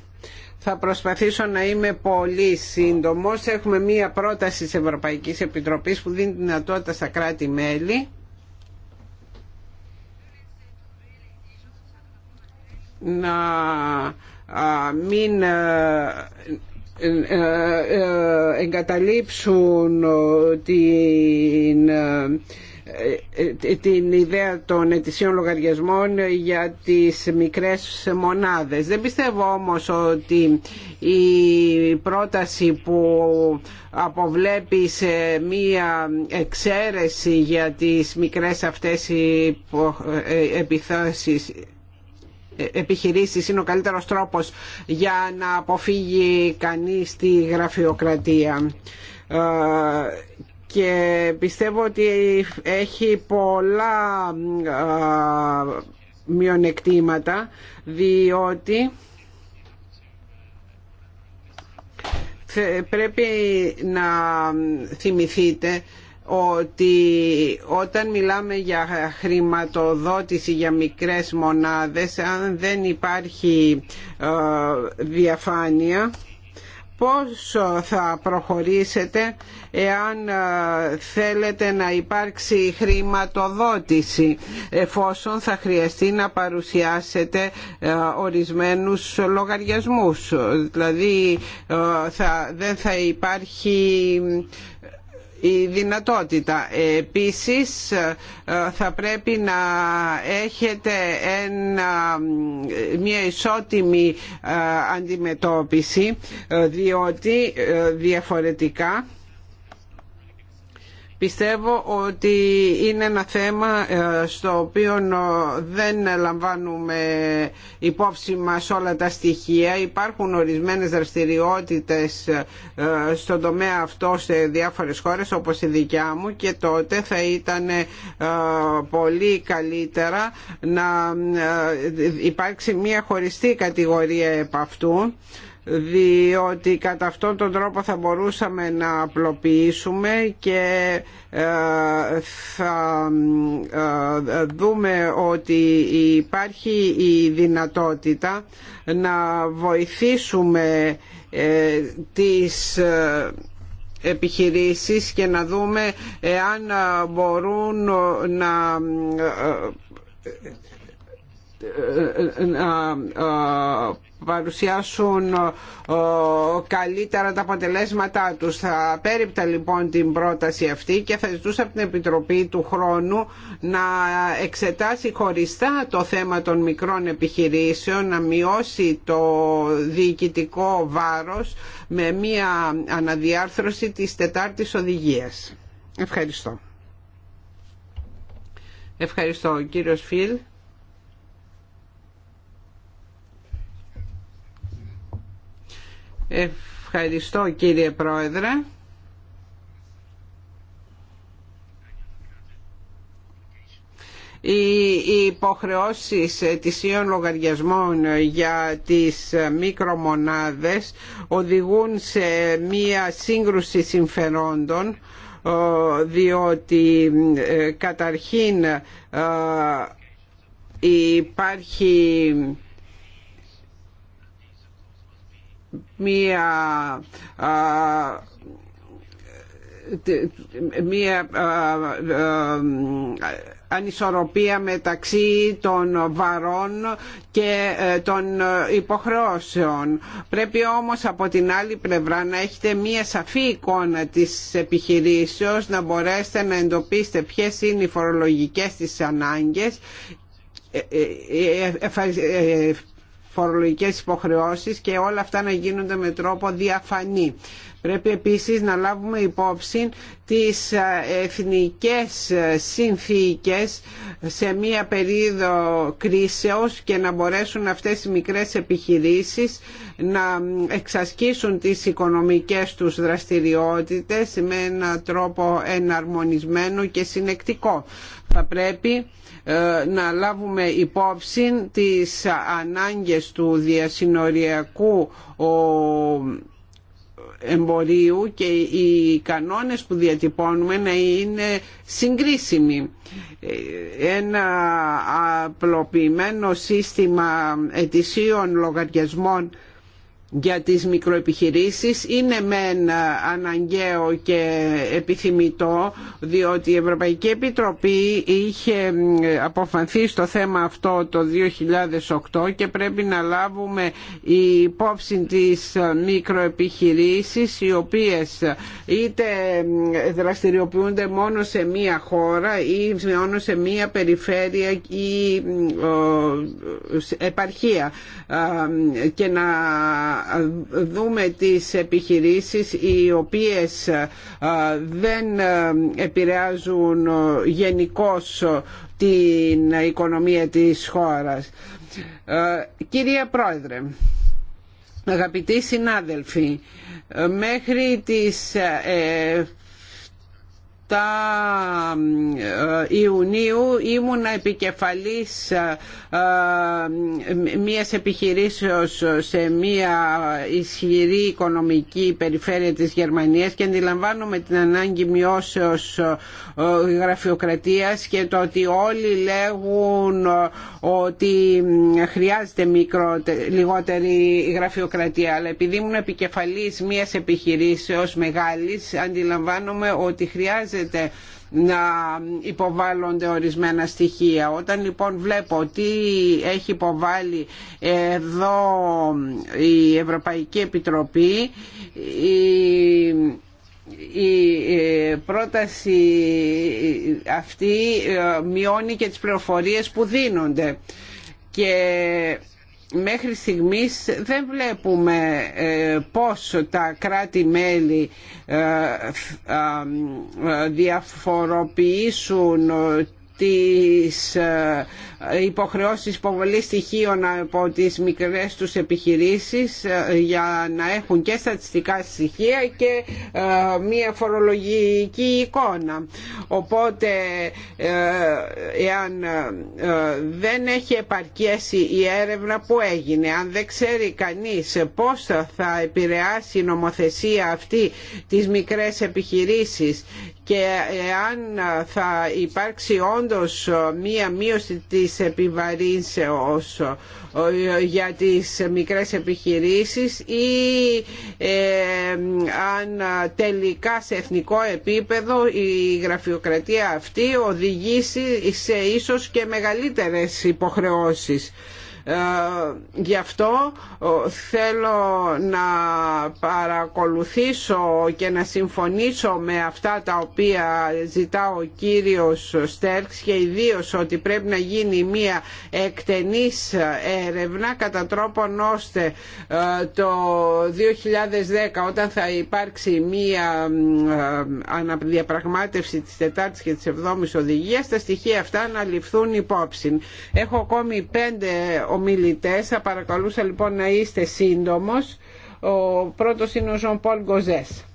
Θα προσπαθήσω να είμαι πολύ σύντομο. Έχουμε μία πρόταση τη ευρωπαϊκή Επιτροπή που δίνει δυνατότητα στα κράτη-μέλη να μην ε, ε, ε, εγκαταλείψουν την ε, ε, την ιδέα των ετησίων λογαριασμών για τις μικρές μονάδες. Δεν πιστεύω όμως ότι η πρόταση που αποβλέπει σε μία εξαίρεση για τις μικρές αυτές ε, επιθέσεις επιχειρήσεις είναι ο καλύτερος τρόπος για να αποφύγει κανείς τη γραφειοκρατία και πιστεύω ότι έχει πολλά μειονεκτήματα διότι πρέπει να θυμηθείτε ότι όταν μιλάμε για χρηματοδότηση για μικρές μονάδες αν δεν υπάρχει διαφάνεια πώς θα προχωρήσετε εάν ε, θέλετε να υπάρξει χρηματοδότηση εφόσον θα χρειαστεί να παρουσιάσετε ε, ορισμένους λογαριασμούς δηλαδή ε, θα, δεν θα υπάρχει η δυνατότητα. Επίσης θα πρέπει να έχετε ένα, μια ισότιμη ε, αντιμετώπιση ε, διότι ε, διαφορετικά Πιστεύω ότι είναι ένα θέμα ε, στο οποίο ε, δεν λαμβάνουμε υπόψη μας όλα τα στοιχεία. Υπάρχουν ορισμένες δραστηριότητες ε, στον τομέα αυτό σε διάφορες χώρες όπως η δικιά μου και τότε θα ήταν πολύ καλύτερα να υπάρξει μια χωριστή κατηγορία επ' αυτού διότι κατά αυτόν τον τρόπο θα μπορούσαμε να απλοποιήσουμε και ε, θα ε, δούμε ότι υπάρχει η δυνατότητα να βοηθήσουμε ε, τις επιχειρήσεις και να δούμε εάν μπορούν να να παρουσιάσουν ε, καλύτερα τα αποτελέσματά τους. Θα πέριπτα λοιπόν την πρόταση αυτή και θα ζητούσα από την Επιτροπή του χρόνου να εξετάσει χωριστά το θέμα των μικρών επιχειρήσεων, να μειώσει το διοικητικό βάρος με μια αναδιάρθρωση της τετάρτης οδηγίας. Ευχαριστώ. Ευχαριστώ κύριος Φιλ. Ευχαριστώ κύριε Πρόεδρε. οι υποχρεώσεις ετησίων λογαριασμών για τις μικρομονάδες οδηγούν σε μία σύγκρουση συμφερόντων διότι ε, καταρχήν ε, υπάρχει μία μία ανισορροπία μεταξύ των βαρών και ε, των υποχρεώσεων. Πρέπει όμως από την άλλη πλευρά να έχετε μία σαφή εικόνα της επιχειρήσεως, να μπορέσετε να εντοπίσετε ποιες είναι οι φορολογικές της ανάγκες ε, ε, φορολογικές υποχρεώσεις και όλα αυτά να γίνονται με τρόπο διαφανή. Πρέπει επίσης να λάβουμε υπόψη τις ε, εθνικές ε, συνθήκες σε μία περίοδο κρίσεως και να μπορέσουν αυτές οι μικρές επιχειρήσεις να εξασκήσουν τις οικονομικές τους δραστηριότητες με έναν τρόπο εναρμονισμένο και συνεκτικό. Θα πρέπει ε, να λάβουμε υπόψη τις ανάγκες του διασυνοριακού εμπορίου και οι κανόνες που διατυπώνουμε να είναι συγκρίσιμοι. Ένα απλοποιημένο σύστημα ετησίων λογαριασμών για τις μικροεπιχειρήσεις είναι μεν αναγκαίο και επιθυμητό διότι η Ευρωπαϊκή Επιτροπή είχε αποφανθεί στο θέμα αυτό το 2008 και πρέπει να λάβουμε υπόψη της μικροεπιχειρήσεις οι οποίες είτε δραστηριοποιούνται μόνο σε μία χώρα ή μόνο σε μία περιφέρεια ή επαρχία και να δούμε τις επιχειρήσεις οι οποίες ε, δεν ε, επηρεάζουν ε, γενικώ την οικονομία της χώρας. Κυρία Πρόεδρε, αγαπητοί συνάδελφοι, μέχρι τις Ιουνίου ήμουν επικεφαλής ε, μιας επιχειρήσεως σε μια ισχυρή οικονομική περιφέρεια της Γερμανίας και αντιλαμβάνομαι την ανάγκη μειώσεως ε, γραφειοκρατίας και το ότι όλοι λέγουν ε, ότι χρειάζεται μικρότερη, λιγότερη γραφειοκρατία αλλά επειδή ήμουν επικεφαλής μιας επιχειρήσεως μεγάλης αντιλαμβάνομαι ότι χρειάζεται να υποβάλλονται ορισμένα στοιχεία. Όταν λοιπόν βλέπω τι έχει υποβάλει εδώ η Ευρωπαϊκή Επιτροπή, η η πρόταση αυτή ε, μειώνει και τις πληροφορίες που δίνονται και μέχρι στιγμής δεν βλέπουμε ε, πώς τα κράτη-μέλη ε, διαφοροποιήσουν ε, τις ε, υποχρεώσεις υποβολής στοιχείων από τις μικρές τους επιχειρήσεις ε, για να έχουν και στατιστικά στοιχεία και ε, μία φορολογική εικόνα. Οπότε εάν δεν έχει επαρκέσει η έρευνα που έγινε, αν δεν ξέρει κανείς πώς θα επηρεάσει η νομοθεσία αυτή τις μικρές επιχειρήσεις και αν θα υπάρξει όντως μία μείωση της επιβαρύνσεως ε, για τις μικρές επιχειρήσεις ή ε, αν τελικά σε εθνικό επίπεδο η γραφειοκρατία αυτή οδηγήσει σε ίσως και μεγαλύτερες υποχρεώσεις. Ε, γι' αυτό θέλω να παρακολουθήσω και να συμφωνήσω με αυτά τα οποία ζητά ο κύριος Στέρξ και ιδίως ότι πρέπει να γίνει μία εκτενής έρευνα κατά τρόπον ώστε ε, το 2010 όταν θα υπάρξει μία ε, αναδιαπραγμάτευση της 4 και της 7 οδηγίας τα στοιχεία αυτά να ληφθούν υπόψη. Έχω ακόμη πέντε θα παρακαλούσα λοιπόν να είστε σύντομος. Ο πρώτος είναι ο Ζων Πολ Γκοζές.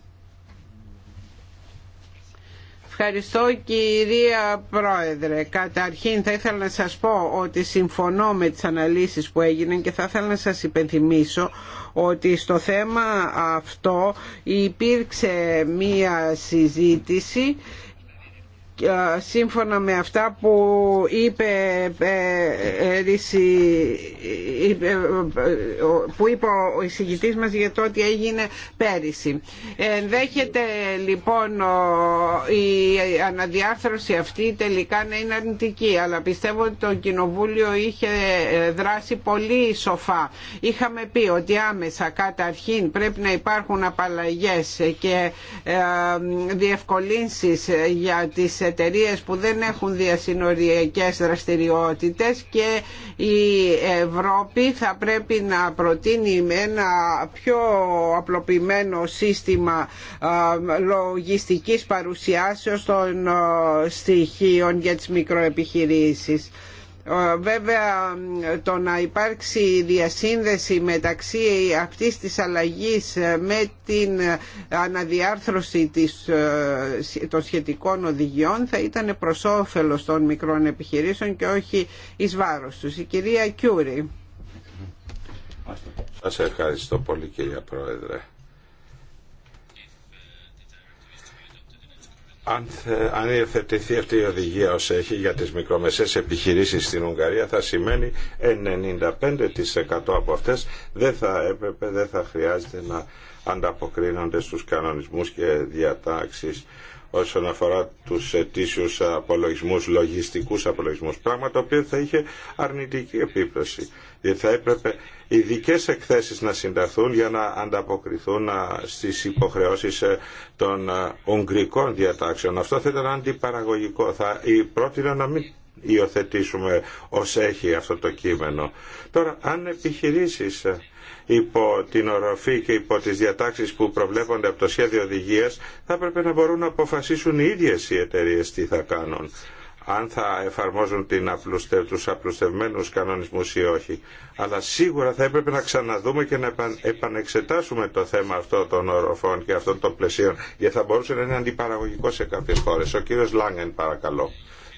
Ευχαριστώ κυρία Πρόεδρε. Καταρχήν θα ήθελα να σας πω ότι συμφωνώ με τις αναλύσεις που έγιναν και θα ήθελα να σας υπενθυμίσω ότι στο θέμα αυτό υπήρξε μία συζήτηση σύμφωνα με αυτά που είπε ε, που είπε ο εισηγητής μας για το ότι έγινε πέρυσι. Ενδέχεται λοιπόν η αναδιάρθρωση αυτή τελικά να είναι αρνητική αλλά πιστεύω ότι το Κοινοβούλιο είχε ε, δράσει πολύ σοφά. Είχαμε πει ότι άμεσα καταρχήν πρέπει να υπάρχουν απαλλαγές και ε, διευκολύνσεις για τις εταιρείες που δεν έχουν διασυνοριακές δραστηριότητες και η Ευρώπη θα πρέπει να προτείνει με ένα πιο απλοποιημένο σύστημα ε, λογιστικής παρουσιάσεως των ε, στοιχείων για τις μικροεπιχειρήσεις. Ε, βέβαια το να υπάρξει διασύνδεση μεταξύ αυτής της αλλαγής με την αναδιάρθρωση της, ε, των σχετικών οδηγιών θα ήταν προς όφελος των μικρών επιχειρήσεων και όχι εις βάρος τους. Η κυρία Κιούρη. Σας ευχαριστώ πολύ κυρία Πρόεδρε. αν, αν υιοθετηθεί αυτή η οδηγία ως έχει για τις μικρομεσαίες επιχειρήσεις στην Ουγγαρία θα σημαίνει 95% από αυτές δεν θα έπρεπε, δεν θα χρειάζεται να ανταποκρίνονται στους κανονισμούς και διατάξεις όσον αφορά του αιτήσιους απολογισμού, λογιστικούς απολογισμού, πράγμα το οποίο θα είχε αρνητική επίπτωση. Γιατί θα έπρεπε ειδικέ εκθέσεις να συνταθούν για να ανταποκριθούν στι υποχρεώσει ε, των ουγγρικών διατάξεων. Αυτό θα ήταν αντιπαραγωγικό. Θα πρότεινα να μην υιοθετήσουμε ως έχει αυτό το κείμενο. Τώρα, αν επιχειρήσεις ε, υπό την οροφή και υπό τις διατάξεις που προβλέπονται από το σχέδιο οδηγίας θα έπρεπε να μπορούν να αποφασίσουν οι ίδιες οι εταιρείες τι θα κάνουν αν θα εφαρμόζουν την απλουστε, τους απλουστευμένους κανονισμούς ή όχι. Αλλά σίγουρα θα έπρεπε να ξαναδούμε και να επανεξετάσουμε το θέμα αυτό των οροφών και αυτών των πλαισίων, γιατί θα μπορούσε να είναι αντιπαραγωγικό σε κάποιες χώρες. Ο κύριος Λάγκεν παρακαλώ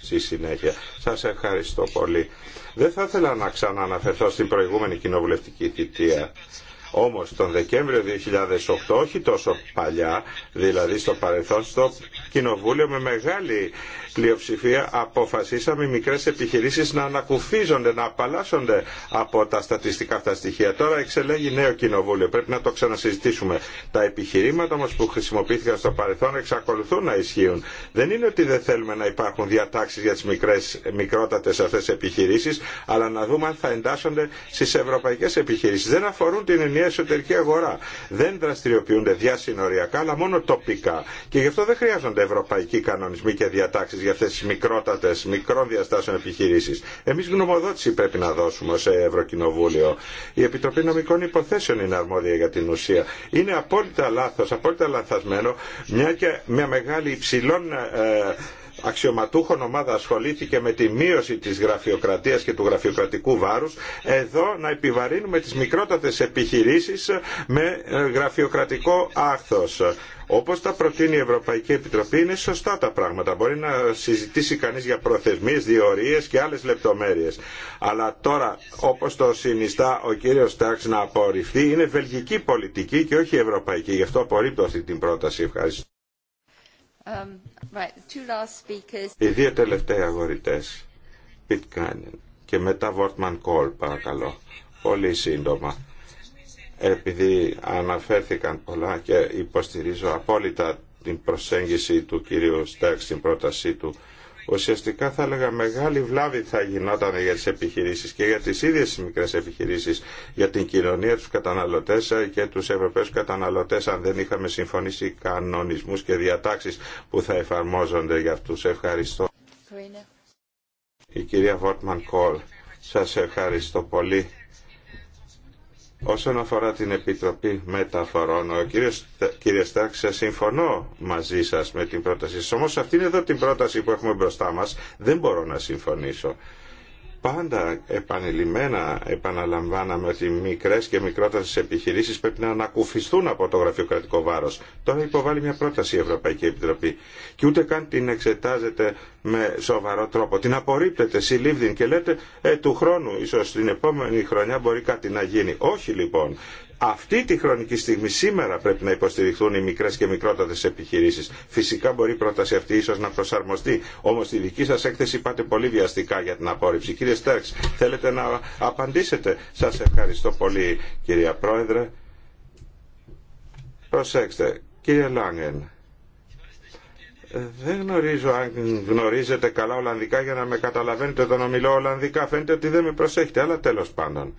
στη συνέχεια. Σας ευχαριστώ πολύ. Δεν θα ήθελα να ξανααναφερθώ στην προηγούμενη κοινοβουλευτική θητεία. Όμως τον Δεκέμβριο 2008, όχι τόσο παλιά, δηλαδή στο παρελθόν, στο Κοινοβούλιο με μεγάλη πλειοψηφία αποφασίσαμε οι μικρές επιχειρήσεις να ανακουφίζονται, να απαλλάσσονται από τα στατιστικά αυτά στοιχεία. Τώρα εξελέγει νέο Κοινοβούλιο, πρέπει να το ξανασυζητήσουμε. Τα επιχειρήματα όμως που χρησιμοποιήθηκαν στο παρελθόν εξακολουθούν να ισχύουν. Δεν είναι ότι δεν θέλουμε να υπάρχουν διατάξεις για τις μικρές, μικρότατες αυτές επιχειρήσεις, αλλά να δούμε αν θα εντάσσονται στις ευρωπαϊκές επιχειρήσεις. Δεν αφορούν την μια εσωτερική αγορά. Δεν δραστηριοποιούνται διασυνοριακά αλλά μόνο τοπικά. Και γι' αυτό δεν χρειάζονται ευρωπαϊκοί κανονισμοί και διατάξει για αυτέ τι μικρότατε, μικρών διαστάσεων επιχειρήσει. Εμεί γνωμοδότηση πρέπει να δώσουμε σε Ευρωκοινοβούλιο. Η Επιτροπή Νομικών Υποθέσεων είναι αρμόδια για την ουσία. Είναι απόλυτα λάθο, απόλυτα λανθασμένο μια και μια μεγάλη υψηλών. Ε, αξιωματούχων ομάδα ασχολήθηκε με τη μείωση της γραφειοκρατίας και του γραφειοκρατικού βάρους, εδώ να επιβαρύνουμε τις μικρότατες επιχειρήσεις με ε, γραφειοκρατικό άχθος. Όπως τα προτείνει η Ευρωπαϊκή Επιτροπή είναι σωστά τα πράγματα. Μπορεί να συζητήσει κανείς για προθεσμίες, διορίες και άλλες λεπτομέρειες. Αλλά τώρα όπως το συνιστά ο κύριος Τάξ να απορριφθεί είναι βελγική πολιτική και όχι ευρωπαϊκή. Γι' αυτό απορρίπτω αυτή την πρόταση. Ευχαριστώ. Um, Οι δύο τελευταίοι αγορητές, Πιτ Κάνιν και μετά Βόρτμαν Κόλ, παρακαλώ. Πολύ σύντομα. Επειδή αναφέρθηκαν πολλά και υποστηρίζω απόλυτα την προσέγγιση του κυρίου Στέξ στην πρότασή του ουσιαστικά θα έλεγα μεγάλη βλάβη θα γινόταν για τις επιχειρήσεις και για τις ίδιες τις μικρές επιχειρήσεις, για την κοινωνία, τους καταναλωτές και τους ευρωπαίους καταναλωτές αν δεν είχαμε συμφωνήσει κανονισμούς και διατάξεις που θα εφαρμόζονται για αυτούς. Ευχαριστώ. Η κυρία Βόρτμαν Κόλ, σας ευχαριστώ πολύ. Όσον αφορά την Επιτροπή Μεταφορών, ο κύριος, κύριε συμφωνώ μαζί σας με την πρόταση σας. Όμως αυτήν εδώ την πρόταση που έχουμε μπροστά μας δεν μπορώ να συμφωνήσω πάντα επανειλημμένα επαναλαμβάναμε ότι μικρέ και μικρότερε επιχειρήσει πρέπει να ανακουφιστούν από το γραφειοκρατικό βάρο. Τώρα υποβάλλει μια πρόταση η Ευρωπαϊκή Επιτροπή και ούτε καν την εξετάζεται με σοβαρό τρόπο. Την απορρίπτεται συλλήβδην και λέτε ε, του χρόνου, ίσω την επόμενη χρονιά μπορεί κάτι να γίνει. Όχι λοιπόν αυτή τη χρονική στιγμή σήμερα πρέπει να υποστηριχθούν οι μικρέ και μικρότερε επιχειρήσει. Φυσικά μπορεί η πρόταση αυτή ίσω να προσαρμοστεί. Όμω στη δική σα έκθεση πάτε πολύ βιαστικά για την απόρριψη. Κύριε Στέρξ, θέλετε να απαντήσετε. Σα ευχαριστώ πολύ, κυρία Πρόεδρε. Προσέξτε, κύριε Λάγκεν. Δεν γνωρίζω αν γνωρίζετε καλά Ολλανδικά για να με καταλαβαίνετε όταν ομιλώ Ολλανδικά. Φαίνεται ότι δεν με προσέχετε, αλλά τέλο πάντων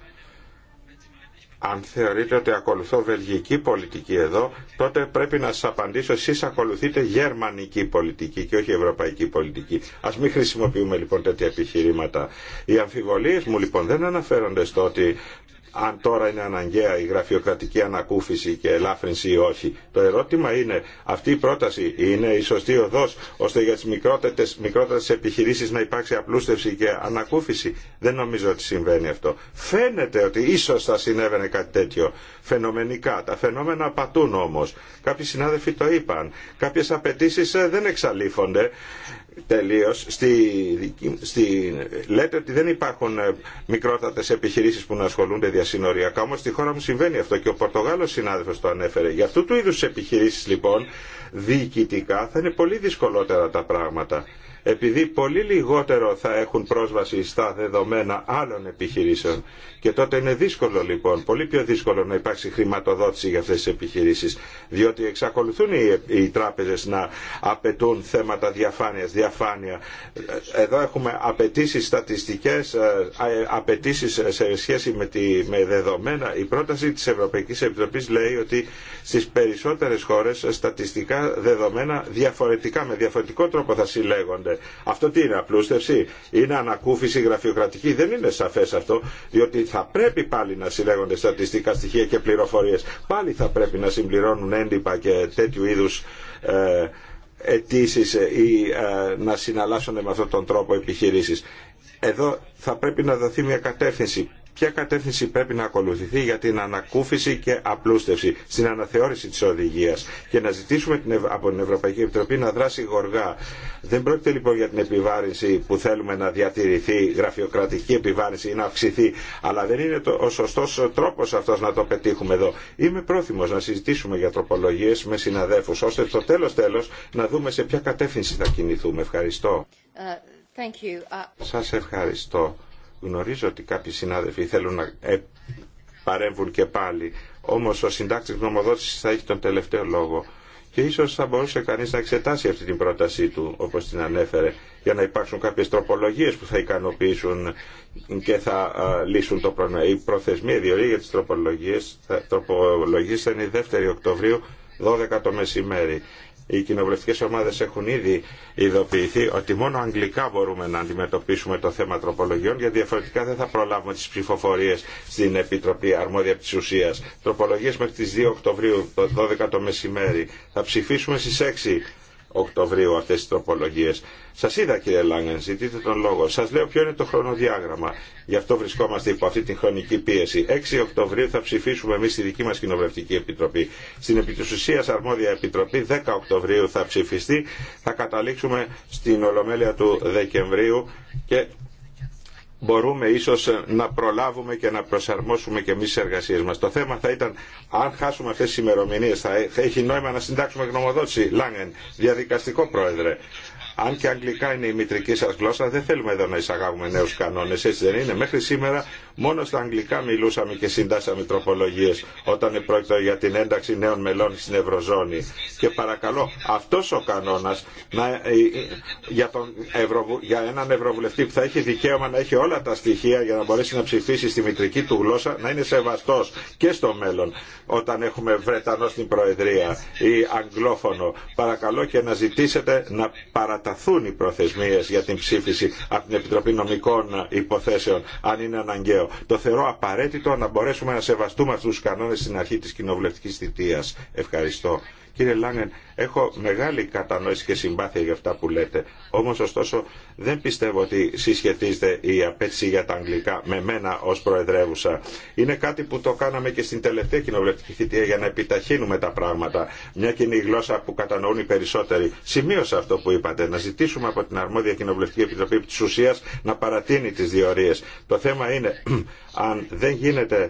αν θεωρείτε ότι ακολουθώ βελγική πολιτική εδώ, τότε πρέπει να σα απαντήσω εσεί ακολουθείτε γερμανική πολιτική και όχι ευρωπαϊκή πολιτική. Α μην χρησιμοποιούμε λοιπόν τέτοια επιχειρήματα. Οι αμφιβολίε μου λοιπόν δεν αναφέρονται στο ότι αν τώρα είναι αναγκαία η γραφειοκρατική ανακούφιση και ελάφρυνση ή όχι. Το ερώτημα είναι, αυτή η πρόταση είναι η σωστή οδός ώστε για τις μικρότερες, επιχειρήσει επιχειρήσεις να υπάρξει απλούστευση και ανακούφιση. Δεν νομίζω ότι συμβαίνει αυτό. Φαίνεται ότι ίσως θα συνέβαινε κάτι τέτοιο. Φαινομενικά. Τα φαινόμενα πατούν όμως. Κάποιοι συνάδελφοι το είπαν. Κάποιες απαιτήσει ε, δεν εξαλείφονται τελείως στη, λέτε ότι δεν υπάρχουν ε, μικρότατε επιχειρήσεις που να ασχολούνται διασυνοριακά όμω στη χώρα μου συμβαίνει αυτό και ο Πορτογάλος συνάδελφος το ανέφερε για αυτού του είδους επιχειρήσεις λοιπόν διοικητικά θα είναι πολύ δυσκολότερα τα πράγματα επειδή πολύ λιγότερο θα έχουν πρόσβαση στα δεδομένα άλλων επιχειρήσεων. Και τότε είναι δύσκολο λοιπόν, πολύ πιο δύσκολο να υπάρξει χρηματοδότηση για αυτές τις επιχειρήσεις, διότι εξακολουθούν οι, τράπεζες να απαιτούν θέματα διαφάνειας, διαφάνεια. Εδώ έχουμε απαιτήσει στατιστικές, ε, απαιτήσει σε σχέση με, τη, με δεδομένα. Η πρόταση της Ευρωπαϊκής Επιτροπής λέει ότι στις περισσότερες χώρες στατιστικά δεδομένα διαφορετικά, με διαφορετικό τρόπο θα συλλέγονται αυτό τι είναι, απλούστευση, είναι ανακούφιση γραφειοκρατική. Δεν είναι σαφέ αυτό, διότι θα πρέπει πάλι να συλλέγονται στατιστικά στοιχεία και πληροφορίε. Πάλι θα πρέπει να συμπληρώνουν έντυπα και τέτοιου είδου ε, αιτήσει ε, ή ε, να συναλλάσσονται με αυτόν τον τρόπο επιχειρήσει. Εδώ θα πρέπει να δοθεί μια κατεύθυνση ποια κατεύθυνση πρέπει να ακολουθηθεί για την ανακούφιση και απλούστευση στην αναθεώρηση της οδηγίας και να ζητήσουμε από την Ευρωπαϊκή Επιτροπή να δράσει γοργά. Δεν πρόκειται λοιπόν για την επιβάρυνση που θέλουμε να διατηρηθεί, γραφειοκρατική επιβάρυνση ή να αυξηθεί, αλλά δεν είναι το, ο σωστός τρόπος αυτός να το πετύχουμε εδώ. Είμαι πρόθυμος να συζητήσουμε για τροπολογίες με συναδέφους, ώστε στο τέλος τέλος να δούμε σε ποια κατεύθυνση θα κινηθούμε. Ευχαριστώ. Uh, uh, Σας ευχαριστώ. Γνωρίζω ότι κάποιοι συνάδελφοι θέλουν να ε, παρέμβουν και πάλι. όμω ο συντάκτη γνωμοδότησης θα έχει τον τελευταίο λόγο. Και ίσω θα μπορούσε κανεί να εξετάσει αυτή την πρότασή του, όπω την ανέφερε, για να υπάρξουν κάποιε τροπολογίε που θα ικανοποιήσουν και θα λύσουν το πρόβλημα. Η προθεσμία διορία για τι τροπολογίε θα είναι η 2η Οκτωβρίου 12 το μεσημέρι οι κοινοβουλευτικέ ομάδε έχουν ήδη ειδοποιηθεί ότι μόνο αγγλικά μπορούμε να αντιμετωπίσουμε το θέμα τροπολογιών, γιατί διαφορετικά δεν θα προλάβουμε τι ψηφοφορίε στην Επιτροπή Αρμόδια τη Ουσία. Τροπολογίε μέχρι τι 2 Οκτωβρίου, το 12 το μεσημέρι. Θα ψηφίσουμε στι 6 Οκτωβρίου αυτές τις τροπολογίες. Σας είδα κύριε Λάγκεν, ζητείτε τον λόγο. Σας λέω ποιο είναι το χρονοδιάγραμμα. Γι' αυτό βρισκόμαστε υπό αυτή την χρονική πίεση. 6 Οκτωβρίου θα ψηφίσουμε εμείς στη δική μας Κοινοβουλευτική Επιτροπή. Στην Επιτροπή Αρμόδια Επιτροπή 10 Οκτωβρίου θα ψηφιστεί. Θα καταλήξουμε στην Ολομέλεια του Δεκεμβρίου και μπορούμε ίσως ε, να προλάβουμε και να προσαρμόσουμε και εμείς τις εργασίες μας. Το θέμα θα ήταν αν χάσουμε αυτές τις ημερομηνίες θα ε, έχει νόημα να συντάξουμε γνωμοδότηση. Λάγεν, διαδικαστικό πρόεδρε. Αν και αγγλικά είναι η μητρική σα γλώσσα, δεν θέλουμε εδώ να εισαγάγουμε νέου κανόνε, έτσι δεν είναι. Μέχρι σήμερα μόνο στα αγγλικά μιλούσαμε και συντάσαμε τροπολογίε όταν πρόκειται για την ένταξη νέων μελών στην Ευρωζώνη. Και παρακαλώ αυτό ο κανόνα ε, για, για έναν Ευρωβουλευτή που θα έχει δικαίωμα να έχει όλα τα στοιχεία για να μπορέσει να ψηφίσει στη μητρική του γλώσσα να είναι σεβαστό και στο μέλλον όταν έχουμε Βρετανό στην Προεδρία ή Αγγλόφωνο. Παρακαλώ και να ζητήσετε να παρατηρήσετε παραταθούν οι προθεσμίες για την ψήφιση από την Επιτροπή Νομικών Υποθέσεων, αν είναι αναγκαίο. Το θεωρώ απαραίτητο να μπορέσουμε να σεβαστούμε αυτού τους κανόνες στην αρχή τη κοινοβουλευτική θητεία. Ευχαριστώ. Κύριε Λάγκεν, Έχω μεγάλη κατανόηση και συμπάθεια για αυτά που λέτε. Όμω, ωστόσο, δεν πιστεύω ότι συσχετίζεται η απέτηση για τα αγγλικά με μένα ω Προεδρεύουσα. Είναι κάτι που το κάναμε και στην τελευταία κοινοβουλευτική θητεία για να επιταχύνουμε τα πράγματα. Μια κοινή γλώσσα που κατανοούν οι περισσότεροι. Σημείωσα αυτό που είπατε. Να ζητήσουμε από την αρμόδια κοινοβουλευτική επιτροπή τη ουσία να παρατείνει τι διορίε. Το θέμα είναι αν δεν γίνεται,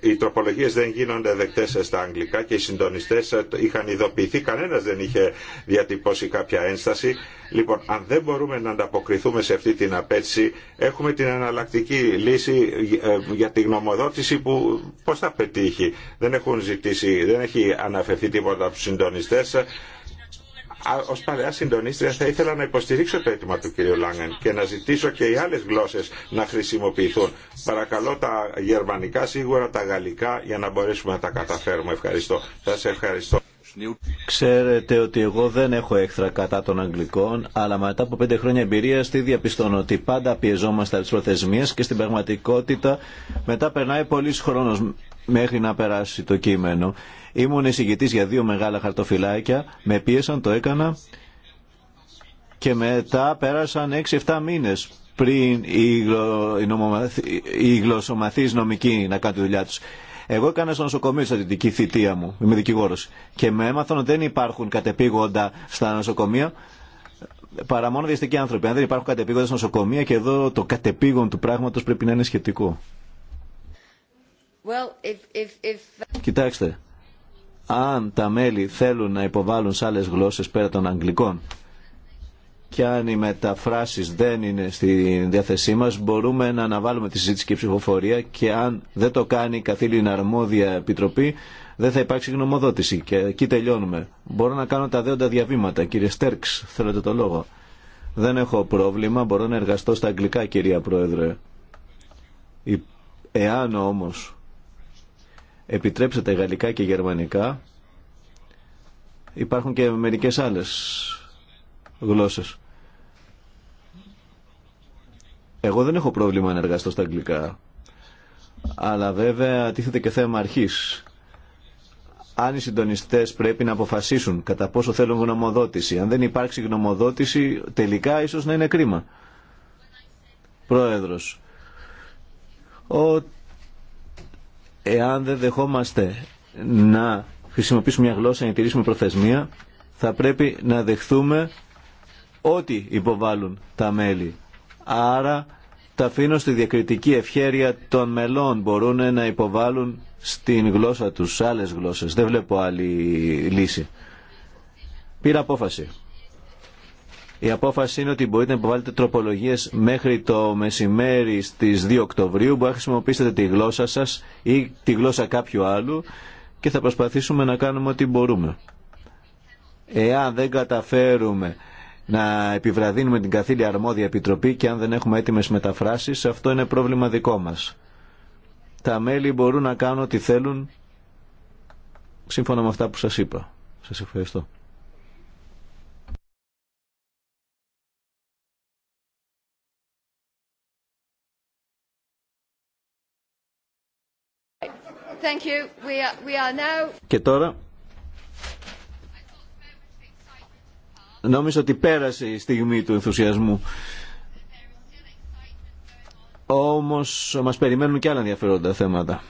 οι τροπολογίε δεν γίνονται δεκτέ στα αγγλικά και οι συντονιστέ ε, είχαν ειδοποιηθεί ικανοποιηθεί, κανένας δεν είχε διατυπώσει κάποια ένσταση. Λοιπόν, αν δεν μπορούμε να ανταποκριθούμε σε αυτή την απέτηση, έχουμε την εναλλακτική λύση ε, για τη γνωμοδότηση που πώς θα πετύχει. Δεν έχουν ζητήσει, δεν έχει αναφερθεί τίποτα από τους συντονιστές ω παλαιά συντονίστρια θα ήθελα να υποστηρίξω το αίτημα του κ. Λάγκεν και να ζητήσω και οι άλλε γλώσσε να χρησιμοποιηθούν. Παρακαλώ τα γερμανικά, σίγουρα τα γαλλικά, για να μπορέσουμε να τα καταφέρουμε. Ευχαριστώ. Σα ευχαριστώ. Ξέρετε ότι εγώ δεν έχω έχθρα κατά των Αγγλικών, αλλά μετά από πέντε χρόνια εμπειρία τι διαπιστώνω ότι πάντα πιεζόμαστε από τι προθεσμίε και στην πραγματικότητα μετά περνάει πολλή χρόνο μέχρι να περάσει το κείμενο. Ήμουν εισηγητή για δύο μεγάλα χαρτοφυλάκια, με πίεσαν, το έκανα και μετά πέρασαν 6-7 μήνε πριν οι, γλω... νομικοί να κάνουν τη δουλειά του. Εγώ έκανα στο νοσοκομείο στα δυτική θητεία μου, είμαι δικηγόρο. Και με έμαθαν ότι δεν υπάρχουν κατεπήγοντα στα νοσοκομεία παρά μόνο διαστικοί άνθρωποι. Αν δεν υπάρχουν κατεπήγοντα στα νοσοκομεία και εδώ το κατεπήγον του πράγματο πρέπει να είναι σχετικό. Κοιτάξτε, αν τα μέλη θέλουν να υποβάλουν σε άλλε γλώσσε πέρα των Αγγλικών, και αν οι μεταφράσεις δεν είναι στη διάθεσή μας μπορούμε να αναβάλουμε τη συζήτηση και ψηφοφορία και αν δεν το κάνει η καθήλυνα αρμόδια επιτροπή δεν θα υπάρξει γνωμοδότηση και εκεί τελειώνουμε. Μπορώ να κάνω τα δέοντα διαβήματα. Κύριε Στέρξ, θέλετε το λόγο. Δεν έχω πρόβλημα, μπορώ να εργαστώ στα αγγλικά κυρία Πρόεδρε. Εάν όμως επιτρέψετε γαλλικά και γερμανικά υπάρχουν και μερικές άλλες εγώ δεν έχω πρόβλημα να εργαστώ στα αγγλικά. Αλλά βέβαια τίθεται και θέμα αρχή. Αν οι συντονιστέ πρέπει να αποφασίσουν κατά πόσο θέλουν γνωμοδότηση. Αν δεν υπάρξει γνωμοδότηση, τελικά ίσως να είναι κρίμα. Πρόεδρος, ο... εάν δεν δεχόμαστε να χρησιμοποιήσουμε μια γλώσσα να τηρήσουμε προθεσμία, θα πρέπει να δεχθούμε ό,τι υποβάλλουν τα μέλη. Άρα τα αφήνω στη διακριτική ευχέρεια των μελών. Μπορούν να υποβάλουν στην γλώσσα τους άλλες γλώσσες. Δεν βλέπω άλλη λύση. Πήρα απόφαση. Η απόφαση είναι ότι μπορείτε να υποβάλλετε τροπολογίες μέχρι το μεσημέρι στις 2 Οκτωβρίου. Μπορείτε να χρησιμοποιήσετε τη γλώσσα σας ή τη γλώσσα κάποιου άλλου και θα προσπαθήσουμε να κάνουμε ό,τι μπορούμε. Εάν δεν καταφέρουμε να επιβραδύνουμε την καθήλια αρμόδια επιτροπή και αν δεν έχουμε έτοιμες μεταφράσεις, αυτό είναι πρόβλημα δικό μας. Τα μέλη μπορούν να κάνουν ό,τι θέλουν σύμφωνα με αυτά που σας είπα. Σας ευχαριστώ. Και τώρα Νόμιζα ότι πέρασε η στιγμή του ενθουσιασμού. Όμως μας περιμένουν και άλλα ενδιαφέροντα θέματα.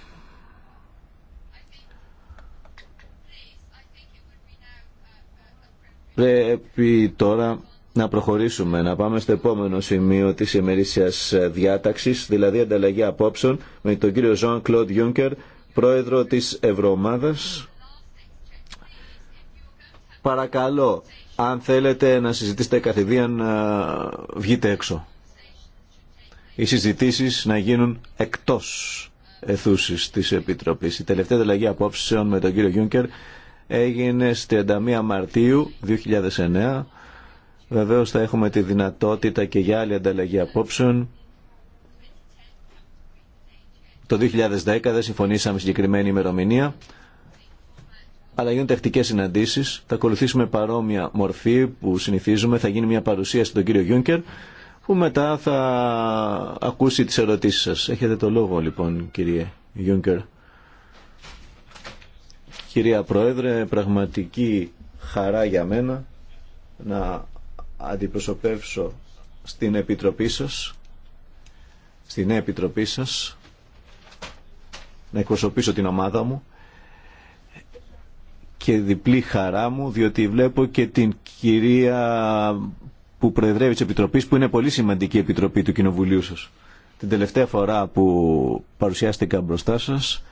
Πρέπει τώρα να προχωρήσουμε, να πάμε στο επόμενο σημείο της ημερήσιας διάταξης, δηλαδή ανταλλαγή απόψεων με τον κύριο Ζων Κλοντ Γιούνκερ, πρόεδρο της Ευρωομάδας. Παρακαλώ, αν θέλετε να συζητήσετε καθηδίαν, βγείτε έξω. Οι συζητήσεις να γίνουν εκτός εθούσης της Επιτροπής. Η τελευταία ανταλλαγή απόψεων με τον κύριο Γιούνκερ έγινε στις 31 Μαρτίου 2009. Βεβαίω θα έχουμε τη δυνατότητα και για άλλη ανταλλαγή απόψεων. Το 2010 δεν συμφωνήσαμε συγκεκριμένη ημερομηνία αλλά γίνονται τακτικέ συναντήσει. Θα ακολουθήσουμε παρόμοια μορφή που συνηθίζουμε. Θα γίνει μια παρουσίαση στον κύριο Γιούνκερ, που μετά θα ακούσει τι ερωτήσει σα. Έχετε το λόγο, λοιπόν, κύριε Γιούνκερ. Κυρία Πρόεδρε, πραγματική χαρά για μένα να αντιπροσωπεύσω στην Επιτροπή σας, στην Επιτροπή σας, να εκπροσωπήσω την ομάδα μου και διπλή χαρά μου διότι βλέπω και την κυρία που προεδρεύει τη Επιτροπής που είναι πολύ σημαντική Επιτροπή του Κοινοβουλίου σας. Την τελευταία φορά που παρουσιάστηκα μπροστά σας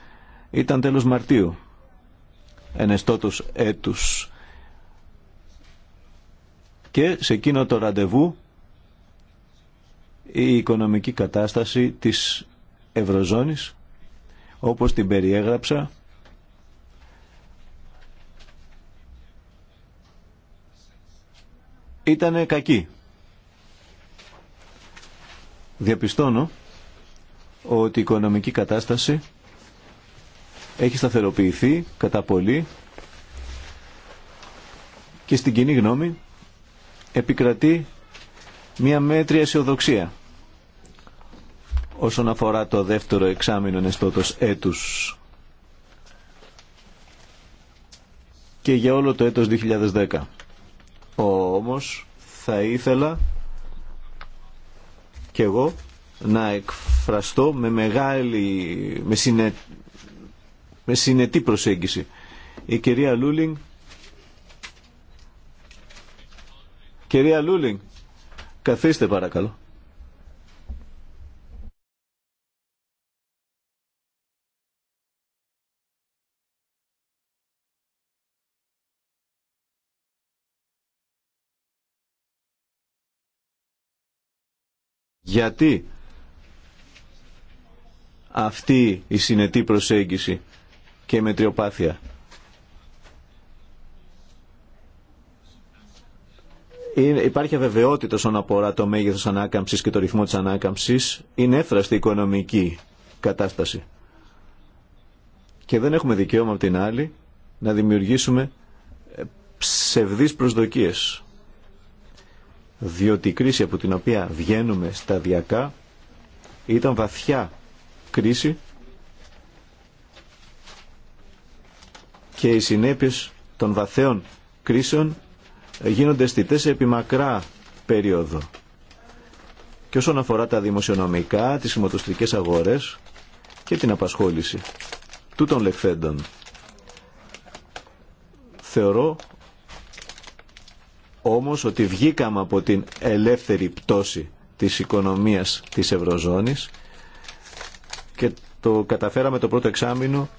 ήταν τέλος Μαρτίου ενεστώτος έτους και σε εκείνο το ραντεβού η οικονομική κατάσταση της Ευρωζώνης όπως την περιέγραψα ήταν κακή. Διαπιστώνω ότι η οικονομική κατάσταση έχει σταθεροποιηθεί κατά πολύ και στην κοινή γνώμη επικρατεί μια μέτρια αισιοδοξία όσον αφορά το δεύτερο εξάμεινο ενεστώτος έτους και για όλο το έτος 2010. Όμως θα ήθελα και εγώ να εκφραστώ με μεγάλη, με, συνε, με συνετή προσέγγιση. Η κυρία Λούλινγκ Κυρία Λούλινγκ, καθίστε παρακαλώ. Γιατί αυτή η συνετή προσέγγιση και η μετριοπάθεια. Υπάρχει αβεβαιότητα όσον αφορά το μέγεθος ανάκαμψης και το ρυθμό της ανάκαμψης. Είναι έφραστη οικονομική κατάσταση. Και δεν έχουμε δικαίωμα από την άλλη να δημιουργήσουμε ψευδείς προσδοκίες διότι η κρίση από την οποία βγαίνουμε σταδιακά ήταν βαθιά κρίση και οι συνέπειες των βαθέων κρίσεων γίνονται αισθητές επί μακρά περίοδο. Και όσον αφορά τα δημοσιονομικά, τις χρηματοστρικές αγορές και την απασχόληση του των λεχθέντων. Θεωρώ όμως ότι βγήκαμε από την ελεύθερη πτώση της οικονομίας της Ευρωζώνης και το καταφέραμε το πρώτο εξάμεινο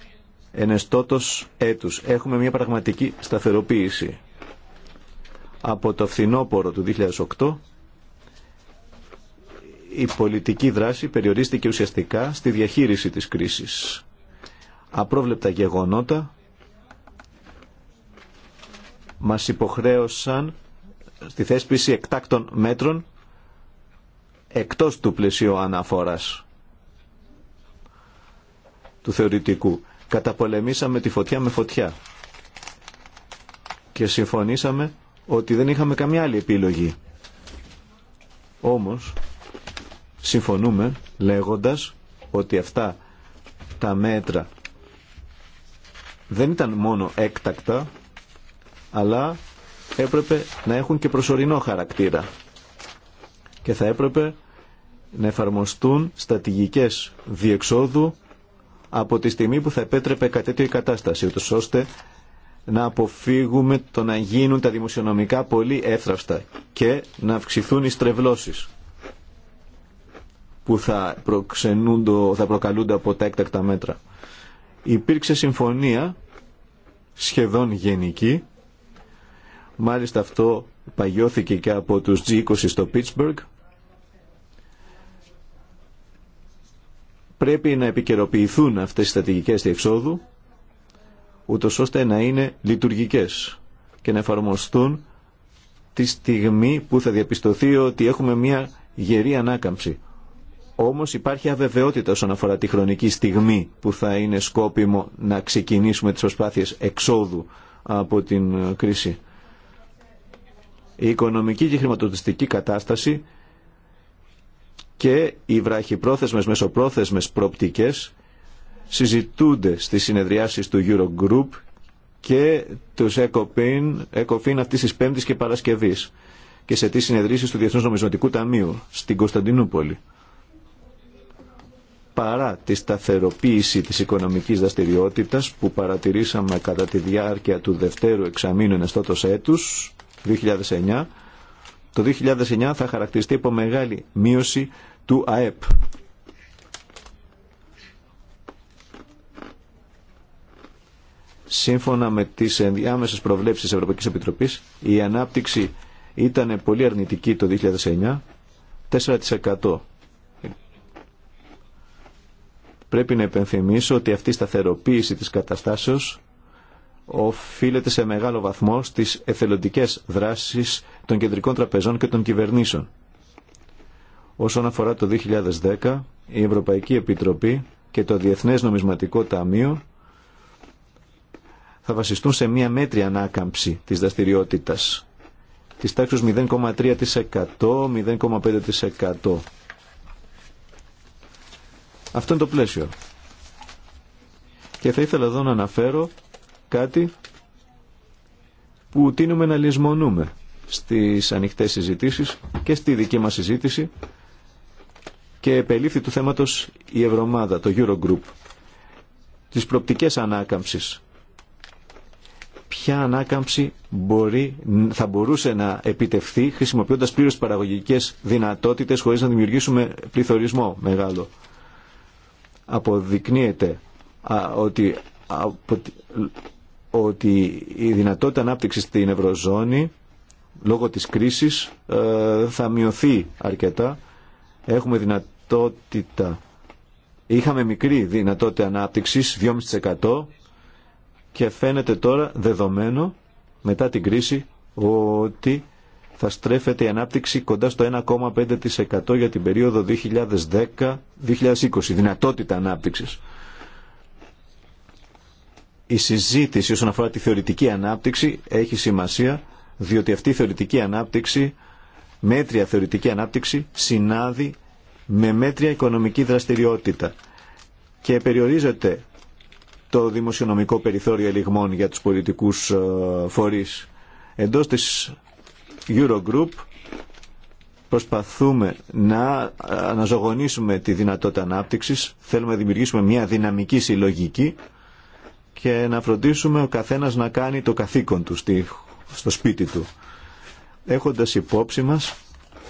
ενεστώτος έτους. Έχουμε μια πραγματική σταθεροποίηση. Από το φθινόπωρο του 2008 η πολιτική δράση περιορίστηκε ουσιαστικά στη διαχείριση της κρίσης. Απρόβλεπτα γεγονότα μας υποχρέωσαν στη θέσπιση εκτάκτων μέτρων εκτός του πλαισίου αναφοράς του θεωρητικού. Καταπολεμήσαμε τη φωτιά με φωτιά και συμφωνήσαμε ότι δεν είχαμε καμιά άλλη επιλογή. Όμως, συμφωνούμε λέγοντας ότι αυτά τα μέτρα δεν ήταν μόνο έκτακτα, αλλά έπρεπε να έχουν και προσωρινό χαρακτήρα και θα έπρεπε να εφαρμοστούν στατηγικές διεξόδου από τη στιγμή που θα επέτρεπε κάτι η κατάσταση, ώστε να αποφύγουμε το να γίνουν τα δημοσιονομικά πολύ έθραυστα και να αυξηθούν οι στρεβλώσεις που θα, θα προκαλούνται από τα έκτακτα μέτρα. Υπήρξε συμφωνία σχεδόν γενική Μάλιστα αυτό παγιώθηκε και από τους G20 στο Pittsburgh. Πρέπει να επικαιροποιηθούν αυτές οι στρατηγικές εξόδου ούτως ώστε να είναι λειτουργικές και να εφαρμοστούν τη στιγμή που θα διαπιστωθεί ότι έχουμε μια γερή ανάκαμψη. Όμως υπάρχει αβεβαιότητα όσον αφορά τη χρονική στιγμή που θα είναι σκόπιμο να ξεκινήσουμε τις προσπάθειες εξόδου από την κρίση η οικονομική και χρηματοδοτιστική κατάσταση και οι βραχυπρόθεσμες μεσοπρόθεσμες προπτικές συζητούνται στις συνεδριάσεις του Eurogroup και τους ECOFIN, ECOFIN αυτής της Πέμπτης και Παρασκευής και σε τι συνεδρίσεις του Διεθνούς Νομισματικού Ταμείου στην Κωνσταντινούπολη. Παρά τη σταθεροποίηση της οικονομικής δραστηριότητας που παρατηρήσαμε κατά τη διάρκεια του δευτέρου εξαμήνου εναστότος έτους, 2009, το 2009 θα χαρακτηριστεί από μεγάλη μείωση του ΑΕΠ. Σύμφωνα με τις ενδιάμεσες προβλέψεις της Ευρωπαϊκής Επιτροπής, η ανάπτυξη ήταν πολύ αρνητική το 2009, 4%. Πρέπει να επενθυμίσω ότι αυτή η σταθεροποίηση της καταστάσεως οφείλεται σε μεγάλο βαθμό στις εθελοντικές δράσεις των κεντρικών τραπεζών και των κυβερνήσεων. Όσον αφορά το 2010, η Ευρωπαϊκή Επιτροπή και το Διεθνές Νομισματικό Ταμείο θα βασιστούν σε μια μέτρη ανάκαμψη της δραστηριότητας της τάξης 0,3%-0,5%. Αυτό είναι το πλαίσιο. Και θα ήθελα εδώ να αναφέρω κάτι που τίνουμε να λησμονούμε στις ανοιχτές συζητήσεις και στη δική μας συζήτηση και επελήφθη του θέματος η Ευρωμάδα, το Eurogroup, τις προπτικές ανάκαμψης. Ποια ανάκαμψη μπορεί, θα μπορούσε να επιτευχθεί χρησιμοποιώντας πλήρως παραγωγικές δυνατότητες χωρίς να δημιουργήσουμε πληθωρισμό μεγάλο. Αποδεικνύεται ότι ότι η δυνατότητα ανάπτυξης στην Ευρωζώνη λόγω της κρίσης ε, θα μειωθεί αρκετά. Έχουμε δυνατότητα, είχαμε μικρή δυνατότητα ανάπτυξης, 2,5% και φαίνεται τώρα δεδομένο μετά την κρίση ότι θα στρέφεται η ανάπτυξη κοντά στο 1,5% για την περίοδο 2010-2020, δυνατότητα ανάπτυξης η συζήτηση όσον αφορά τη θεωρητική ανάπτυξη έχει σημασία διότι αυτή η θεωρητική ανάπτυξη, μέτρια θεωρητική ανάπτυξη συνάδει με μέτρια οικονομική δραστηριότητα και περιορίζεται το δημοσιονομικό περιθώριο ελιγμών για τους πολιτικούς ε, φορείς. Εντός της Eurogroup προσπαθούμε να ε, αναζωογονήσουμε τη δυνατότητα ανάπτυξης, θέλουμε να δημιουργήσουμε μια δυναμική συλλογική και να φροντίσουμε ο καθένας να κάνει το καθήκον του στο σπίτι του. Έχοντας υπόψη μας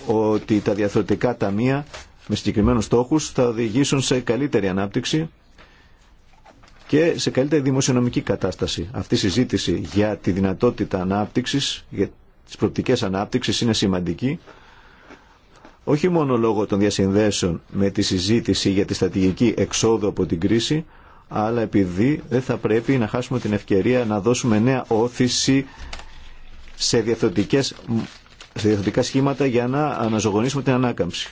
ότι τα διαθροτικά ταμεία με συγκεκριμένους στόχους θα οδηγήσουν σε καλύτερη ανάπτυξη και σε καλύτερη δημοσιονομική κατάσταση. Αυτή η συζήτηση για τη δυνατότητα ανάπτυξης, για τις προπτικές ανάπτυξης είναι σημαντική όχι μόνο λόγω των διασυνδέσεων με τη συζήτηση για τη στρατηγική εξόδου από την κρίση, αλλά επειδή δεν θα πρέπει να χάσουμε την ευκαιρία να δώσουμε νέα όθηση σε, διαθωτικές, σε σχήματα για να αναζωογονήσουμε την ανάκαμψη.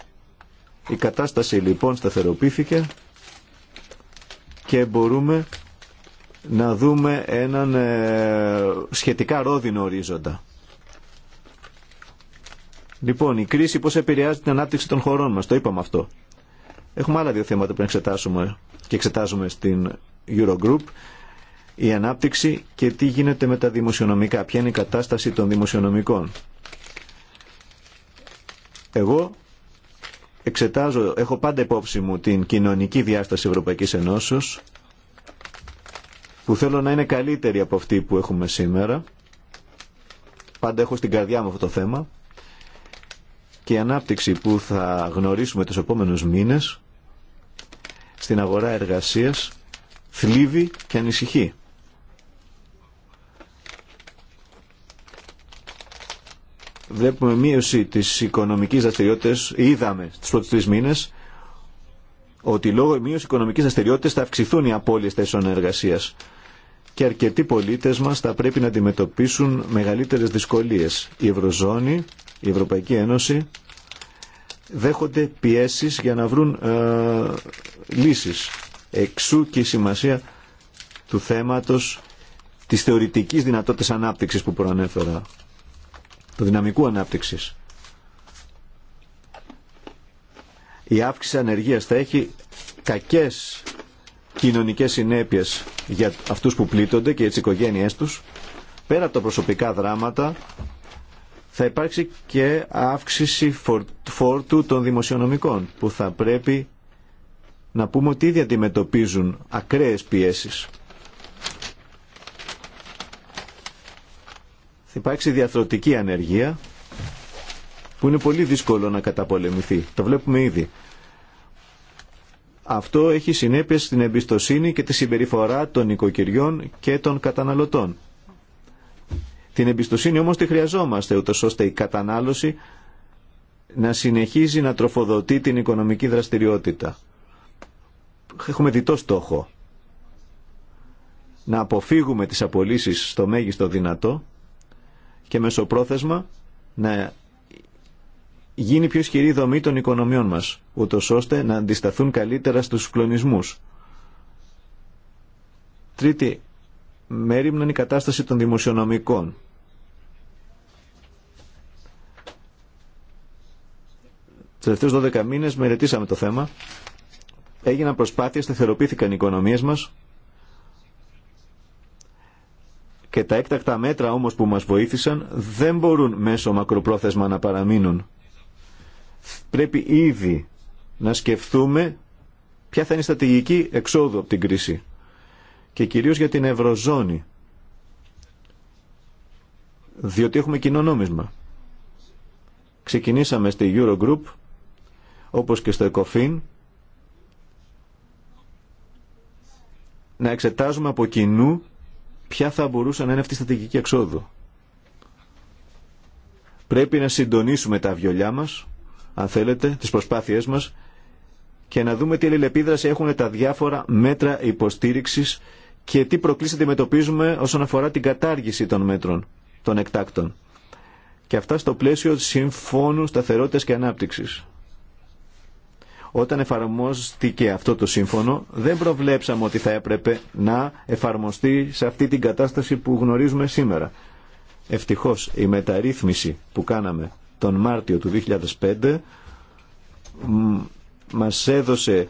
Η κατάσταση λοιπόν σταθεροποιήθηκε και μπορούμε να δούμε έναν ε, σχετικά ρόδινο ορίζοντα. Λοιπόν, η κρίση πώς επηρεάζει την ανάπτυξη των χωρών μας, το είπαμε αυτό. Έχουμε άλλα δύο θέματα που να εξετάσουμε και εξετάζουμε στην Eurogroup η ανάπτυξη και τι γίνεται με τα δημοσιονομικά, ποια είναι η κατάσταση των δημοσιονομικών. Εγώ εξετάζω, έχω πάντα υπόψη μου την κοινωνική διάσταση Ευρωπαϊκής Ενώσεως που θέλω να είναι καλύτερη από αυτή που έχουμε σήμερα. Πάντα έχω στην καρδιά μου αυτό το θέμα και η ανάπτυξη που θα γνωρίσουμε τους επόμενους μήνες στην αγορά εργασίας θλίβει και ανησυχεί. Βλέπουμε μείωση της οικονομικής δραστηριότητας, είδαμε στους πρώτους τρεις μήνες, ότι λόγω μείωση οικονομικής δραστηριότητας θα αυξηθούν οι απώλειες θέσεων εργασίας και αρκετοί πολίτες μας θα πρέπει να αντιμετωπίσουν μεγαλύτερες δυσκολίες. Η Ευρωζώνη, η Ευρωπαϊκή Ένωση δέχονται πιέσεις για να βρουν ε, λύσεις. Εξού και η σημασία του θέματος της θεωρητικής δυνατότητας ανάπτυξης που προανέφερα, το δυναμικού ανάπτυξης. Η αύξηση ανεργίας θα έχει κακές κοινωνικές συνέπειες για αυτούς που πλήττονται και τι τις οικογένειές τους, πέρα από τα προσωπικά δράματα θα υπάρξει και αύξηση φόρτου των δημοσιονομικών που θα πρέπει να πούμε ότι ήδη αντιμετωπίζουν ακραίες πιέσεις. Θα υπάρξει διαθροτική ανεργία που είναι πολύ δύσκολο να καταπολεμηθεί. Το βλέπουμε ήδη. Αυτό έχει συνέπειες στην εμπιστοσύνη και τη συμπεριφορά των οικοκυριών και των καταναλωτών. Την εμπιστοσύνη όμως τη χρειαζόμαστε, ούτω ώστε η κατανάλωση να συνεχίζει να τροφοδοτεί την οικονομική δραστηριότητα. Έχουμε διτό στόχο. Να αποφύγουμε τις απολύσεις στο μέγιστο δυνατό και μεσοπρόθεσμα να γίνει πιο ισχυρή δομή των οικονομιών μας, ούτω ώστε να αντισταθούν καλύτερα στους κλονισμούς. Τρίτη, μέρημνα η κατάσταση των δημοσιονομικών. τελευταίους 12 μήνες μελετήσαμε το θέμα. Έγιναν προσπάθειες, σταθεροποιήθηκαν οι οικονομίες μας. Και τα έκτακτα μέτρα όμως που μας βοήθησαν δεν μπορούν μέσω μακροπρόθεσμα να παραμείνουν. Πρέπει ήδη να σκεφτούμε ποια θα είναι η στατηγική εξόδου από την κρίση και κυρίως για την Ευρωζώνη διότι έχουμε κοινό νόμισμα. Ξεκινήσαμε στη Eurogroup όπως και στο ΕΚΟΦΗΝ, να εξετάζουμε από κοινού ποια θα μπορούσε να είναι αυτή η στρατηγική εξόδου. Πρέπει να συντονίσουμε τα βιολιά μας, αν θέλετε, τις προσπάθειές μας και να δούμε τι αλληλεπίδραση έχουν τα διάφορα μέτρα υποστήριξης και τι προκλήσεις αντιμετωπίζουμε όσον αφορά την κατάργηση των μέτρων, των εκτάκτων. Και αυτά στο πλαίσιο Συμφώνου Σταθερότητας και Ανάπτυξης. Όταν εφαρμόστηκε αυτό το σύμφωνο, δεν προβλέψαμε ότι θα έπρεπε να εφαρμοστεί σε αυτή την κατάσταση που γνωρίζουμε σήμερα. Ευτυχώς η μεταρρύθμιση που κάναμε τον Μάρτιο του 2005 μας έδωσε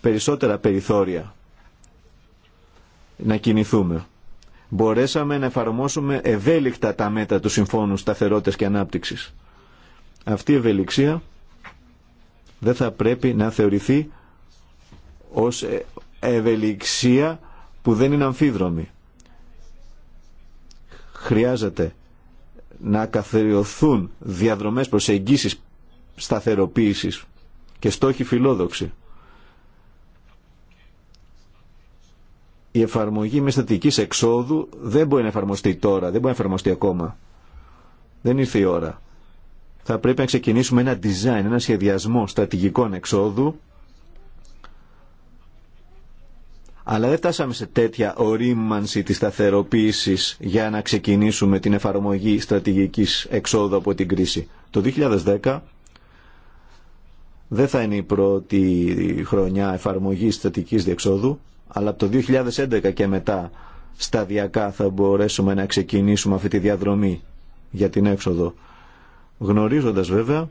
περισσότερα περιθώρια να κινηθούμε. Μπορέσαμε να εφαρμόσουμε ευέλικτα τα μέτρα του Συμφώνου Σταθερότητας και Ανάπτυξης. Αυτή η ευελιξία δεν θα πρέπει να θεωρηθεί ως ευελιξία που δεν είναι αμφίδρομη. Χρειάζεται να καθεριωθούν διαδρομές εγγύσεις σταθεροποίησης και στόχοι φιλόδοξοι. Η εφαρμογή με εξόδου δεν μπορεί να εφαρμοστεί τώρα, δεν μπορεί να εφαρμοστεί ακόμα. Δεν ήρθε η ώρα θα πρέπει να ξεκινήσουμε ένα design, ένα σχεδιασμό στρατηγικών εξόδου αλλά δεν φτάσαμε σε τέτοια ορίμανση της σταθεροποίηση για να ξεκινήσουμε την εφαρμογή στρατηγικής εξόδου από την κρίση. Το 2010 δεν θα είναι η πρώτη χρονιά εφαρμογής στρατηγικής διεξόδου, αλλά από το 2011 και μετά σταδιακά θα μπορέσουμε να ξεκινήσουμε αυτή τη διαδρομή για την έξοδο γνωρίζοντας βέβαια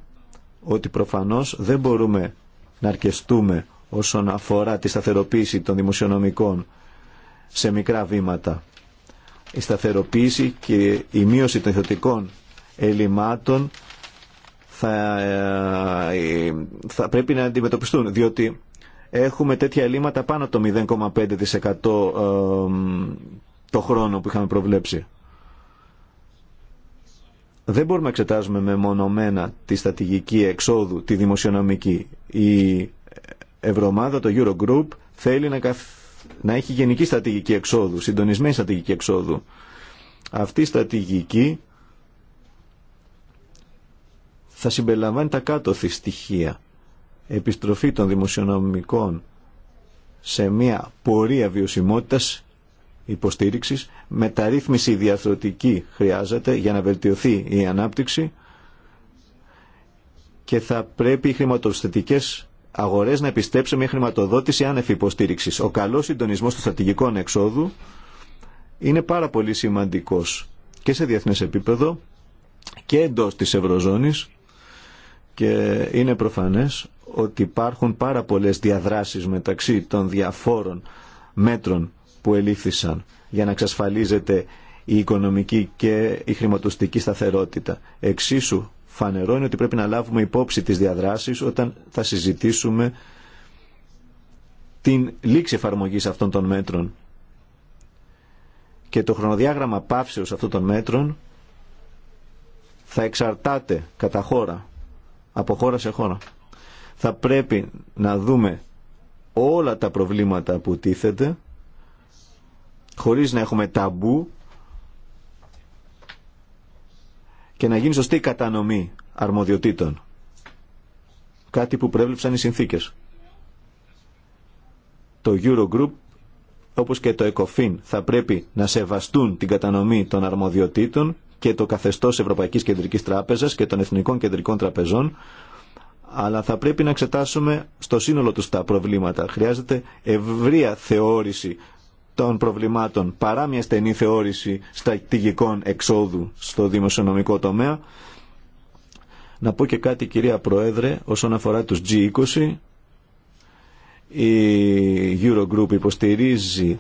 ότι προφανώς δεν μπορούμε να αρκεστούμε όσον αφορά τη σταθεροποίηση των δημοσιονομικών σε μικρά βήματα. Η σταθεροποίηση και η μείωση των ιδιωτικών ελλημάτων θα, ε, θα πρέπει να αντιμετωπιστούν, διότι έχουμε τέτοια ελλείμματα πάνω από το 0,5% ε, το χρόνο που είχαμε προβλέψει δεν μπορούμε να εξετάζουμε μεμονωμένα τη στατηγική εξόδου, τη δημοσιονομική. Η Ευρωμάδα, το Eurogroup, θέλει να, να έχει γενική στρατηγική εξόδου, συντονισμένη στρατηγική εξόδου. Αυτή η στατηγική θα συμπεριλαμβάνει τα κάτωθη στοιχεία. Επιστροφή των δημοσιονομικών σε μια πορεία βιωσιμότητας υποστήριξη, μεταρρύθμιση διαθροτική χρειάζεται για να βελτιωθεί η ανάπτυξη και θα πρέπει οι χρηματοδοτικέ αγορές να επιστρέψουν μια χρηματοδότηση άνευ υποστήριξη. Ο καλός συντονισμό του στρατηγικών εξόδου είναι πάρα πολύ σημαντικός και σε διεθνέ επίπεδο και εντό της Ευρωζώνης και είναι προφανέ ότι υπάρχουν πάρα πολλές διαδράσεις μεταξύ των διαφόρων μέτρων που ελήφθησαν για να εξασφαλίζεται η οικονομική και η χρηματοστική σταθερότητα. Εξίσου φανερό είναι ότι πρέπει να λάβουμε υπόψη τις διαδράσεις όταν θα συζητήσουμε την λήξη εφαρμογής αυτών των μέτρων. Και το χρονοδιάγραμμα πάυσεως αυτών των μέτρων θα εξαρτάται κατά χώρα, από χώρα σε χώρα. Θα πρέπει να δούμε όλα τα προβλήματα που τίθεται χωρίς να έχουμε ταμπού και να γίνει σωστή κατανομή αρμοδιοτήτων. Κάτι που προέβλεψαν οι συνθήκες. Το Eurogroup όπως και το ECOFIN θα πρέπει να σεβαστούν την κατανομή των αρμοδιοτήτων και το καθεστώς Ευρωπαϊκής Κεντρικής Τράπεζας και των Εθνικών Κεντρικών Τραπεζών αλλά θα πρέπει να εξετάσουμε στο σύνολο τους τα προβλήματα. Χρειάζεται ευρεία θεώρηση των προβλημάτων παρά μια στενή θεώρηση στρατηγικών εξόδου στο δημοσιονομικό τομέα. Να πω και κάτι κυρία Πρόεδρε όσον αφορά τους G20. Η Eurogroup υποστηρίζει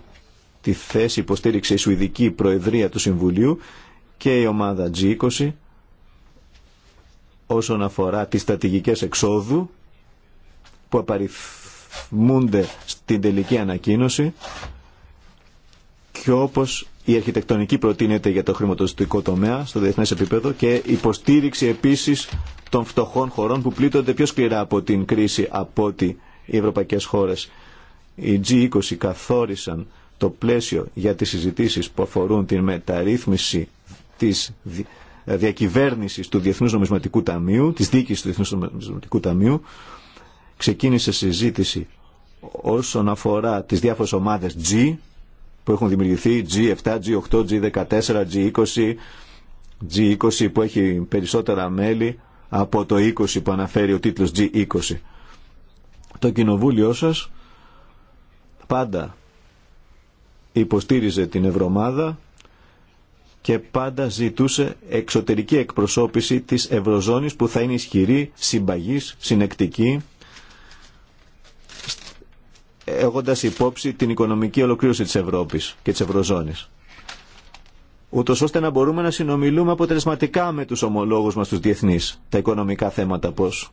τη θέση υποστήριξε η Σουηδική Προεδρία του Συμβουλίου και η ομάδα G20 όσον αφορά τις στρατηγικές εξόδου που απαριθμούνται στην τελική ανακοίνωση και όπως η αρχιτεκτονική προτείνεται για το χρηματοδοτικό τομέα στο διεθνές επίπεδο και υποστήριξη επίσης των φτωχών χωρών που πλήττονται πιο σκληρά από την κρίση από ότι οι ευρωπαϊκές χώρες. Οι G20 καθόρισαν το πλαίσιο για τις συζητήσεις που αφορούν την μεταρρύθμιση της διακυβέρνησης του Διεθνούς Νομισματικού Ταμείου, της δίκης του Διεθνούς Νομισματικού Ταμείου, ξεκίνησε συζήτηση όσον αφορά τις διάφορες ομάδες G, που έχουν δημιουργηθεί, G7, G8, G14, G20, G20 που έχει περισσότερα μέλη από το 20 που αναφέρει ο τίτλος G20. Το κοινοβούλιο σας πάντα υποστήριζε την Ευρωμάδα και πάντα ζητούσε εξωτερική εκπροσώπηση της Ευρωζώνης που θα είναι ισχυρή, συμπαγής, συνεκτική έχοντας υπόψη την οικονομική ολοκλήρωση της Ευρώπης και της Ευρωζώνης. Ούτω ώστε να μπορούμε να συνομιλούμε αποτελεσματικά με τους ομολόγους μας τους διεθνείς, τα οικονομικά θέματα πώς.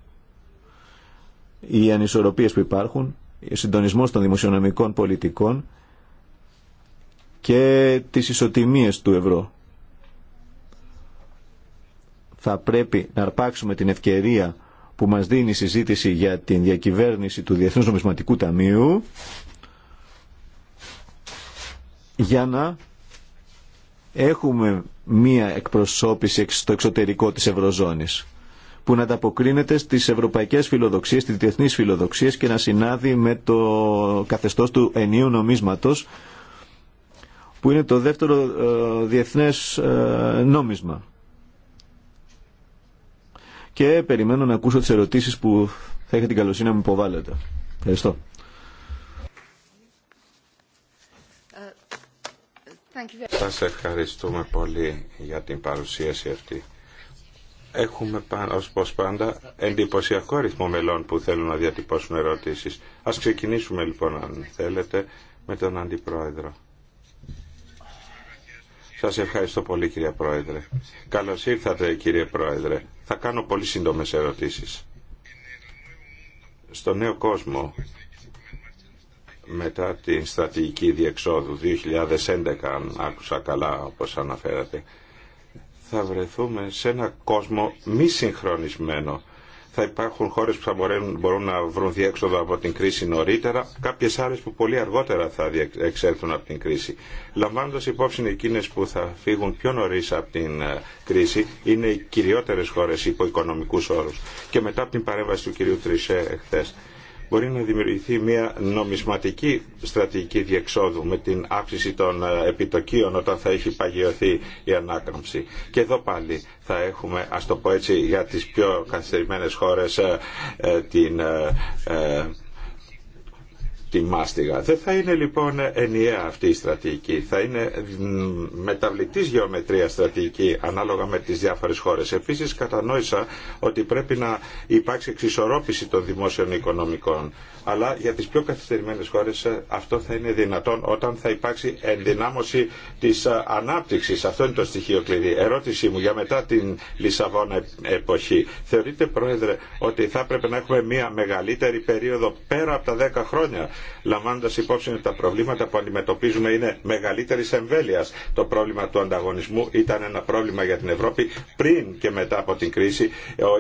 Οι ανισορροπίες που υπάρχουν, ο συντονισμός των δημοσιονομικών πολιτικών και τις ισοτιμίες του ευρώ. Θα πρέπει να αρπάξουμε την ευκαιρία που μας δίνει η συζήτηση για την διακυβέρνηση του Διεθνούς Νομισματικού Ταμείου για να έχουμε μία εκπροσώπηση στο εξωτερικό της Ευρωζώνης που να ανταποκρίνεται στις ευρωπαϊκές φιλοδοξίες, στις διεθνείς φιλοδοξίες και να συνάδει με το καθεστώς του ενίου νομίσματος που είναι το δεύτερο ε, διεθνές ε, νόμισμα και περιμένω να ακούσω τις ερωτήσεις που θα έχετε την καλοσύνη να μου υποβάλλετε. Ευχαριστώ. Σας ευχαριστούμε πολύ για την παρουσίαση αυτή. Έχουμε ως πάντα εντυπωσιακό αριθμό μελών που θέλουν να διατυπώσουν ερωτήσεις. Ας ξεκινήσουμε λοιπόν αν θέλετε με τον Αντιπρόεδρο. Σας ευχαριστώ πολύ κύριε Πρόεδρε. Καλώς ήρθατε κύριε Πρόεδρε. Θα κάνω πολύ σύντομες ερωτήσεις. Στο νέο κόσμο, μετά την στρατηγική διεξόδου 2011, αν άκουσα καλά όπως αναφέρατε, θα βρεθούμε σε ένα κόσμο μη συγχρονισμένο θα υπάρχουν χώρες που θα μπορούν να βρουν διέξοδο από την κρίση νωρίτερα, κάποιες άλλες που πολύ αργότερα θα εξέλθουν από την κρίση. λαμβάνοντα υπόψη εκείνες που θα φύγουν πιο νωρίς από την ε, κρίση, είναι οι κυριότερε χώρες υπό οικονομικού όρου Και μετά από την παρέμβαση του κυρίου Τρισέ εχθέ μπορεί να δημιουργηθεί μια νομισματική στρατηγική διεξόδου με την αύξηση των ε, επιτοκίων όταν θα έχει παγιωθεί η ανάκαμψη. Και εδώ πάλι θα έχουμε, ας το πω έτσι, για τις πιο καθυστερημένες χώρες ε, ε, την τη μάστιγα. Δεν θα είναι λοιπόν ενιαία αυτή η στρατηγική. Θα είναι μεταβλητής γεωμετρία στρατηγική ανάλογα με τι διάφορε χώρε. Επίση, κατανόησα ότι πρέπει να υπάρξει εξισορρόπηση των δημόσιων οικονομικών. Αλλά για τι πιο καθυστερημένε χώρε ε, αυτό θα είναι δυνατόν όταν θα υπάρξει ενδυνάμωση τη ε, ανάπτυξη. Αυτό είναι το στοιχείο κλειδί. Ερώτησή μου για μετά την Λισαβόνα εποχή. Θεωρείτε Πρόεδρε ότι θα πρέπει να έχουμε μια μεγαλύτερη περίοδο πέρα από τα 10 χρόνια λαμβάνοντα υπόψη ότι τα προβλήματα που αντιμετωπίζουμε είναι μεγαλύτερη εμβέλεια. Το πρόβλημα του ανταγωνισμού ήταν ένα πρόβλημα για την Ευρώπη πριν και μετά από την κρίση.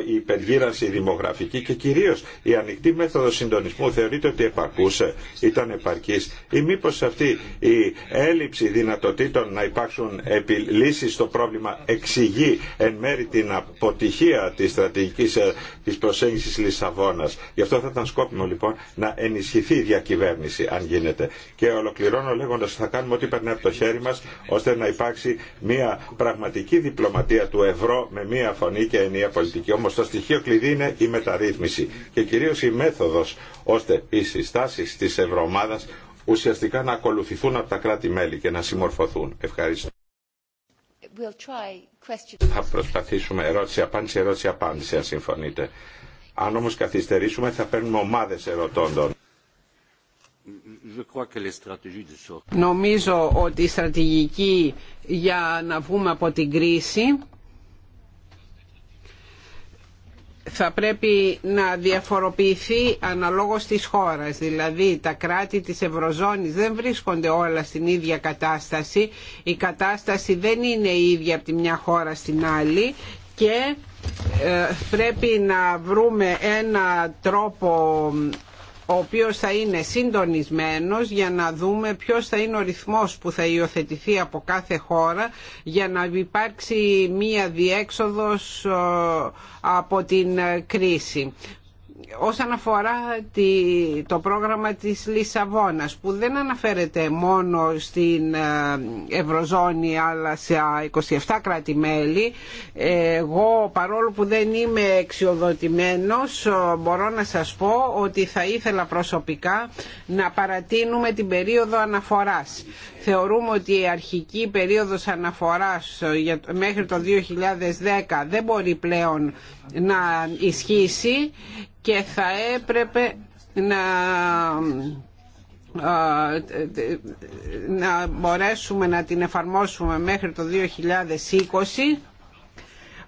Η υπεργύρανση δημογραφική και κυρίω η ανοιχτή μέθοδο συντονισμού θεωρείται ότι επαρκούσε, ήταν επαρκή. Ή μήπω αυτή η έλλειψη δυνατοτήτων να υπάρξουν επιλύσει στο πρόβλημα εξηγεί εν μέρη την αποτυχία τη στρατηγική ε, τη προσέγγιση Λισαβόνα. Γι' αυτό θα ήταν σκόπιμο λοιπόν να ενισχυθεί η ελλειψη δυνατοτητων να υπαρξουν λυσει στο προβλημα εξηγει εν μερη την αποτυχια τη στρατηγικη τη προσεγγιση λισαβονα γι αυτο θα ηταν σκοπιμο λοιπον να ενισχυθει η κυβέρνηση, αν γίνεται. Και ολοκληρώνω λέγοντα ότι θα κάνουμε ό,τι περνάει από το χέρι μα, ώστε να υπάρξει μια πραγματική διπλωματία του ευρώ με μια φωνή και ενία πολιτική. Όμω το στοιχείο κλειδί είναι η μεταρρύθμιση και κυρίω η μέθοδο, ώστε οι συστάσει τη Ευρωομάδα ουσιαστικά να ακολουθηθούν από τα κράτη-μέλη και να συμμορφωθούν. Ευχαριστώ. We'll try θα προσπαθήσουμε ερώτηση-απάντηση, ερώτηση-απάντηση, αν συμφωνείτε. Αν όμως καθυστερήσουμε θα παίρνουμε ομάδες ερωτώντων. Νομίζω ότι η στρατηγική για να βγούμε από την κρίση θα πρέπει να διαφοροποιηθεί αναλόγως της χώρας. Δηλαδή τα κράτη της Ευρωζώνης δεν βρίσκονται όλα στην ίδια κατάσταση. Η κατάσταση δεν είναι η ίδια από τη μια χώρα στην άλλη και ε, πρέπει να βρούμε ένα τρόπο ο οποίος θα είναι συντονισμένος για να δούμε ποιος θα είναι ο ρυθμός που θα υιοθετηθεί από κάθε χώρα για να υπάρξει μία διέξοδος ε, από την ε, κρίση όσον αφορά το πρόγραμμα της Λισαβόνας που δεν αναφέρεται μόνο στην ε, Ευρωζώνη αλλά σε 27 κράτη-μέλη εγώ παρόλο που δεν είμαι εξιοδοτημένος ε, μπορώ να σας πω ότι θα ήθελα προσωπικά να παρατείνουμε την περίοδο αναφοράς θεωρούμε ότι η αρχική περίοδος αναφοράς ε, μέχρι το 2010 δεν μπορεί πλέον να ισχύσει και θα έπρεπε να ε, να μπορέσουμε να την εφαρμόσουμε μέχρι το 2020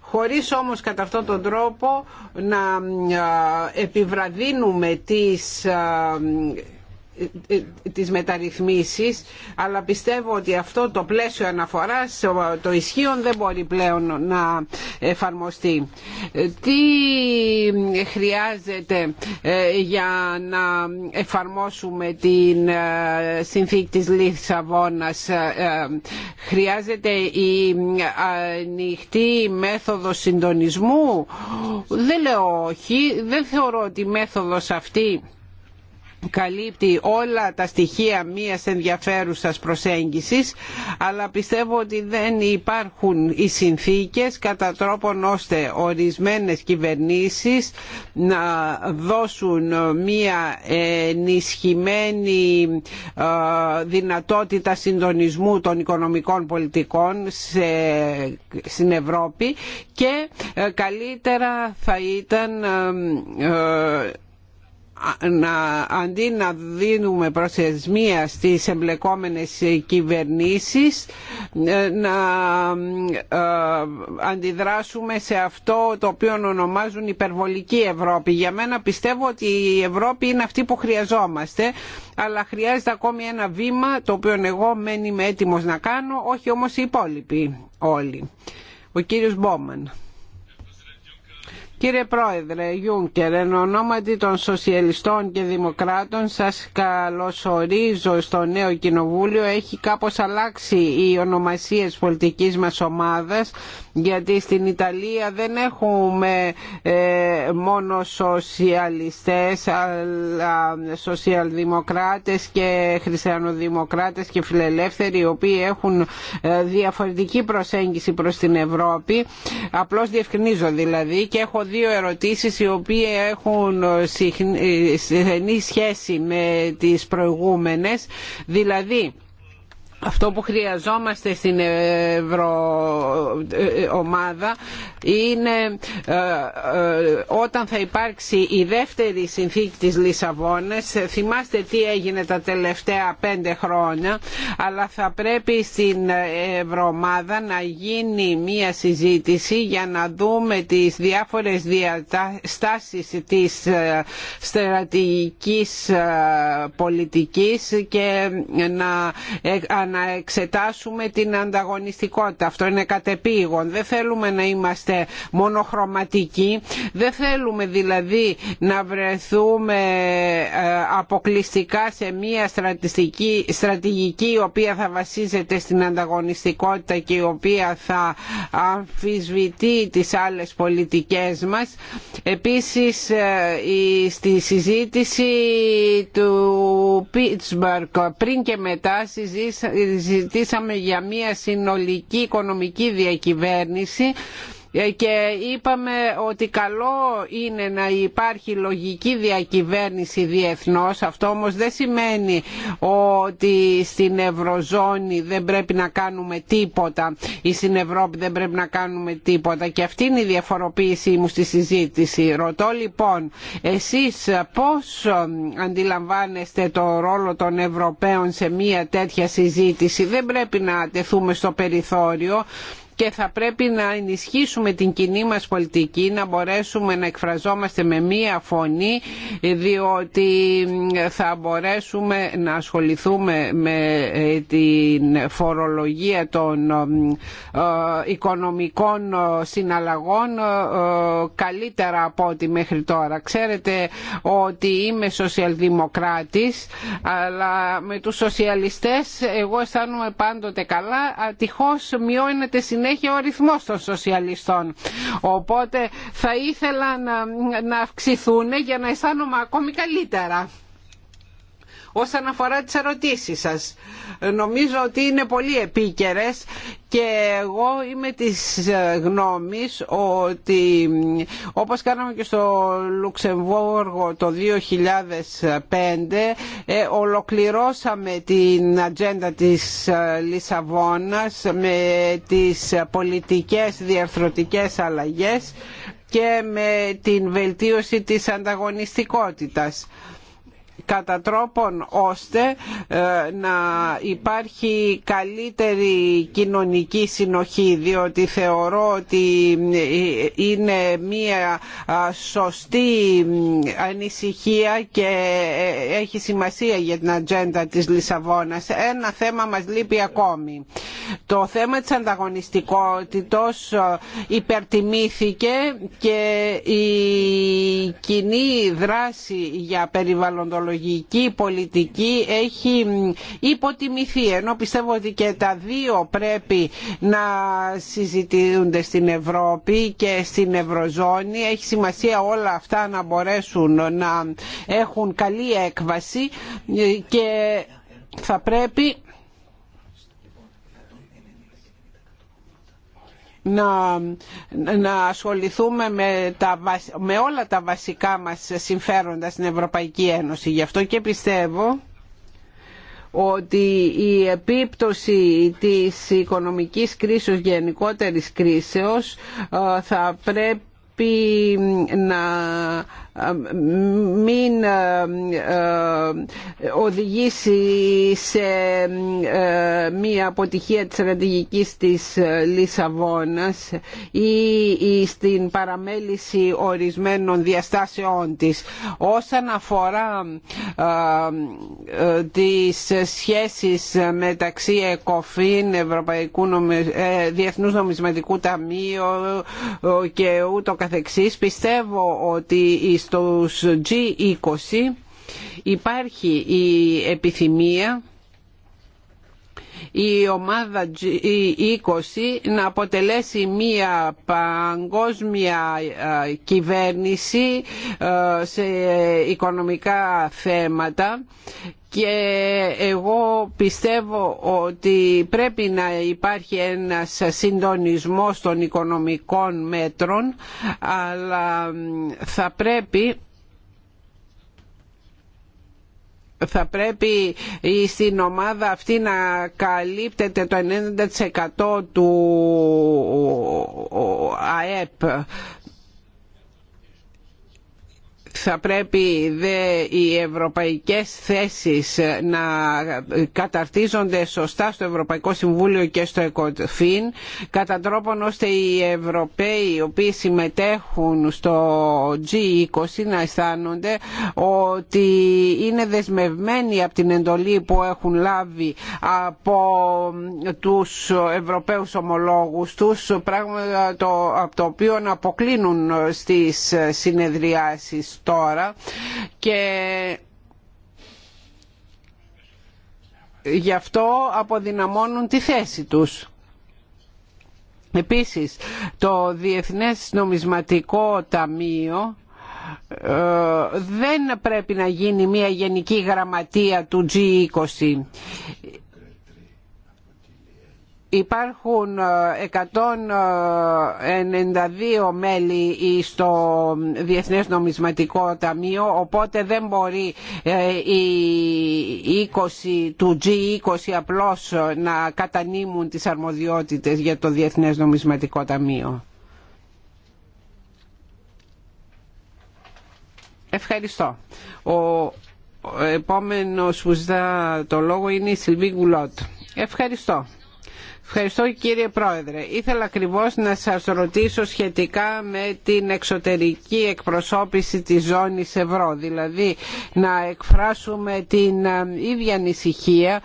χωρίς όμως κατά αυτόν τον τρόπο να ε, επιβραδύνουμε τις τις μεταρρυθμίσεις αλλά πιστεύω ότι αυτό το πλαίσιο αναφοράς το ισχύον δεν μπορεί πλέον να εφαρμοστεί. Τι χρειάζεται ε, για να εφαρμόσουμε την ε, συνθήκη της Λισαβόνας ε, χρειάζεται η ανοιχτή μέθοδο συντονισμού δεν λέω όχι δεν θεωρώ ότι η μέθοδος αυτή καλύπτει όλα τα στοιχεία μιας ενδιαφέρουσας προσέγγισης αλλά πιστεύω ότι δεν υπάρχουν οι συνθήκες κατά τρόπον ώστε ορισμένες κυβερνήσεις να δώσουν μια ενισχυμένη ε, δυνατότητα συντονισμού των οικονομικών πολιτικών σε, στην Ευρώπη και ε, καλύτερα θα ήταν ε, να, αντί να δίνουμε προθεσμία στις εμπλεκόμενες κυβερνήσεις ε, να ε, αντιδράσουμε σε αυτό το οποίο ονομάζουν υπερβολική Ευρώπη. Για μένα πιστεύω ότι η Ευρώπη είναι αυτή που χρειαζόμαστε αλλά χρειάζεται ακόμη ένα βήμα το οποίο εγώ μένει με έτοιμος να κάνω όχι όμως οι υπόλοιποι όλοι. Ο κύριος Μπόμαν. Κύριε Πρόεδρε Γιούνκερ, εν ονόματι των Σοσιαλιστών και Δημοκράτων σας καλωσορίζω στο νέο Κοινοβούλιο. Έχει κάπως αλλάξει οι ονομασίες πολιτικής μας ομάδας γιατί στην Ιταλία δεν έχουμε ε, μόνο σοσιαλιστές αλλά σοσιαλδημοκράτες και χριστιανοδημοκράτες και φιλελεύθεροι οι οποίοι έχουν ε, διαφορετική προσέγγιση προς την Ευρώπη. Απλώς διευκρινίζω δηλαδή και έχω δύο ερωτήσεις οι οποίες έχουν ε, στενή σχέση με τις προηγούμενες. Δηλαδή, αυτό που χρειαζόμαστε στην Ευρωομάδα ε, ε, είναι ε, όταν θα υπάρξει η δεύτερη συνθήκη της Λισαβόνας θυμάστε τι έγινε τα τελευταία πέντε χρόνια αλλά θα πρέπει στην Ευρωομάδα να γίνει μία συζήτηση για να δούμε τις διάφορες διαστάσεις της στρατηγικής πολιτικής και να να εξετάσουμε την ανταγωνιστικότητα. Αυτό είναι κατεπήγον. Δεν θέλουμε να είμαστε μονοχρωματικοί. Δεν θέλουμε δηλαδή να βρεθούμε ε, αποκλειστικά σε μια στρατηγική, η οποία θα βασίζεται στην ανταγωνιστικότητα και η οποία θα αμφισβητεί τις άλλες πολιτικές μας. Επίσης ε, στη συζήτηση του Πίτσμπαρκ πριν και μετά ζητήσαμε για μια συνολική οικονομική διακυβέρνηση ε, και είπαμε ότι καλό είναι να υπάρχει λογική διακυβέρνηση διεθνώς αυτό όμως δεν σημαίνει ότι στην Ευρωζώνη δεν πρέπει να κάνουμε τίποτα ή στην Ευρώπη δεν πρέπει να κάνουμε τίποτα και αυτή είναι η διαφοροποίησή μου στη συζήτηση ρωτώ λοιπόν εσείς πώς αντιλαμβάνεστε το ρόλο των Ευρωπαίων σε μια τέτοια συζήτηση δεν πρέπει να τεθούμε στο περιθώριο και θα πρέπει να ενισχύσουμε την κοινή μας πολιτική, να μπορέσουμε να εκφραζόμαστε με μία φωνή, διότι θα μπορέσουμε να ασχοληθούμε με ε, την φορολογία των ε, οικονομικών ε, συναλλαγών καλύτερα από ό,τι μέχρι τώρα. Ξέρετε ότι είμαι σοσιαλδημοκράτης, αλλά με τους σοσιαλιστές εγώ αισθάνομαι πάντοτε καλά, ατυχώς μειώνεται συνέχεια έχει ο ρυθμός των σοσιαλιστών. Οπότε θα ήθελα να, να αυξηθούν για να αισθάνομαι ακόμη καλύτερα όσον αφορά τις ερωτήσεις σας. Νομίζω ότι είναι πολύ επίκαιρες και εγώ είμαι της γνώμης ότι όπως κάναμε και στο Λουξεμβούργο το 2005 ε, ολοκληρώσαμε την ατζέντα της Λισαβόνας με τις πολιτικές διαρθρωτικές αλλαγές και με την βελτίωση της ανταγωνιστικότητας κατά τρόπον ώστε ε, να υπάρχει καλύτερη κοινωνική συνοχή διότι θεωρώ ότι ε, είναι μία σωστή ανησυχία και ε, έχει σημασία για την ατζέντα της Λισαβόνας. Ένα θέμα μας λείπει ακόμη. Το θέμα της ανταγωνιστικότητας υπερτιμήθηκε και η κοινή δράση για περιβαλλοντολογία λογική, πολιτική έχει υποτιμηθεί ενώ πιστεύω ότι και τα δύο πρέπει να συζητούνται στην Ευρώπη και στην Ευρωζώνη. Έχει σημασία όλα αυτά να μπορέσουν να έχουν καλή έκβαση και θα πρέπει να, να ασχοληθούμε με, τα, όλα τα βασικά μας συμφέροντα στην Ευρωπαϊκή Ένωση. Γι' αυτό και πιστεύω ότι η επίπτωση της οικονομικής κρίσης, γενικότερης κρίσεως, ε, θα πρέπει να μην ε, ε, οδηγήσει σε ε, μία αποτυχία της στρατηγικής της Λισαβόνας ή στην παραμέληση ορισμένων διαστάσεών της. Όσον αφορά τις σχέσεις μεταξύ ΕΚΟΦΗΝ, Ευρωπαϊκού Διεθνούς Νομισματικού Ταμείου και ούτω καθεξής, πιστεύω ότι η στους G20 υπάρχει η επιθυμία η ομάδα G20 να αποτελέσει μία παγκόσμια κυβέρνηση σε οικονομικά θέματα και εγώ πιστεύω ότι πρέπει να υπάρχει ένας συντονισμός των οικονομικών μέτρων αλλά θα πρέπει θα πρέπει στην ομάδα αυτή να καλύπτεται το 90% του ΑΕΠ θα πρέπει οι ευρωπαϊκές θέσεις να καταρτίζονται σωστά στο Ευρωπαϊκό Συμβούλιο και στο ΕΚΟΦΗΝ κατά τρόπον ώστε οι Ευρωπαίοι οι οποίοι συμμετέχουν στο G20 να αισθάνονται ότι είναι δεσμευμένοι από την εντολή που έχουν λάβει από τους Ευρωπαίους ομολόγους τους πράγμα το, από το οποίο αποκλίνουν στις συνεδριάσεις τώρα και γι' αυτό αποδυναμώνουν τη θέση τους. Επίσης, το Διεθνές Νομισματικό Ταμείο ε, δεν πρέπει να γίνει μια γενική γραμματεία του G20. Υπάρχουν 192 ε, ε, μέλη στο Διεθνές Νομισματικό Ταμείο οπότε δεν μπορεί ε, οι 20 του G20 απλώς να κατανείμουν τις αρμοδιότητες για το Διεθνές Νομισματικό Ταμείο. Ευχαριστώ. Ο επόμενος που ζητά το λόγο είναι η Σιλβί Γκουλότ. Ευχαριστώ. Ευχαριστώ κύριε Πρόεδρε. Ήθελα ακριβώς να σας ρωτήσω σχετικά με την εξωτερική εκπροσώπηση της ζώνης ευρώ. Δηλαδή να εκφράσουμε την ε, ίδια ανησυχία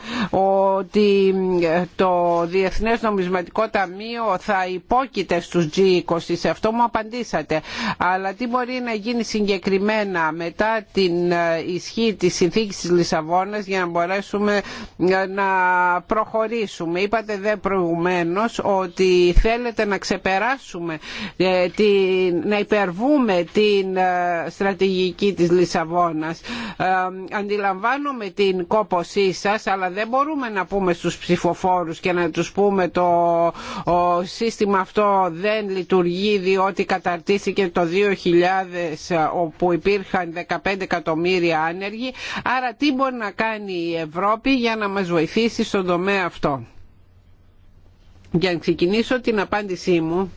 ότι ε, το Διεθνές Νομισματικό Ταμείο θα υπόκειται στους G20. Σε αυτό μου απαντήσατε. Αλλά τι μπορεί να γίνει συγκεκριμένα μετά την ε, ισχύ της συνθήκης της Λισαβόνας για να μπορέσουμε να προχωρήσουμε. Είπατε δεν προηγουμένως ότι θέλετε να ξεπεράσουμε, ε, να υπερβούμε την ε, στρατηγική της Λισαβόνας. Ε, αντιλαμβάνομαι την κόπωσή σας, αλλά δεν μπορούμε να πούμε στους ψηφοφόρους και να τους πούμε το σύστημα αυτό δεν λειτουργεί διότι καταρτήθηκε το 2000 όπου υπήρχαν 15 εκατομμύρια άνεργοι. Άρα τι μπορεί να κάνει η Ευρώπη για να μας βοηθήσει στον τομέα αυτό. Για να ξεκινήσω την απάντησή μου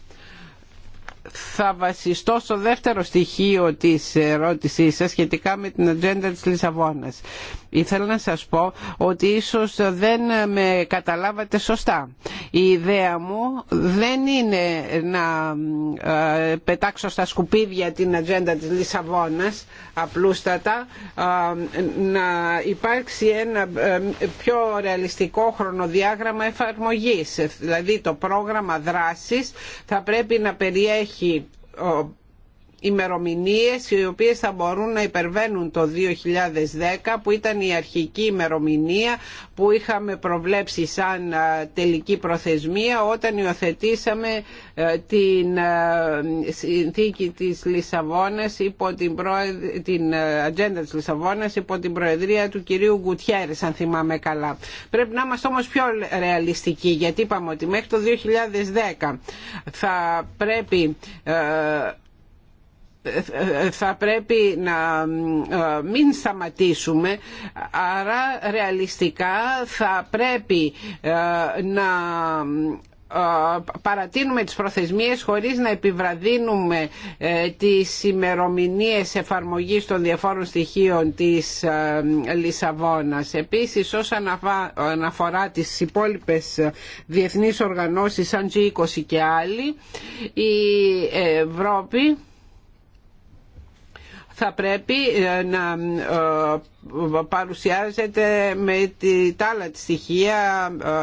θα βασιστώ στο δεύτερο στοιχείο της ερώτησής σας σχετικά με την ατζέντα της Λισαβόνας. Ήθελα να σας πω ότι ίσως δεν με καταλάβατε σωστά. Η ιδέα μου δεν είναι να ε, πετάξω στα σκουπίδια την ατζέντα της Λισαβόνας, απλούστατα, να υπάρξει ένα ε, πιο ρεαλιστικό χρονοδιάγραμμα εφαρμογής. Δηλαδή το πρόγραμμα δράσης θα πρέπει να περιέχει ημερομηνίες οι οποίες θα μπορούν να υπερβαίνουν το 2010 που ήταν η αρχική ημερομηνία που είχαμε προβλέψει σαν τελική προθεσμία όταν υιοθετήσαμε την συνθήκη της Λισαβόνας υπό την, την ατζέντα της Λισαβόνας υπό την προεδρία του κυρίου Γκουτιέρης αν θυμάμαι καλά. Πρέπει να είμαστε όμως πιο ρεαλιστικοί γιατί είπαμε ότι μέχρι το 2010 θα πρέπει θα πρέπει να ε, μην σταματήσουμε άρα ρεαλιστικά θα πρέπει ε, να ε, παρατείνουμε τις προθεσμίες χωρίς να επιβραδύνουμε τις ημερομηνίες εφαρμογής των διαφόρων στοιχείων της Λισαβόνας. Επίσης όσον αναφορά τις υπόλοιπες διεθνείς οργανώσεις σαν G20 και άλλοι η Ευρώπη θα πρέπει ε, να ε, παρουσιάζεται με τη τάλα τη στοιχεία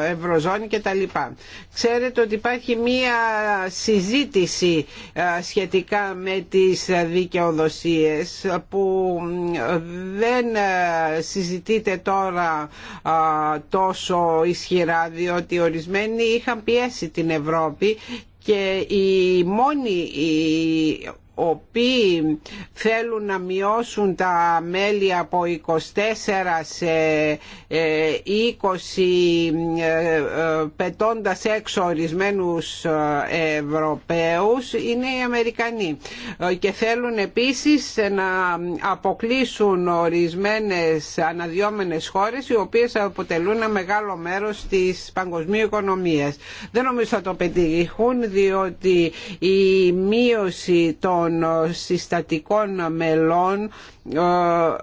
ε, Ευρωζώνη και τα λοιπά. Ξέρετε ότι υπάρχει μία συζήτηση σχετικά με τις δικαιοδοσίες που δεν συζητείται τώρα τόσο ισχυρά διότι ορισμένοι είχαν πιέσει την Ευρώπη και η μόνη οποίοι θέλουν να μειώσουν τα μέλη από 24 σε 20 ε, ε, ε, πετώντας έξω ορισμένους Ευρωπαίους είναι οι Αμερικανοί και θέλουν επίσης να αποκλείσουν ορισμένες αναδιόμενες χώρες οι οποίες αποτελούν ένα μεγάλο μέρος της παγκοσμίου οικονομίας. Δεν νομίζω θα το πετύχουν διότι η μείωση των ε, συστατικών μελών ε,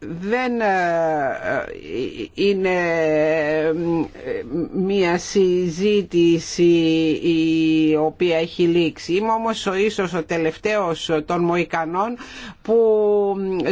δεν ε, είναι μία συζήτηση η οποία έχει λήξει. Είμαι όμως ο ίσως ο τελευταίος των Μοϊκανών που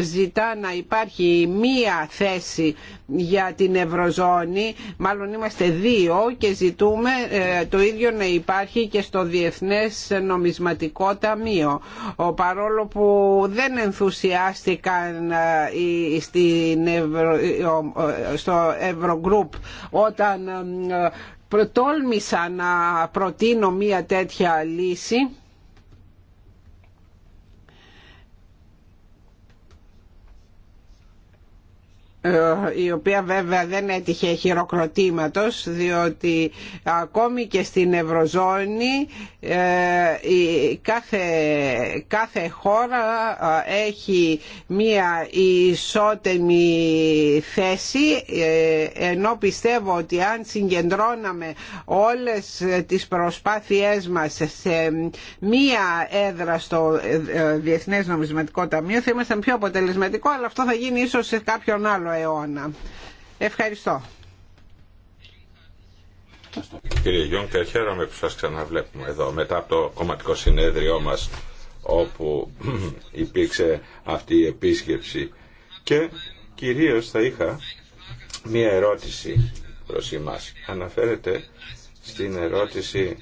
ζητά να υπάρχει μία θέση για την Ευρωζώνη, μάλλον είμαστε δύο και ζητούμε ε, το ίδιο να υπάρχει και στο Διεθνές Νομισματικό Ταμείο. Ο, παρόλο που δεν ενθουσιάστηκαν ε, στην Ευρω... Ε, στο Ευρωγκρουπ όταν προτόλμησα να προτείνω μία τέτοια λύση η οποία βέβαια δεν έτυχε χειροκροτήματος διότι ακόμη και στην Ευρωζώνη ε, η κάθε, κάθε χώρα ε, έχει μία ισότεμη θέση ε, ενώ πιστεύω ότι αν συγκεντρώναμε όλες τις προσπάθειές μας σε μία έδρα στο Διεθνές Νομισματικό Ταμείο θα ήμασταν πιο αποτελεσματικό αλλά αυτό θα γίνει ίσως σε κάποιον άλλο αιώνα. Ευχαριστώ. Κύριε Γιούνκερ, χαίρομαι που σας ξαναβλέπουμε εδώ μετά από το κομματικό συνέδριό μας όπου υπήρξε αυτή η επίσκεψη και κυρίως θα είχα μία ερώτηση προς εμάς. Αναφέρεται στην ερώτηση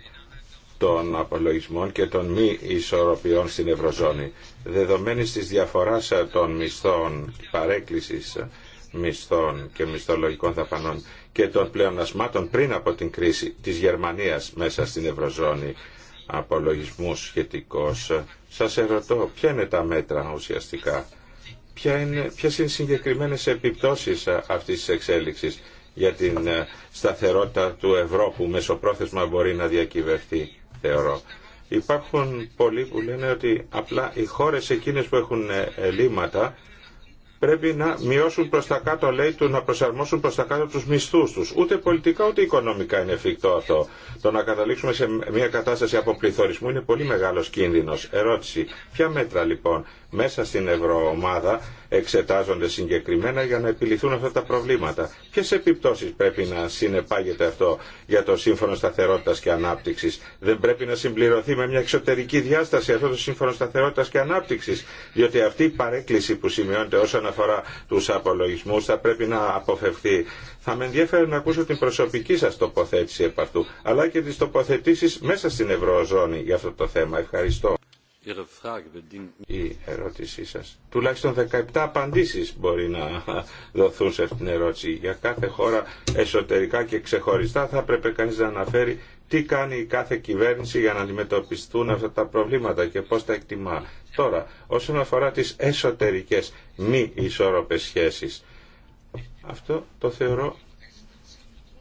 των απολογισμών και των μη ισορροπιών στην Ευρωζώνη. Δεδομένης της διαφοράς των μισθών παρέκκλησης μισθών και μισθολογικών δαπανών και των πλεονασμάτων πριν από την κρίση της Γερμανίας μέσα στην Ευρωζώνη απολογισμού σχετικός. Σας ερωτώ, ποια είναι τα μέτρα ουσιαστικά, ποια είναι, ποιες είναι οι συγκεκριμένες επιπτώσεις αυτής της εξέλιξης για την ε, σταθερότητα του ευρώ που μεσοπρόθεσμα μπορεί να διακυβευτεί, θεωρώ. Υπάρχουν πολλοί που λένε ότι απλά οι χώρες εκείνες που έχουν ε, ελλείμματα πρέπει να μειώσουν προς τα κάτω, λέει, του να προσαρμόσουν προς τα κάτω τους μισθούς τους. Ούτε πολιτικά ούτε οικονομικά είναι εφικτό αυτό. Το να καταλήξουμε σε μια κατάσταση αποπληθωρισμού είναι πολύ μεγάλος κίνδυνος. Ερώτηση, ποια μέτρα λοιπόν μέσα στην ευρωομάδα εξετάζονται συγκεκριμένα για να επιληθούν αυτά τα προβλήματα. Ποιε επιπτώσει πρέπει να συνεπάγεται αυτό για το Σύμφωνο Σταθερότητα και Ανάπτυξη. Δεν πρέπει να συμπληρωθεί με μια εξωτερική διάσταση αυτό το Σύμφωνο Σταθερότητα και Ανάπτυξη. Διότι αυτή η παρέκκληση που σημειώνεται όσον αφορά τους απολογισμούς θα πρέπει να αποφευθεί. Θα με ενδιαφέρει να ακούσω την προσωπική σας τοποθέτηση επ' αυτού, αλλά και τι τοποθετήσει μέσα στην Ευρωζώνη για αυτό το θέμα. Ευχαριστώ. Η ερώτησή σα: Τουλάχιστον 17 απαντήσεις μπορεί να δοθούν σε αυτήν την ερώτηση. Για κάθε χώρα εσωτερικά και ξεχωριστά θα πρέπει κανεί να αναφέρει τι κάνει η κάθε κυβέρνηση για να αντιμετωπιστούν αυτά τα προβλήματα και πώς τα εκτιμά. Τώρα, όσον αφορά τις εσωτερικές μη ισόρροπες σχέσεις, αυτό το θεωρώ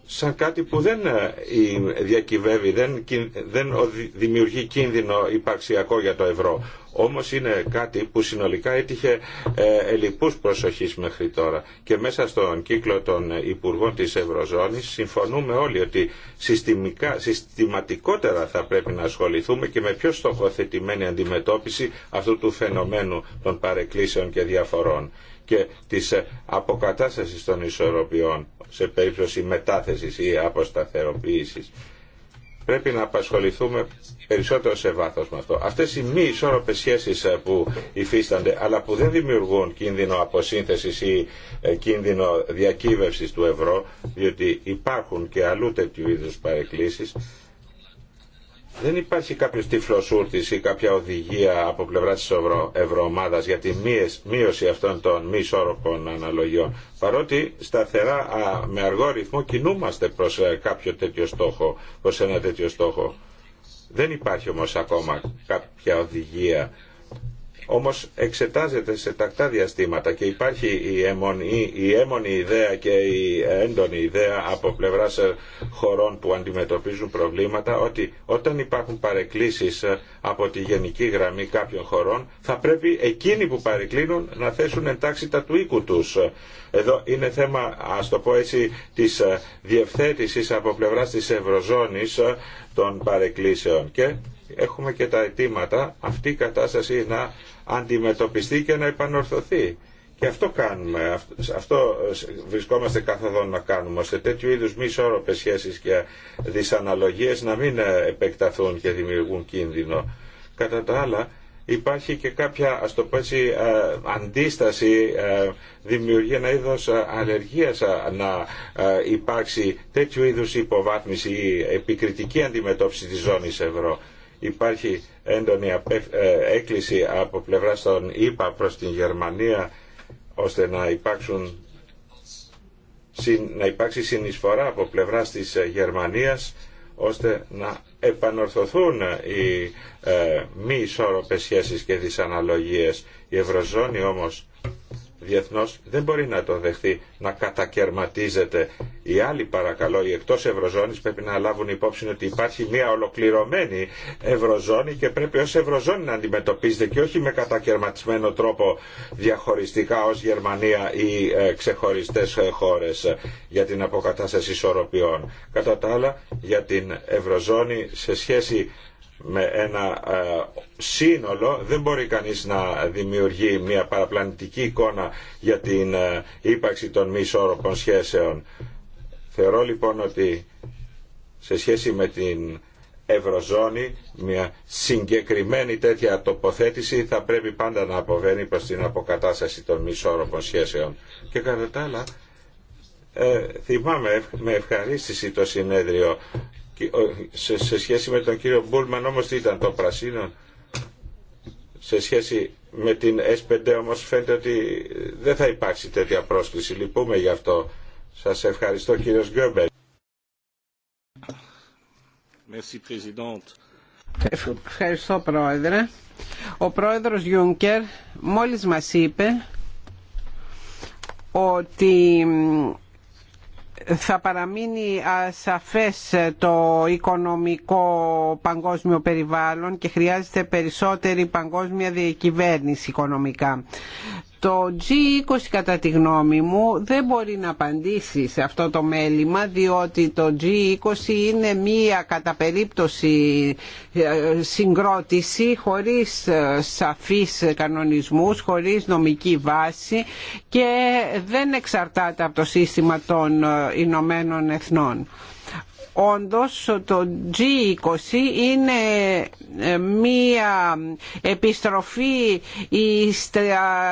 σαν κάτι που δεν ε, διακυβεύει, δεν, δεν δημιουργεί κίνδυνο υπαρξιακό για το ευρώ. Όμως είναι κάτι που συνολικά έτυχε ε, ελλειπούς προσοχής μέχρι τώρα. Και μέσα στον κύκλο των Υπουργών της Ευρωζώνης συμφωνούμε όλοι ότι συστημικά, συστηματικότερα θα πρέπει να ασχοληθούμε και με πιο στοχοθετημένη αντιμετώπιση αυτού του φαινομένου των παρεκκλήσεων και διαφορών και της ε, αποκατάστασης των ισορροπιών σε περίπτωση μετάθεσης ή αποσταθεροποίησης. Πρέπει να απασχοληθούμε περισσότερο σε βάθος με αυτό. Αυτές οι μη ισόρροπες σχέσεις ε, που υφίστανται αλλά που δεν δημιουργούν κίνδυνο αποσύνθεσης ή ε, κίνδυνο διακύβευσης του ευρώ διότι υπάρχουν και αλλού τέτοιου είδους παρεκκλήσεις δεν υπάρχει κάποιος τύφλος ούρτης ή κάποια οδηγία από πλευρά της Ευρωομάδας για τη μείωση αυτών των μη ισόρροπων αναλογιών. Παρότι σταθερά με αργό ρυθμό κινούμαστε προς, ε, κάποιο τέτοιο στόχο, προς ένα τέτοιο στόχο. Δεν υπάρχει όμως ακόμα κάποια οδηγία όμως εξετάζεται σε τακτά διαστήματα και υπάρχει η έμονη, η ιδέα και η έντονη ιδέα από πλευράς ε, χωρών που αντιμετωπίζουν προβλήματα ότι όταν υπάρχουν παρεκκλήσεις ε, από τη γενική γραμμή κάποιων χωρών θα πρέπει εκείνοι που παρεκκλίνουν να θέσουν εντάξει τα του οίκου τους. Εδώ είναι θέμα, ας το πω έτσι, της ε, διευθέτησης από πλευράς της Ευρωζώνης των παρεκκλήσεων και έχουμε και τα αιτήματα αυτή η κατάσταση να αντιμετωπιστεί και να επανορθωθεί. Και αυτό κάνουμε, αυτό βρισκόμαστε καθοδόν να κάνουμε, ώστε τέτοιου είδους μη σώροπες σχέσεις και δυσαναλογίες να μην επεκταθούν και δημιουργούν κίνδυνο. Κατά τα άλλα, υπάρχει και κάποια, ας το πω έτσι, ε, αντίσταση, ε, δημιουργεί ένα είδος ε, αλλεργίας να υπάρξει τέτοιου είδους υποβάθμιση ή επικριτική αντιμετώπιση της ζώνης ευρώ υπάρχει έντονη ε, έκκληση από πλευράς των ΗΠΑ προς την Γερμανία ώστε να, υπάρξει συνεισφορά από πλευράς της ε, Γερμανίας ώστε να επανορθωθούν οι ε, μη ισόρροπες σχέσεις και δυσαναλογίες. Η Ευρωζώνη όμως διεθνώς δεν μπορεί να το δεχθεί να κατακαιρματίζεται. Οι άλλοι παρακαλώ, οι εκτός Ευρωζώνης πρέπει να λάβουν υπόψη ότι υπάρχει μια ολοκληρωμένη Ευρωζώνη και πρέπει ως Ευρωζώνη να αντιμετωπίζεται και όχι με κατακαιρματισμένο τρόπο διαχωριστικά ως Γερμανία ή ε, ξεχωριστές ε, χώρες ε, για την αποκατάσταση ισορροπιών. Κατά τα άλλα για την Ευρωζώνη σε σχέση με ένα ε, σύνολο δεν μπορεί κανείς να δημιουργεί μια παραπλανητική εικόνα για την ε, ύπαρξη των μη ισόρροπων σχέσεων. Θεωρώ λοιπόν ότι σε σχέση με την Ευρωζώνη μια συγκεκριμένη τέτοια τοποθέτηση θα πρέπει πάντα να αποβαίνει προς την αποκατάσταση των μη ισόρροπων σχέσεων. Και κατά τα άλλα ε, θυμάμαι με ευχαρίστηση το συνέδριο σε, σχέση με τον κύριο Μπούλμαν όμως τι ήταν το πρασίνο σε σχέση με την S5 όμως φαίνεται ότι δεν θα υπάρξει τέτοια πρόσκληση λυπούμε γι' αυτό σας ευχαριστώ κύριος Γκέμπερ Ευχαριστώ πρόεδρε ο πρόεδρος Γιούνκερ μόλις μας είπε ότι θα παραμείνει ασαφές το οικονομικό παγκόσμιο περιβάλλον και χρειάζεται περισσότερη παγκόσμια διακυβέρνηση οικονομικά. Το G20 κατά τη γνώμη μου δεν μπορεί να απαντήσει σε αυτό το μέλημα διότι το G20 είναι μία κατά περίπτωση ε, συγκρότηση χωρίς ε, σαφείς κανονισμούς, χωρίς νομική βάση και δεν εξαρτάται από το σύστημα των ε, Ηνωμένων Εθνών. Όντως το G20 είναι ε, μία επιστροφή στα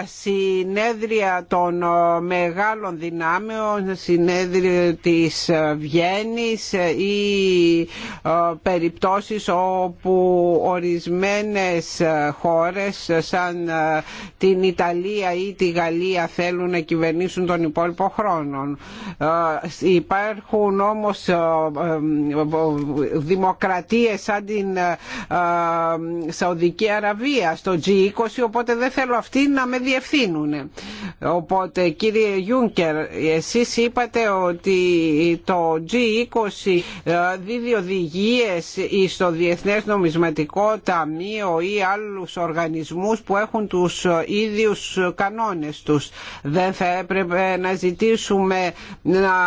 συνέδρια των ε, μεγάλων δυνάμεων, συνέδριο της ε, Βιέννης ή περιπτώσεις όπου ορισμένες χώρες σαν την Ιταλία ή τη Γαλλία θέλουν να κυβερνήσουν τον υπόλοιπο χρόνο. Υπάρχουν όμως δημοκρατίες σαν την ε, ε, Σαουδική Αραβία στο G20 οπότε δεν θέλω αυτοί να με διευθύνουν. Οπότε κύριε Γιούνκερ εσείς είπατε ότι το G20 ε, δίδει οδηγίες στο Διεθνές Νομισματικό Ταμείο ή άλλους οργανισμούς που έχουν τους ίδιους κανόνες τους. Δεν θα έπρεπε να ζητήσουμε να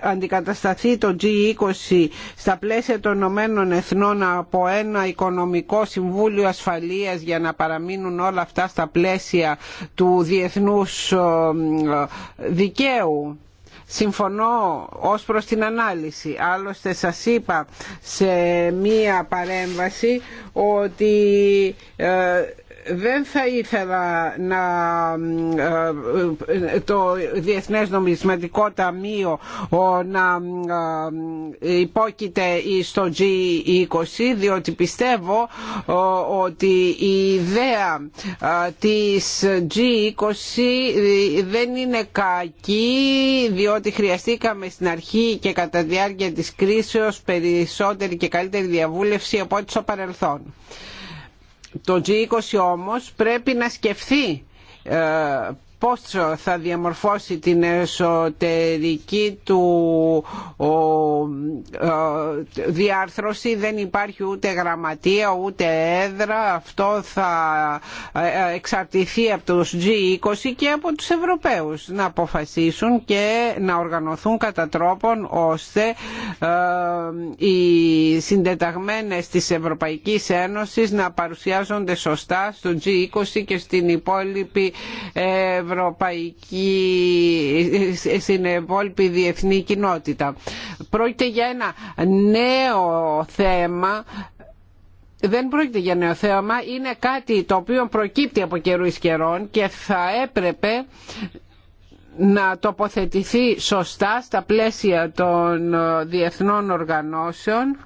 αντικατασταθεί το G20 στα πλαίσια των Ηνωμένων Εθνών από ένα οικονομικό συμβούλιο ασφαλείας για να παραμείνουν όλα αυτά στα πλαίσια του διεθνούς ε, δικαίου. Συμφωνώ ως προς την ανάλυση. Άλλωστε σας είπα σε μία παρέμβαση ότι ε, δεν θα ήθελα να ε, το Διεθνές Νομισματικό Ταμείο να ε, υπόκειται στο G20 διότι πιστεύω ότι η ιδέα ε, της G20 δεν είναι κακή διότι χρειαστήκαμε στην αρχή και κατά τη διάρκεια της κρίσεως περισσότερη και καλύτερη διαβούλευση από ό,τι στο παρελθόν. Το G20 όμως πρέπει να σκεφτεί ε, πώς θα διαμορφώσει την εσωτερική του διάρθρωση. Δεν υπάρχει ούτε γραμματεία ούτε έδρα. Αυτό θα ε, ε, εξαρτηθεί από τους G20 και από τους Ευρωπαίους να αποφασίσουν και να οργανωθούν κατά τρόπον ώστε ε, οι συντεταγμένες της Ευρωπαϊκής Ένωσης να παρουσιάζονται σωστά στο G20 και στην υπόλοιπη Ευρωπαϊκή ευρωπαϊκή, στην διεθνή κοινότητα. Πρόκειται για ένα νέο θέμα δεν πρόκειται για νέο θέμα, είναι κάτι το οποίο προκύπτει από καιρού καιρών και θα έπρεπε να τοποθετηθεί σωστά στα πλαίσια των διεθνών οργανώσεων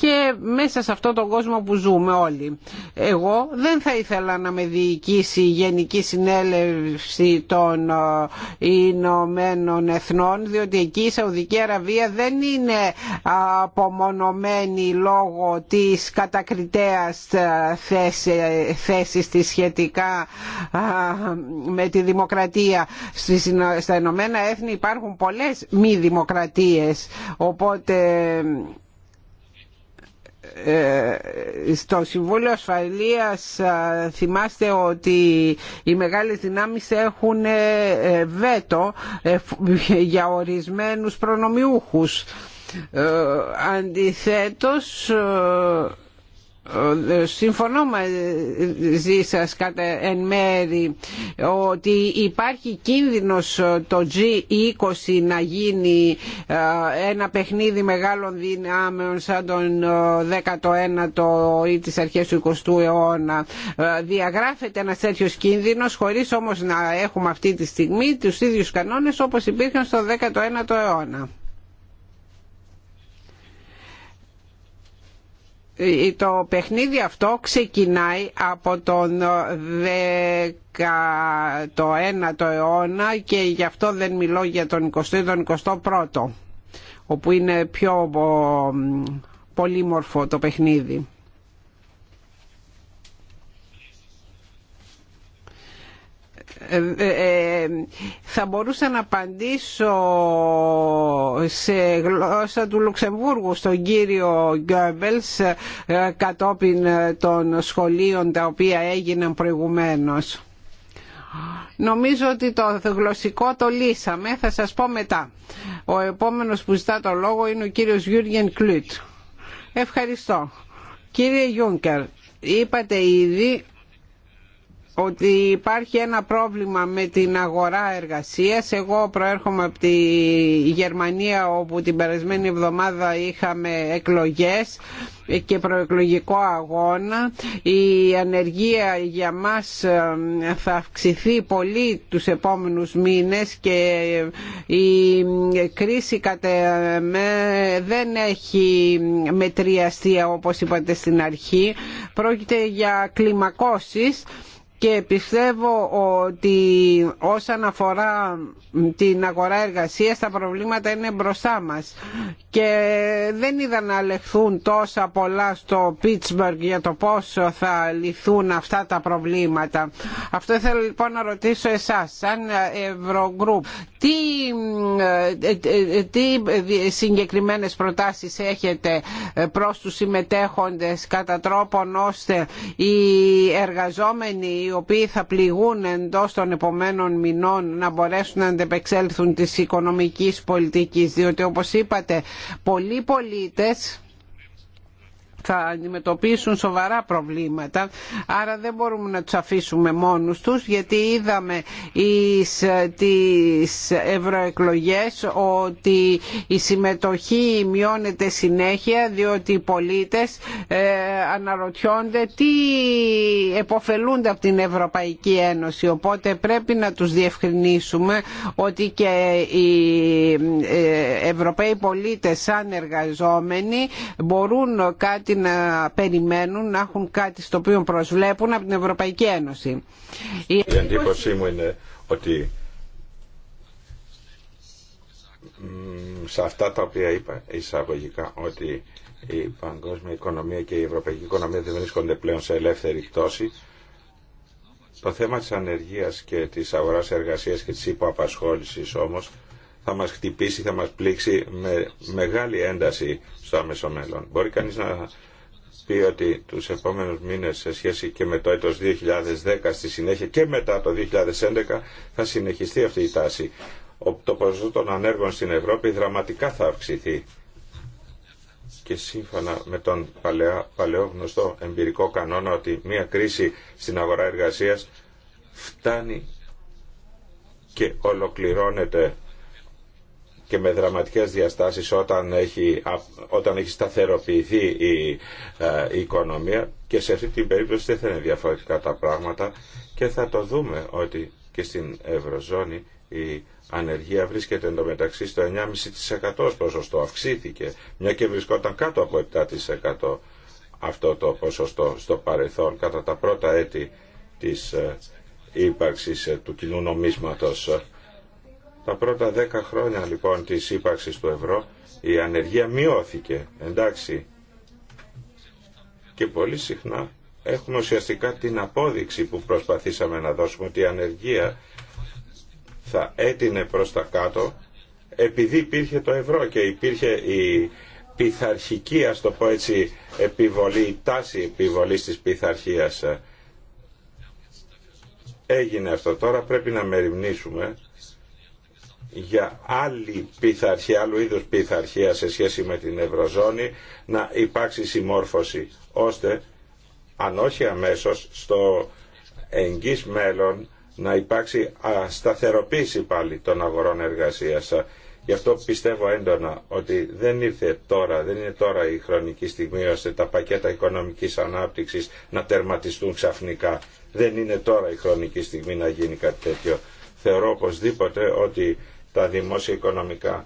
και μέσα σε αυτόν τον κόσμο που ζούμε όλοι. Εγώ δεν θα ήθελα να με διοικήσει η Γενική Συνέλευση των ε, Ηνωμένων Εθνών διότι εκεί η Σαουδική Αραβία δεν είναι απομονωμένη λόγω της κατακριτέας ε, θέσης της σχετικά με τη δημοκρατία. Στα Ηνωμένα Έθνη υπάρχουν πολλές μη δημοκρατίες οπότε ε, στο Συμβούλιο Ασφαλείας ε, θυμάστε ότι οι μεγάλες δυνάμεις έχουν ε, βέτο για ορισμένους προνομιούχους. Αντιθέτως ε, συμφωνώ μαζί σας κατά εν μέρη ότι υπάρχει κίνδυνος το G20 να γίνει ε, ένα παιχνίδι μεγάλων δυνάμεων σαν τον 19ο ε, ή τις αρχές του 20ου αιώνα διαγράφεται ένας τέτοιο κίνδυνος χωρίς όμως να έχουμε αυτή τη στιγμή τους ίδιους κανόνες όπως υπήρχαν στο 19ο αιώνα. Ε, το παιχνίδι αυτό ξεκινάει από τον 19ο ε, αιώνα και γι' αυτό δεν μιλώ για τον 20ο ή τον 21ο, όπου είναι πιο πολύμορφο το παιχνίδι. Ε, ε, ε, θα μπορούσα να απαντήσω σε γλώσσα του Λουξεμβούργου στον κύριο Γκέμπελς κατόπιν των σχολείων τα οποία έγιναν προηγουμένως. Νομίζω ότι το γλωσσικό το λύσαμε, θα σας πω μετά. Ο επόμενος που ζητά το λόγο είναι ο κύριος Γιούργεν Κλούτ. Ευχαριστώ. Κύριε Γιούγκερ, είπατε ήδη ότι υπάρχει ένα πρόβλημα με την αγορά εργασίας. Εγώ προέρχομαι από τη Γερμανία όπου την περασμένη εβδομάδα είχαμε εκλογές και προεκλογικό αγώνα. Η ανεργία για μας ε, θα αυξηθεί πολύ τους επόμενους μήνες και η κρίση κατά δεν έχει μετριαστεί όπως είπατε στην αρχή. Πρόκειται για κλιμακώσεις και πιστεύω ότι όσον αφορά την αγορά εργασίας τα προβλήματα είναι μπροστά μας και δεν είδα να λεχθούν τόσα πολλά στο Πίτσμπεργκ για το πόσο θα λυθούν αυτά τα προβλήματα. Αυτό θέλω λοιπόν να ρωτήσω εσάς σαν Ευρωγκρουπ τι, τι συγκεκριμένες προτάσεις έχετε προς τους συμμετέχοντες κατά τρόπον ώστε οι εργαζόμενοι οι οποίοι θα πληγούν εντός των επομένων μηνών να μπορέσουν να αντεπεξέλθουν της οικονομικής πολιτικής διότι όπως είπατε πολλοί πολίτες θα αντιμετωπίσουν σοβαρά προβλήματα άρα δεν μπορούμε να τους αφήσουμε μόνους τους γιατί είδαμε εις τις ευρωεκλογές ότι η συμμετοχή μειώνεται συνέχεια διότι οι πολίτες ε, αναρωτιόνται τι εποφελούνται από την Ευρωπαϊκή Ένωση οπότε πρέπει να τους διευκρινίσουμε ότι και οι ε, Ευρωπαίοι πολίτες σαν εργαζόμενοι μπορούν κάτι να περιμένουν να έχουν κάτι στο οποίο προσβλέπουν από την Ευρωπαϊκή Ένωση. Η εντύπωσή μου είναι ότι σε αυτά τα οποία είπα εισαγωγικά ότι η παγκόσμια οικονομία και η ευρωπαϊκή οικονομία δεν βρίσκονται πλέον σε ελεύθερη πτώση το θέμα της ανεργίας και της αγοράς εργασίας και της υποαπασχόλησης όμως θα μας χτυπήσει, θα μας πλήξει με μεγάλη ένταση στο άμεσο μέλλον. Μπορεί κανείς να πει ότι τους επόμενους μήνες σε σχέση και με το έτος 2010 στη συνέχεια και μετά το 2011 θα συνεχιστεί αυτή η τάση. Το ποσοστό των ανέργων στην Ευρώπη δραματικά θα αυξηθεί και σύμφωνα με τον παλαιό γνωστό εμπειρικό κανόνα ότι μια κρίση στην αγορά εργασίας φτάνει και ολοκληρώνεται και με δραματικές διαστάσεις όταν έχει, όταν έχει σταθεροποιηθεί ε, η, οικονομία και σε αυτή την περίπτωση δεν θα είναι διαφορετικά τα πράγματα και θα το δούμε ότι και στην Ευρωζώνη η ανεργία βρίσκεται εντωμεταξύ στο 9,5% ως ποσοστό. Αυξήθηκε, μια και βρισκόταν κάτω από 7% αυτό το ποσοστό στο παρελθόν κατά τα πρώτα έτη της ε, ύπαρξης ε, του κοινού νομίσματος. Τα πρώτα δέκα χρόνια λοιπόν της ύπαρξης του ευρώ η ανεργία μειώθηκε, εντάξει. Και πολύ συχνά έχουμε ουσιαστικά την απόδειξη που προσπαθήσαμε να δώσουμε ότι η ανεργία θα έτεινε προς τα κάτω επειδή υπήρχε το ευρώ και υπήρχε η πειθαρχική, ας το πω έτσι, επιβολή, η τάση επιβολής της πειθαρχίας. Έγινε αυτό. Τώρα πρέπει να μεριμνήσουμε για άλλη πειθαρχία, άλλου είδους πειθαρχία σε σχέση με την Ευρωζώνη να υπάρξει συμμόρφωση ώστε αν όχι αμέσως στο εγγύς μέλλον να υπάρξει σταθεροποίηση πάλι των αγορών εργασίας. Γι' αυτό πιστεύω έντονα ότι δεν ήρθε τώρα, δεν είναι τώρα η χρονική στιγμή ώστε τα πακέτα οικονομικής ανάπτυξης να τερματιστούν ξαφνικά. Δεν είναι τώρα η χρονική στιγμή να γίνει κάτι τέτοιο. Θεωρώ οπωσδήποτε ότι τα δημόσια οικονομικά,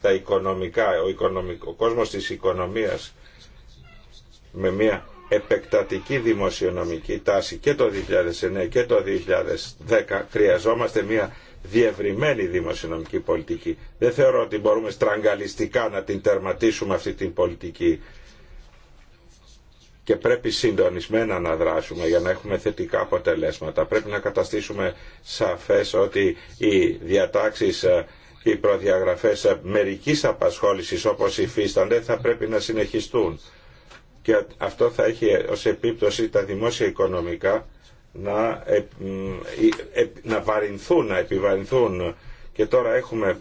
τα οικονομικά, ο, οικονομικός ο κόσμος της οικονομίας με μια επεκτατική δημοσιονομική τάση και το 2009 και το 2010 χρειαζόμαστε μια διευρυμένη δημοσιονομική πολιτική. Δεν θεωρώ ότι μπορούμε στραγγαλιστικά να την τερματίσουμε αυτή την πολιτική και πρέπει συντονισμένα να δράσουμε για να έχουμε θετικά αποτελέσματα. Πρέπει να καταστήσουμε σαφές ότι οι διατάξεις ε, οι προδιαγραφές ε, μερικής απασχόλησης όπως υφίστανται θα πρέπει να συνεχιστούν. Και αυτό θα έχει ως επίπτωση τα δημόσια οικονομικά να, ε, να να επιβαρυνθούν και τώρα έχουμε,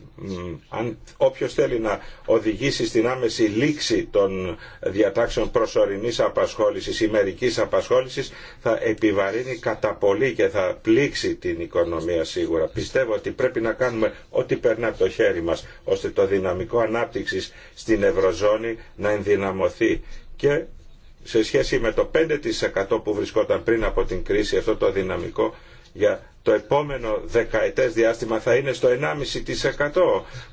αν όποιος θέλει να οδηγήσει στην άμεση λήξη των διατάξεων προσωρινής απασχόλησης ή μερικής απασχόλησης θα επιβαρύνει κατά πολύ και θα πλήξει την οικονομία σίγουρα. Πιστεύω ότι πρέπει να κάνουμε ό,τι περνά από το χέρι μας ώστε το δυναμικό ανάπτυξης στην Ευρωζώνη να ενδυναμωθεί και σε σχέση με το 5% που βρισκόταν πριν από την κρίση αυτό το δυναμικό για το επόμενο δεκαετές διάστημα θα είναι στο 1,5%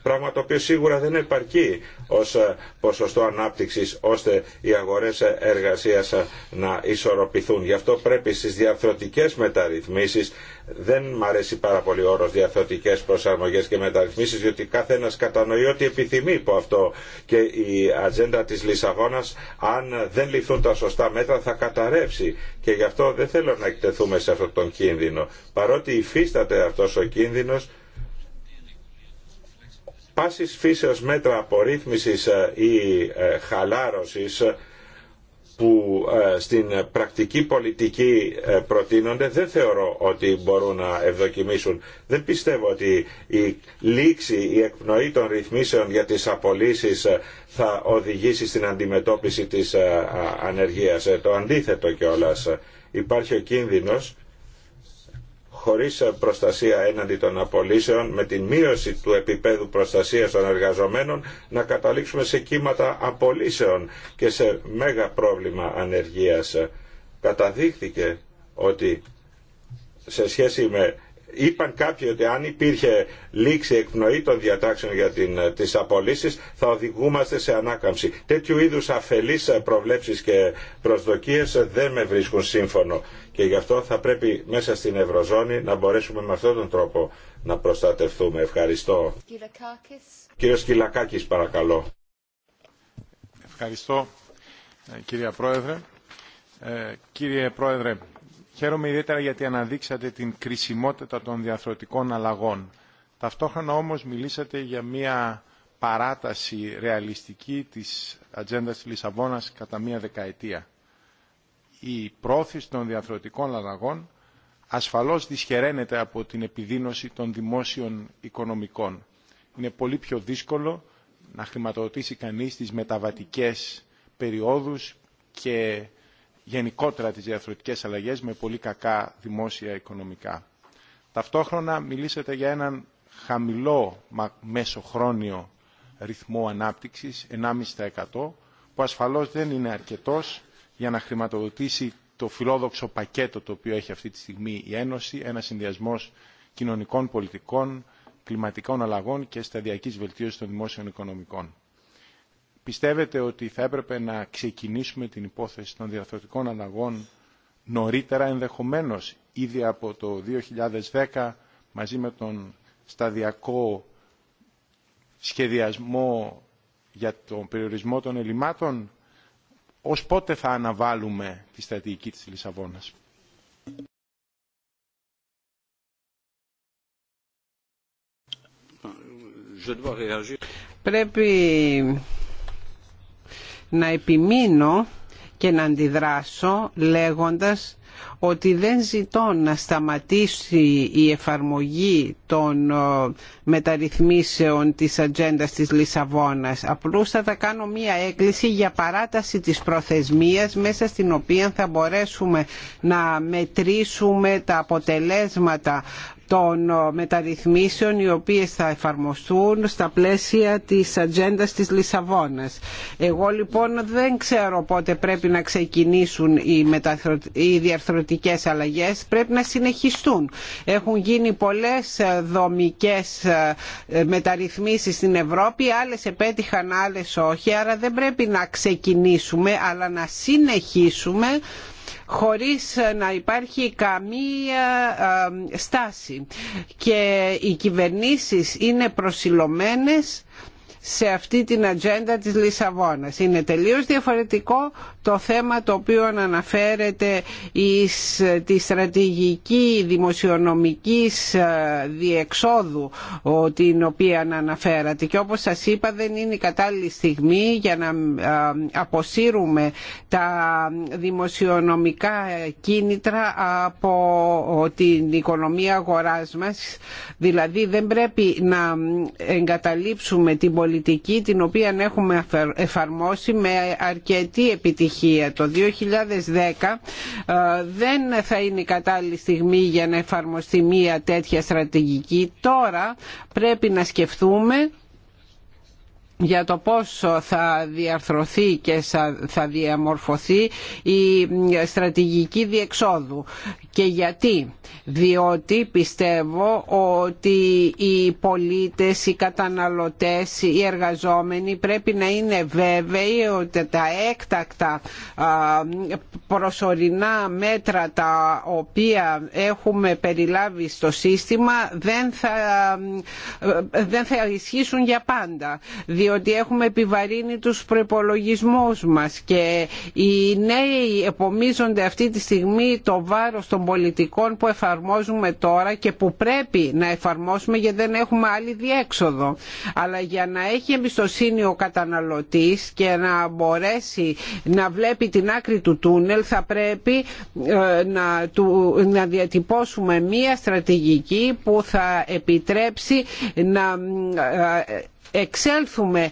πράγμα το οποίο σίγουρα δεν επαρκεί ως ε, ποσοστό ανάπτυξης ώστε οι αγορές εργασίας ε, να ισορροπηθούν. Γι' αυτό πρέπει στις διαφορετικές μεταρρυθμίσεις δεν μ' αρέσει πάρα πολύ ο όρο προσαρμογέ και μεταρρυθμίσει, διότι κάθε ένα κατανοεί ότι επιθυμεί υπό αυτό. Και η ατζέντα τη Λισαβόνα, αν δεν ληφθούν τα σωστά μέτρα, θα καταρρεύσει. Και γι' αυτό δεν θέλω να εκτεθούμε σε αυτόν τον κίνδυνο. Παρότι υφίσταται αυτό ο κίνδυνο, πάσης φύσεως μέτρα απορρίθμισης ε, ή ε, χαλάρωσης που ε, στην πρακτική πολιτική ε, προτείνονται δεν θεωρώ ότι μπορούν να ευδοκιμήσουν. Δεν πιστεύω ότι η λήξη, η εκπνοή των ρυθμίσεων για τις απολύσεις ε, θα οδηγήσει στην αντιμετώπιση της ανεργίας. Το αντίθετο κιόλας. Υπάρχει ο κίνδυνος χωρίς προστασία έναντι των απολύσεων με την μείωση του επίπεδου προστασίας των εργαζομένων να καταλήξουμε σε κύματα απολύσεων και σε μέγα πρόβλημα ανεργίας. Καταδείχθηκε ότι σε σχέση με είπαν κάποιοι ότι αν υπήρχε λήξη εκπνοή των διατάξεων για την, τις απολύσεις θα οδηγούμαστε σε ανάκαμψη. Τέτοιου είδους αφελείς προβλέψεις και προσδοκίες δεν με βρίσκουν σύμφωνο και γι' αυτό θα πρέπει μέσα στην Ευρωζώνη να μπορέσουμε με αυτόν τον τρόπο να προστατευτούμε. Ευχαριστώ. Κύριο Σκυλακάκης παρακαλώ. Ευχαριστώ κύριε Πρόεδρε. Ε, κύριε Πρόεδρε, χαίρομαι ιδιαίτερα γιατί αναδείξατε την κρισιμότητα των διαθροτικών αλλαγών. Ταυτόχρονα όμως μιλήσατε για μια παράταση ρεαλιστική της ατζέντα της Λισαβόνας κατά μία δεκαετία η πρόθεση των διαθροτικών αλλαγών ασφαλώς δυσχεραίνεται από την επιδείνωση των δημόσιων οικονομικών. Είναι πολύ πιο δύσκολο να χρηματοδοτήσει κανείς τις μεταβατικές περιόδους και γενικότερα τις διαθροτικές αλλαγές με πολύ κακά δημόσια οικονομικά. Ταυτόχρονα μιλήσατε για έναν χαμηλό μεσοχρόνιο ρυθμό ανάπτυξης, 1,5% που ασφαλώς δεν είναι αρκετός για να χρηματοδοτήσει το φιλόδοξο πακέτο το οποίο έχει αυτή τη στιγμή η Ένωση, ένα συνδυασμό κοινωνικών πολιτικών, κλιματικών αλλαγών και σταδιακής βελτίωσης των δημόσιων οικονομικών. Πιστεύετε ότι θα έπρεπε να ξεκινήσουμε την υπόθεση των διαρθρωτικών αλλαγών νωρίτερα ενδεχομένως, ήδη από το 2010 μαζί με τον σταδιακό σχεδιασμό για τον περιορισμό των ελλημάτων ως πότε θα αναβάλουμε τη στρατηγική της Λισαβόνας. Πρέπει να επιμείνω και να αντιδράσω λέγοντας ότι δεν ζητώ να σταματήσει η εφαρμογή των ε, μεταρρυθμίσεων της ατζέντα της Λισαβόνας. θα κάνω μία έκκληση για παράταση της προθεσμίας μέσα στην οποία θα μπορέσουμε να μετρήσουμε τα αποτελέσματα των ε, μεταρρυθμίσεων οι οποίες θα εφαρμοστούν στα πλαίσια της ατζέντα της Λισαβόνας. Εγώ λοιπόν δεν ξέρω πότε πρέπει να ξεκινήσουν οι, οι διαρθρωτικές αλλαγές, πρέπει να συνεχιστούν. Έχουν γίνει πολλές ε, δομικές ε, μεταρρυθμίσεις στην Ευρώπη, άλλες επέτυχαν, άλλες όχι, άρα δεν πρέπει να ξεκινήσουμε αλλά να συνεχίσουμε χωρίς να υπάρχει καμία στάση και οι κυβερνήσεις είναι προσιλωμένες σε αυτή την ατζέντα της Λισαβόνας. Είναι τελείως διαφορετικό το θέμα το οποίο αναφέρεται εις ε, τη στρατηγική δημοσιονομικής ε, διεξόδου την οποία αναφέρατε και όπως σας είπα δεν είναι η κατάλληλη στιγμή για να ε, αποσύρουμε τα δημοσιονομικά κίνητρα από την οικονομία αγοράς μας δηλαδή δεν πρέπει να εγκαταλείψουμε την πολιτική πολιτική την οποία έχουμε εφαρμόσει με αρκετή επιτυχία. Το 2010 ε, δεν θα είναι η κατάλληλη στιγμή για να εφαρμοστεί μία τέτοια στρατηγική. Τώρα πρέπει να σκεφτούμε για το πώς θα διαρθρωθεί και θα διαμορφωθεί η στρατηγική διεξόδου. Και γιατί. Διότι πιστεύω ότι οι πολίτες, οι καταναλωτές, οι εργαζόμενοι πρέπει να είναι βέβαιοι ότι τα έκτακτα προσωρινά μέτρα τα οποία έχουμε περιλάβει στο σύστημα δεν θα, δεν θα ισχύσουν για πάντα ότι έχουμε επιβαρύνει τους προπολογισμούς μας και οι νέοι επομίζονται αυτή τη στιγμή το βάρος των πολιτικών που εφαρμόζουμε τώρα και που πρέπει να εφαρμόσουμε γιατί δεν έχουμε άλλη διέξοδο. Αλλά για να έχει εμπιστοσύνη ο καταναλωτής και να μπορέσει να βλέπει την άκρη του τούνελ θα πρέπει ε, να, να διατυπώσουμε μία στρατηγική που θα επιτρέψει να ε, εξέλθουμε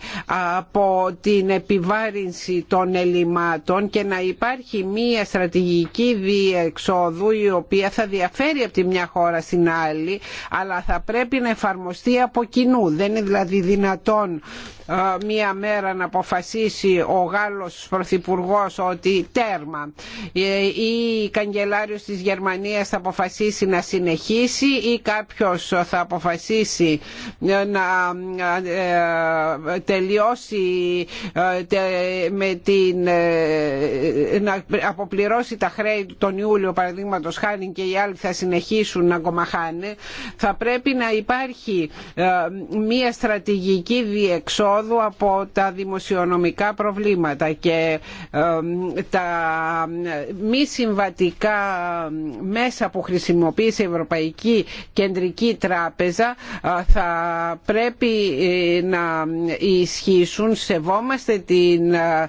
από την επιβάρυνση των ελλημάτων και να υπάρχει μία στρατηγική διεξόδου η οποία θα διαφέρει από τη μια χώρα στην άλλη αλλά θα πρέπει να εφαρμοστεί από κοινού. Δεν είναι δηλαδή δυνατόν ε, μία μέρα να αποφασίσει ο Γάλλος Πρωθυπουργός ότι τέρμα ε, ή η καγκελάριος της Γερμανίας θα αποφασίσει να συνεχίσει ή κάποιος θα αποφασίσει ε, να τελειώσει με την, να αποπληρώσει τα χρέη τον Ιούλιο παραδείγματος χάνει και οι άλλοι θα συνεχίσουν να κομμαχάνε θα πρέπει να υπάρχει μία στρατηγική διεξόδου από τα δημοσιονομικά προβλήματα και τα μη συμβατικά μέσα που χρησιμοποίησε η Ευρωπαϊκή Κεντρική Τράπεζα θα πρέπει ε, να ισχύσουν. Σεβόμαστε την ε,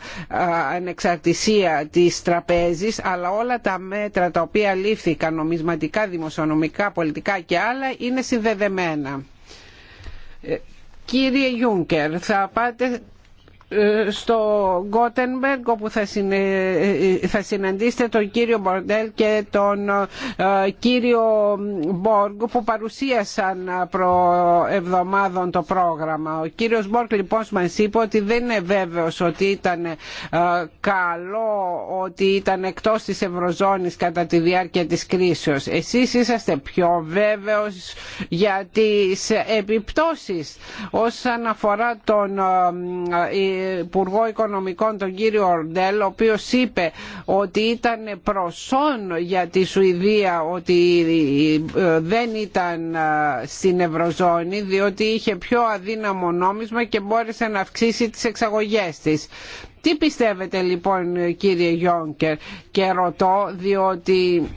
ανεξαρτησία της τραπέζης αλλά όλα τα μέτρα τα οποία λήφθηκαν νομισματικά, δημοσιονομικά, πολιτικά και άλλα είναι συνδεδεμένα ε, Κύριε Γιούγκερ, θα πάτε ε, στο Γκότενμπεργκ όπου ε, θα συναντήσετε τον κύριο Μπορντέλ και τον ε, κύριο Μπόργκ που παρουσίασαν προεβδομάδων εβδομάδων το πρόγραμμα. Ο κύριος Μπόργκ λοιπόν μας είπε ότι δεν είναι βέβαιος ότι ήταν καλό ότι ήταν εκτός της Ευρωζώνης κατά τη διάρκεια της κρίσεως. Εσείς είσαστε πιο βέβαιος για τις επιπτώσεις όσον αφορά τον Υπουργό Οικονομικών τον κύριο Ορντέλ ο οποίος είπε ότι ήταν προσόν για τη Σουηδία ότι ε, δεν ήταν ε, στην Ευρωζώνη διότι είχε πιο αδύναμο νόμισμα και μπόρεσε να αυξήσει τις εξαγωγές της. Τι πιστεύετε λοιπόν κύριε Γιόνκερ και ρωτώ διότι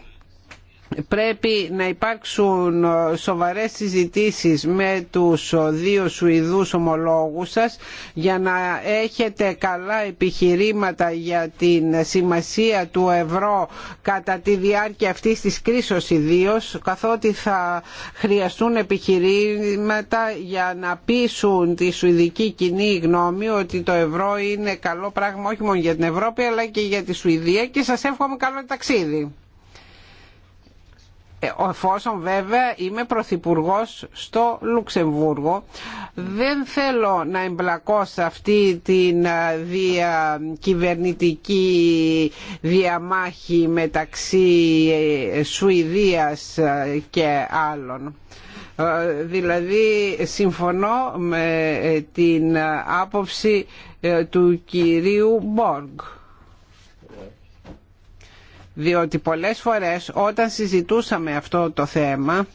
πρέπει να υπάρξουν ε, σοβαρές συζητήσεις με τους ε, δύο Σουηδούς ομολόγους σας για να έχετε καλά επιχειρήματα για την σημασία του ευρώ κατά τη διάρκεια αυτής της κρίσης ιδίω, καθότι θα χρειαστούν επιχειρήματα για να πείσουν τη Σουηδική κοινή γνώμη ότι το ευρώ είναι καλό πράγμα όχι μόνο για την Ευρώπη αλλά και για τη Σουηδία και σας εύχομαι καλό ταξίδι. Ε, εφόσον βέβαια είμαι Πρωθυπουργό στο Λουξεμβούργο. Δεν θέλω να εμπλακώ σε αυτή την ε, διακυβερνητική διαμάχη μεταξύ ε, Σουηδίας και άλλων δηλαδή συμφωνώ με την άποψη του κυρίου Μπόργκ διότι πολλές φορές όταν συζητούσαμε αυτό το θέμα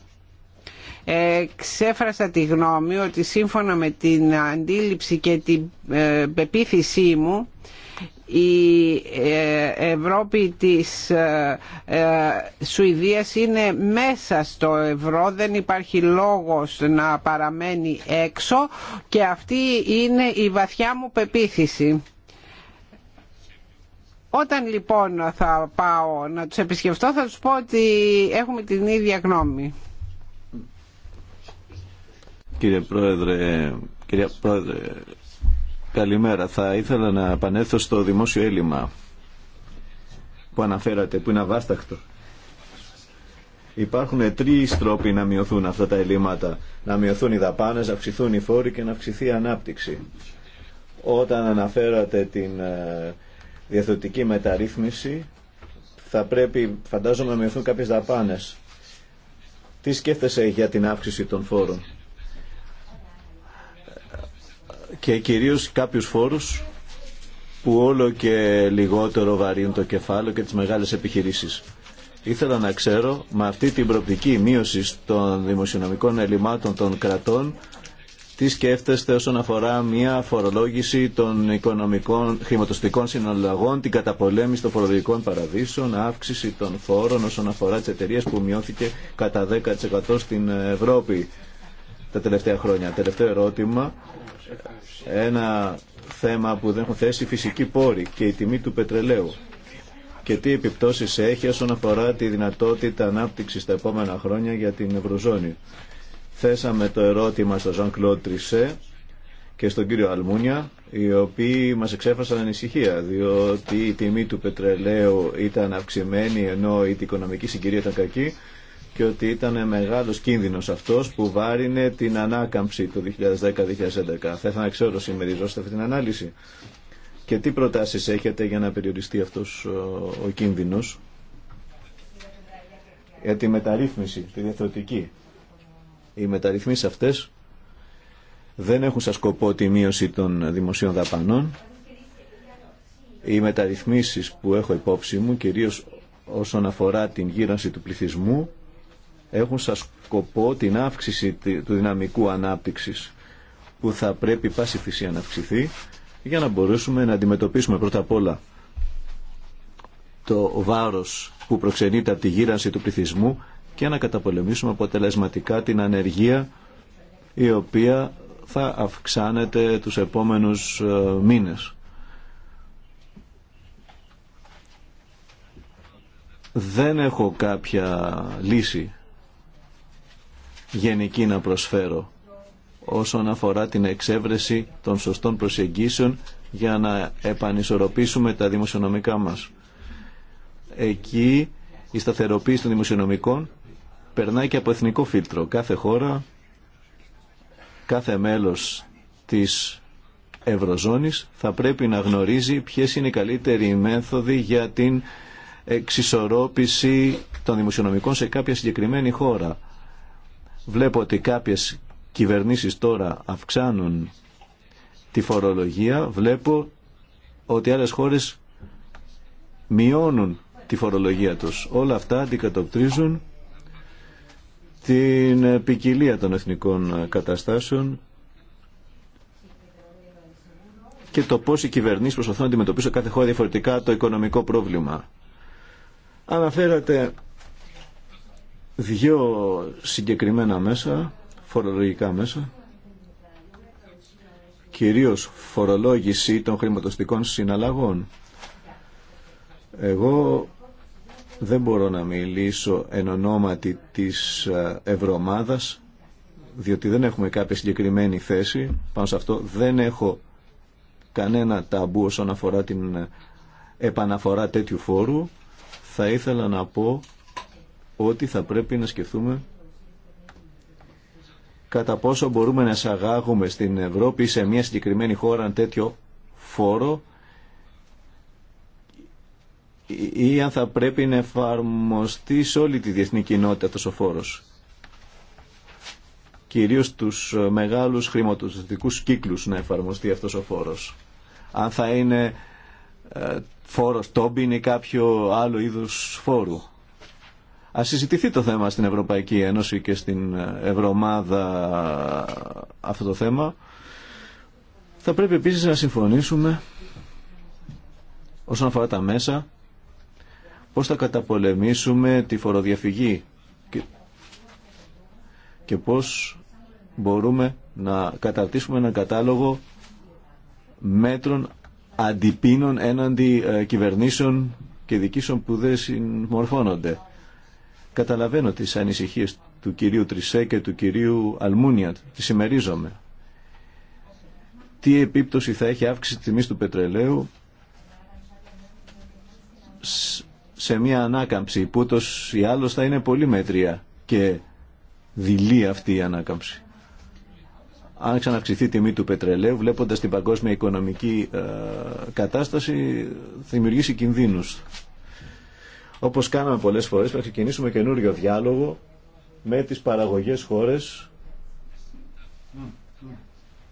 ε, ξέφρασα τη γνώμη ότι σύμφωνα με την αντίληψη και την ε, πεποίθησή μου η ε, Ευρώπη της Σουηδίας είναι μέσα στο ευρώ, δεν υπάρχει λόγος να παραμένει έξω και αυτή είναι η βαθιά μου πεποίθηση. Όταν λοιπόν θα πάω να τους επισκεφτώ θα τους πω ότι έχουμε την ίδια γνώμη. Κύριε Πρόεδρε, κυρία Πρόεδρε, καλημέρα. Θα ήθελα να επανέλθω στο δημόσιο έλλειμμα που αναφέρατε, που είναι αβάσταχτο. Υπάρχουν τρει τρόποι να μειωθούν αυτά τα ελλείμματα. Να μειωθούν οι δαπάνες, να αυξηθούν οι φόροι και να αυξηθεί η ανάπτυξη. Όταν αναφέρατε την ε, διαθετική μεταρρύθμιση θα πρέπει φαντάζομαι να μειωθούν κάποιες δαπάνες. Τι σκέφτεσαι για την αύξηση των φόρων και κυρίως κάποιους φόρους που όλο και λιγότερο βαρύνουν το κεφάλαιο και τις μεγάλες επιχειρήσεις. Ήθελα να ξέρω με αυτή την προοπτική μείωση των δημοσιονομικών ελλημάτων των κρατών τι σκέφτεστε όσον αφορά μια φορολόγηση των οικονομικών χρηματοστικών συναλλαγών, την καταπολέμηση των φορολογικών παραδείσων, αύξηση των φόρων όσον αφορά τι εταιρείε που μειώθηκε κατά 10% στην Ευρώπη τα τελευταία χρόνια. Τελευταίο ερώτημα. Ένα θέμα που δεν έχουν θέσει φυσική πόρη και η τιμή του πετρελαίου. Και τι επιπτώσεις έχει όσον αφορά τη δυνατότητα ανάπτυξης τα επόμενα χρόνια για την Ευρωζώνη θέσαμε το ερώτημα στον Ζαν Κλοντ Τρισέ και στον κύριο Αλμούνια, οι οποίοι μας εξέφρασαν ανησυχία, διότι η τιμή του πετρελαίου ήταν αυξημένη, ενώ η οικονομική συγκυρία ήταν κακή και ότι ήταν μεγάλος κίνδυνος αυτός που βάρινε την ανάκαμψη του 2010-2011. Θα ήθελα να ξέρω συμμεριζόστε αυτή την ανάλυση. Και τι προτάσεις έχετε για να περιοριστεί αυτός ο, ο κίνδυνος για τη μεταρρύθμιση, τη διαθεωτική οι μεταρρυθμίσεις αυτές δεν έχουν σαν σκοπό τη μείωση των δημοσίων δαπανών. Οι μεταρρυθμίσεις που έχω υπόψη μου, κυρίως όσον αφορά την γύρανση του πληθυσμού, έχουν σαν σκοπό την αύξηση του δυναμικού ανάπτυξης που θα πρέπει πάση θυσία να αυξηθεί για να μπορέσουμε να αντιμετωπίσουμε πρώτα απ' όλα το βάρος που προξενείται από τη γύρανση του πληθυσμού και να καταπολεμήσουμε αποτελεσματικά την ανεργία η οποία θα αυξάνεται τους επόμενους ε, μήνες. Δεν έχω κάποια λύση γενική να προσφέρω όσον αφορά την εξέβρεση των σωστών προσεγγίσεων για να επανισορροπήσουμε τα δημοσιονομικά μας. Εκεί η σταθεροποίηση των δημοσιονομικών περνάει και από εθνικό φίλτρο. Κάθε χώρα, κάθε μέλος της Ευρωζώνης θα πρέπει να γνωρίζει ποιες είναι οι καλύτεροι μέθοδοι για την εξισορρόπηση των δημοσιονομικών σε κάποια συγκεκριμένη χώρα. Βλέπω ότι κάποιες κυβερνήσεις τώρα αυξάνουν τη φορολογία. Βλέπω ότι άλλες χώρες μειώνουν τη φορολογία τους. Όλα αυτά αντικατοπτρίζουν την ποικιλία των εθνικών καταστάσεων και το πώς οι κυβερνήσεις προσπαθούν να αντιμετωπίσουν κάθε χώρα διαφορετικά το οικονομικό πρόβλημα. Αναφέρατε δύο συγκεκριμένα μέσα, φορολογικά μέσα, κυρίως φορολόγηση των χρηματοστικών συναλλαγών. Εγώ δεν μπορώ να μιλήσω εν ονόματι της ε, ευρωμάδας, διότι δεν έχουμε κάποια συγκεκριμένη θέση πάνω σε αυτό. Δεν έχω κανένα ταμπού όσον αφορά την ε, επαναφορά τέτοιου φόρου. Θα ήθελα να πω ότι θα πρέπει να σκεφτούμε κατά πόσο μπορούμε να εισαγάγουμε στην Ευρώπη σε μια συγκεκριμένη χώρα τέτοιο φόρο ή αν θα πρέπει να εφαρμοστεί σε όλη τη διεθνή κοινότητα ο φόρος. Κυρίως τους ε, μεγάλους χρηματοδοτικούς κύκλους να εφαρμοστεί αυτός ο φόρος. Αν θα είναι ε, φόρος τόμπιν ή κάποιο άλλο είδους φόρου. Ας συζητηθεί το θέμα στην Ευρωπαϊκή Ένωση και στην ε, Ευρωμάδα αυτό το θέμα. Θα πρέπει επίσης να συμφωνήσουμε όσον αφορά τα μέσα πώς θα καταπολεμήσουμε τη φοροδιαφυγή και, και πώς μπορούμε να καταρτήσουμε έναν κατάλογο μέτρων αντιπίνων έναντι ε, κυβερνήσεων και δικήσεων που δεν συμμορφώνονται. Καταλαβαίνω τις ανησυχίες του κυρίου Τρισέ και του κυρίου Αλμούνια, τις συμμερίζομαι. Τι επίπτωση θα έχει αύξηση τιμής του πετρελαίου σε μια ανάκαμψη που ούτως ή άλλως θα είναι πολύ μέτρια και δειλή αυτή η ανάκαμψη. Αν ξαναυξηθεί η τιμή του πετρελαίου, βλέποντας την παγκόσμια οικονομική ε, κατάσταση, θα δημιουργήσει κινδύνους. Όπως κάναμε πολλές οικονομικη κατασταση θα ξεκινήσουμε καινούριο διάλογο με τις παραγωγές χώρες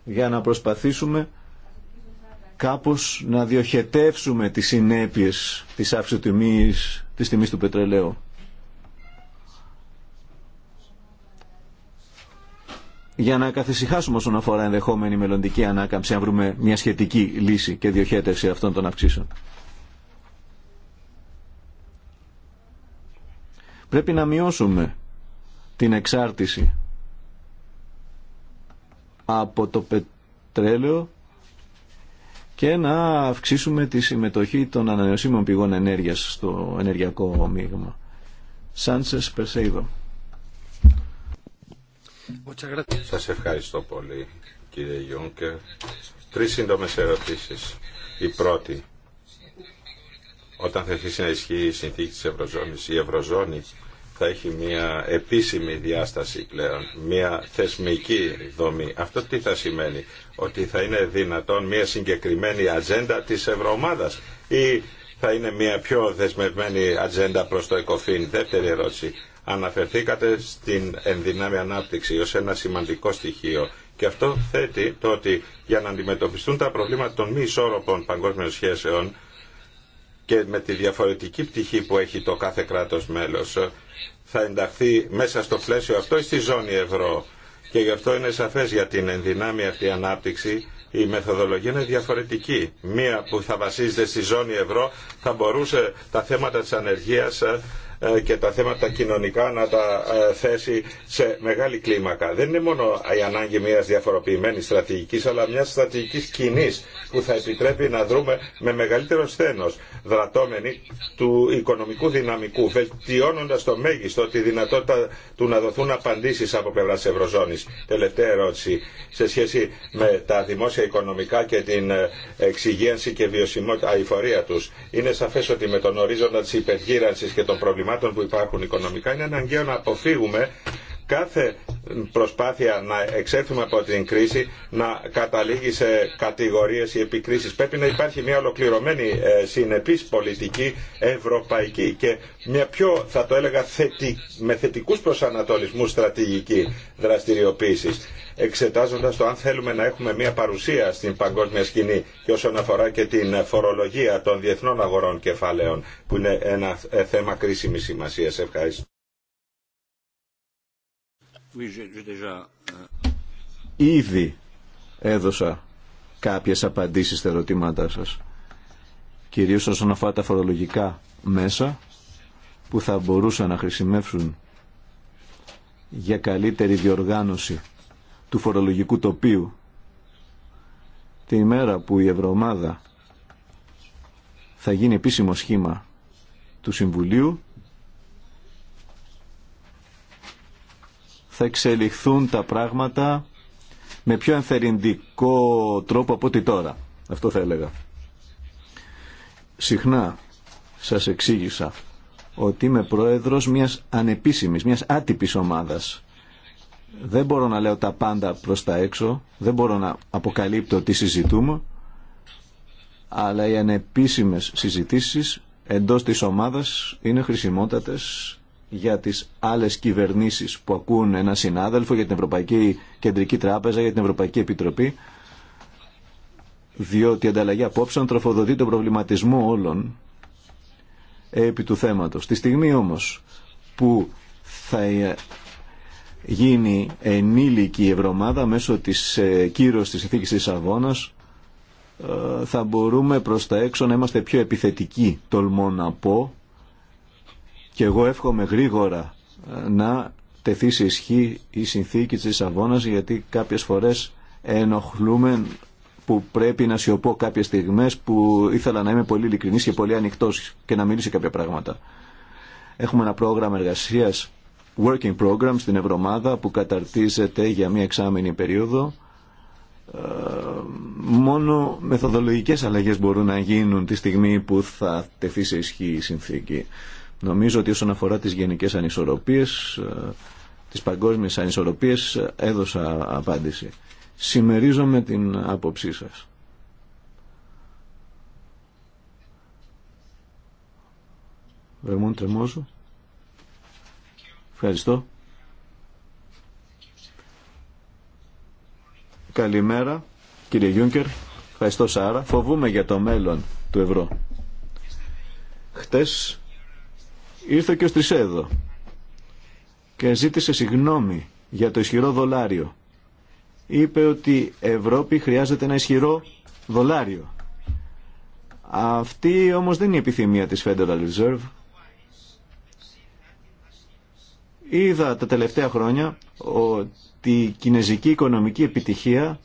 για να προσπαθήσουμε κάπως να διοχετεύσουμε τις συνέπειες της αυξοτιμής, της τιμής του πετρελαίου. Για να καθησυχάσουμε όσον αφορά ενδεχόμενη μελλοντική ανάκαμψη, αν βρούμε μια σχετική λύση και διοχέτευση αυτών των αυξήσεων. Πρέπει να μειώσουμε την εξάρτηση από το πετρέλαιο και να αυξήσουμε τη συμμετοχή των ανανεωσίμων πηγών ενέργειας στο ενεργειακό μείγμα. Σάντσες Περσέιδο. Σας ευχαριστώ πολύ κύριε Γιούνκερ. Τρεις σύντομες ερωτήσεις. Η πρώτη, όταν θα αρχίσει να ισχύει η συνθήκη της Ευρωζώνης, η Ευρωζώνη θα έχει μια επίσημη διάσταση πλέον, μια θεσμική δομή. Αυτό τι θα σημαίνει, ότι θα είναι δυνατόν μια συγκεκριμένη ατζέντα της Ευρωομάδας ή θα είναι μια πιο δεσμευμένη ατζέντα προς το ΕΚΟΦΗΝ. Δεύτερη ερώτηση. Αναφερθήκατε στην ενδυνάμει ανάπτυξη ως ένα σημαντικό στοιχείο και αυτό θέτει το ότι για να αντιμετωπιστούν τα προβλήματα των μη ισόρροπων παγκόσμιων σχέσεων και με τη διαφορετική πτυχή που έχει το κάθε κράτος μέλος ε, θα ενταχθεί μέσα στο πλαίσιο αυτό στη ζώνη ευρώ. Και γι' αυτό είναι σαφές για την ενδυνάμει αυτή ανάπτυξη η μεθοδολογία είναι διαφορετική. Μία που θα βασίζεται στη ζώνη ευρώ θα μπορούσε τα θέματα της ανεργίας ε, ε, και τα θέματα κοινωνικά να τα ε, θέσει σε μεγάλη κλίμακα. Δεν είναι μόνο η ανάγκη μιας διαφοροποιημένης στρατηγικής, αλλά μιας στρατηγικής κοινή που θα επιτρέπει να δρούμε με μεγαλύτερο σθένος, δρατώμενοι του οικονομικού δυναμικού, βελτιώνοντας το μέγιστο τη δυνατότητα του να δοθούν απαντήσεις από τη Ευρωζώνης. Τελευταία ερώτηση σε σχέση με τα δημόσια οικονομικά και την ε, εξυγίανση και βιωσιμότητα αηφορία του, Είναι σαφές ότι με τον ορίζοντα της υπεργύρανσης και των προβλημάτων προβλημάτων που υπάρχουν οικονομικά είναι αναγκαίο να αποφύγουμε κάθε προσπάθεια να εξέλθουμε από την κρίση να καταλήγει σε κατηγορίες ή επικρίσεις. Πρέπει να υπάρχει μια ολοκληρωμένη ε, συνεπής πολιτική ευρωπαϊκή και μια πιο θα το έλεγα με θετικούς προσανατολισμούς στρατηγική δραστηριοποίηση, εξετάζοντας το αν θέλουμε να έχουμε μια παρουσία στην παγκόσμια σκηνή και όσον αφορά και την φορολογία των διεθνών αγορών κεφαλαίων που είναι ένα ε, θέμα κρίσιμης σημασίας. Ευχαριστώ. Euh, Ήδη έδωσα κάποιες απαντήσεις στα ερωτήματά σας. Κυρίως όσον αφορά τα φορολογικά μέσα που θα μπορούσαν να χρησιμεύσουν για καλύτερη διοργάνωση του φορολογικού τοπίου την ημέρα που η Ευρωομάδα θα γίνει επίσημο σχήμα του Συμβουλίου θα εξελιχθούν τα πράγματα με πιο ενθεριντικό τρόπο από ό,τι τώρα. Αυτό θα έλεγα. Συχνά σας εξήγησα ότι είμαι πρόεδρος μιας ανεπίσημης, μιας άτυπης ομάδας. Δεν μπορώ να λέω τα πάντα προς τα έξω, δεν μπορώ να αποκαλύπτω τι συζητούμε, αλλά οι ανεπίσημες συζητήσεις εντός της ομάδας είναι χρησιμότατες για τις άλλες κυβερνήσεις που ακούν ένα συνάδελφο για την Ευρωπαϊκή Κεντρική Τράπεζα, για την Ευρωπαϊκή Επιτροπή διότι η ανταλλαγή απόψεων τροφοδοτεί τον προβληματισμό όλων επί του θέματος. Τη στιγμή όμως που θα γίνει ενήλικη η Ευρωμάδα μέσω της ε, κύρωσης της ηθίκης της Αβώνας ε, θα μπορούμε προς τα έξω να είμαστε πιο επιθετικοί, τολμώ να πω, και εγώ εύχομαι γρήγορα ε, να τεθεί σε ισχύ η συνθήκη της Λισαβόνας γιατί κάποιες φορές ενοχλούμε που πρέπει να σιωπώ κάποιες στιγμές που ήθελα να είμαι πολύ ειλικρινής και πολύ ανοιχτός και να μιλήσει κάποια πράγματα. Έχουμε ένα πρόγραμμα εργασίας working program στην Ευρωμάδα που καταρτίζεται για μία εξάμεινη περίοδο. Ε, μόνο μεθοδολογικές αλλαγές μπορούν να γίνουν τη στιγμή που θα τεθεί σε ισχύ η συνθήκη. Νομίζω ότι όσον αφορά τις γενικές ανισορροπίες, ε, τις παγκόσμιες ανισορροπίες, ε, έδωσα απάντηση. Συμμερίζομαι την άποψή σας. Ρεμόν Τρεμόζο. Ευχαριστώ. Καλημέρα, κύριε Γιούνκερ. Ευχαριστώ, Σάρα. Φοβούμε για το μέλλον του ευρώ. Χτες ήρθε και ο Στρισέδο και ζήτησε συγγνώμη για το ισχυρό δολάριο. Είπε ότι Ευρώπη χρειάζεται ένα ισχυρό δολάριο. Αυτή όμως δεν είναι η επιθυμία της Federal Reserve. Είδα τα τελευταία χρόνια ότι η κινέζικη οικονομική επιτυχία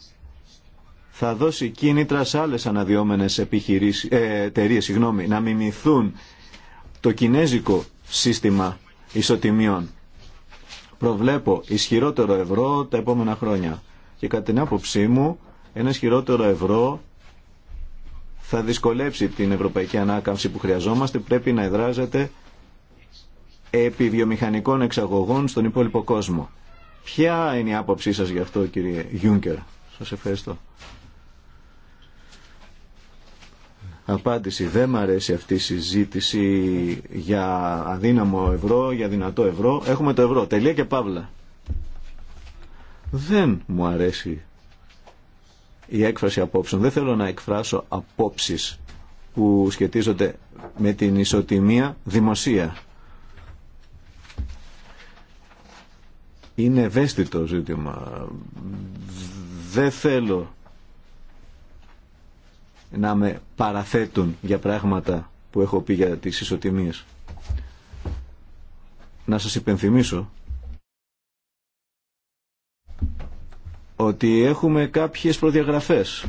θα δώσει κίνητρα σε άλλες αναδυόμενες επιχειρήσεις, ε, εταιρείες συγγνώμη, να μιμηθούν το κινέζικο σύστημα ισοτιμίων. Προβλέπω ισχυρότερο ευρώ τα επόμενα χρόνια. Και κατά την άποψή μου, ένα ισχυρότερο ευρώ θα δυσκολέψει την ευρωπαϊκή ανάκαμψη που χρειαζόμαστε. Πρέπει να εδράζεται επί βιομηχανικών εξαγωγών στον υπόλοιπο κόσμο. Ποια είναι η άποψή σας γι' αυτό κύριε Γιούνκερ. Σας ευχαριστώ. Απάντηση. Δεν μ' αρέσει αυτή η συζήτηση για αδύναμο ευρώ, για δυνατό ευρώ. Έχουμε το ευρώ. Τελεία και παύλα. Δεν μου αρέσει η έκφραση απόψεων. Δεν θέλω να εκφράσω απόψεις που σχετίζονται με την ισοτιμία δημοσία. Είναι ευαίσθητο ζήτημα. Δεν θέλω να με παραθέτουν για πράγματα που έχω πει για τις ισοτιμίες. Να σας υπενθυμίσω ότι έχουμε κάποιες προδιαγραφές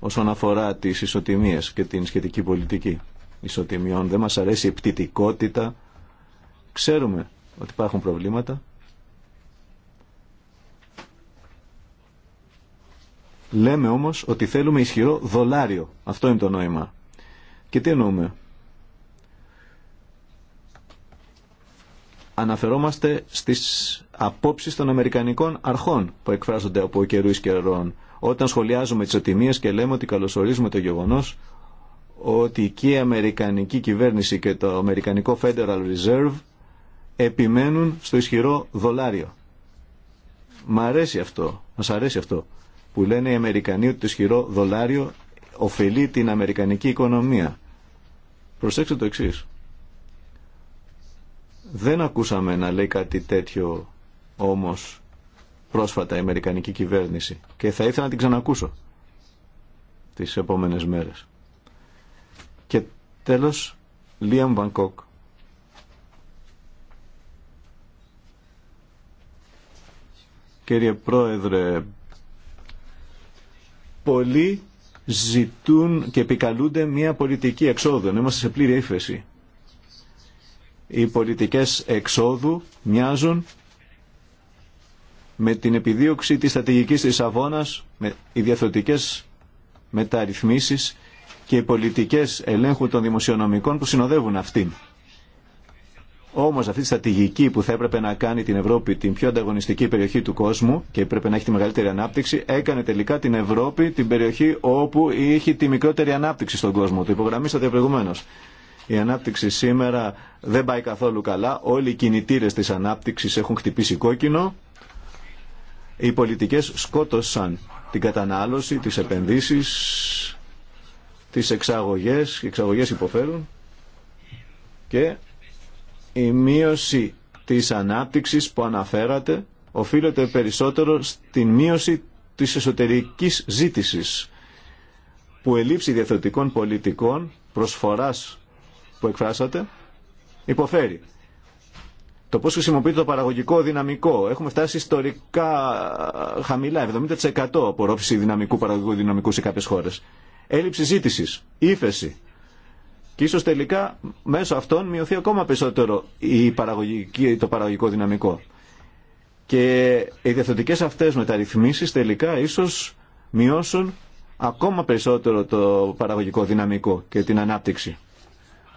όσον αφορά τις ισοτιμίες και την σχετική πολιτική ισοτιμιών. Δεν μας αρέσει η πτυτικότητα. Ξέρουμε ότι υπάρχουν προβλήματα. Λέμε όμως ότι θέλουμε ισχυρό δολάριο. Αυτό είναι το νόημα. Και τι εννοούμε. Αναφερόμαστε στις απόψεις των Αμερικανικών αρχών που εκφράζονται από καιρούς καιρών. Όταν σχολιάζουμε τις οτιμίες και λέμε ότι καλωσορίζουμε το γεγονός ότι και η Αμερικανική κυβέρνηση και το Αμερικανικό Federal Reserve επιμένουν στο ισχυρό δολάριο. Μ' αρέσει αυτό. Μας αρέσει αυτό που λένε οι Αμερικανοί ότι το ισχυρό δολάριο ωφελεί την Αμερικανική οικονομία. Προσέξτε το εξής. Δεν ακούσαμε να λέει κάτι τέτοιο όμως πρόσφατα η Αμερικανική κυβέρνηση και θα ήθελα να την ξανακούσω τις επόμενες μέρες. Και τέλος, Λίαμ Βανκόκ. Κύριε Πρόεδρε, πολλοί ζητούν και επικαλούνται μια πολιτική εξόδου. Είμαστε σε πλήρη ύφεση. Οι πολιτικές εξόδου μοιάζουν με την επιδίωξη της στρατηγικής της Αβώνας, με οι διαφορετικέ μεταρρυθμίσεις και οι πολιτικές ελέγχου των δημοσιονομικών που συνοδεύουν αυτήν. Όμω αυτή η στρατηγική που θα έπρεπε να κάνει την Ευρώπη την πιο ανταγωνιστική περιοχή του κόσμου και έπρεπε να έχει τη μεγαλύτερη ανάπτυξη, έκανε τελικά την Ευρώπη την περιοχή όπου είχε τη μικρότερη ανάπτυξη στον κόσμο. Το υπογραμμίσατε προηγουμένω. Η ανάπτυξη σήμερα δεν πάει καθόλου καλά. Όλοι οι κινητήρε τη ανάπτυξη έχουν χτυπήσει κόκκινο. Οι πολιτικέ σκότωσαν την κατανάλωση, τι επενδύσει, τι εξαγωγέ. Οι εξαγωγέ υποφέρουν. Και η μείωση της ανάπτυξης που αναφέρατε οφείλεται περισσότερο στην μείωση της εσωτερικής ζήτησης που ελήψη διαθετικών πολιτικών προσφοράς που εκφράσατε υποφέρει. Το πώς χρησιμοποιείται το παραγωγικό δυναμικό. Έχουμε φτάσει ιστορικά χαμηλά, 70% απορρόφηση δυναμικού παραγωγικού δυναμικού σε κάποιες χώρες. Έλλειψη ζήτησης, ύφεση, και ίσω τελικά μέσω αυτών μειωθεί ακόμα περισσότερο η παραγωγική, το παραγωγικό δυναμικό. Και οι διαθετικέ αυτέ μεταρρυθμίσει, τελικά ίσω μειώσουν ακόμα περισσότερο το παραγωγικό δυναμικό και την ανάπτυξη.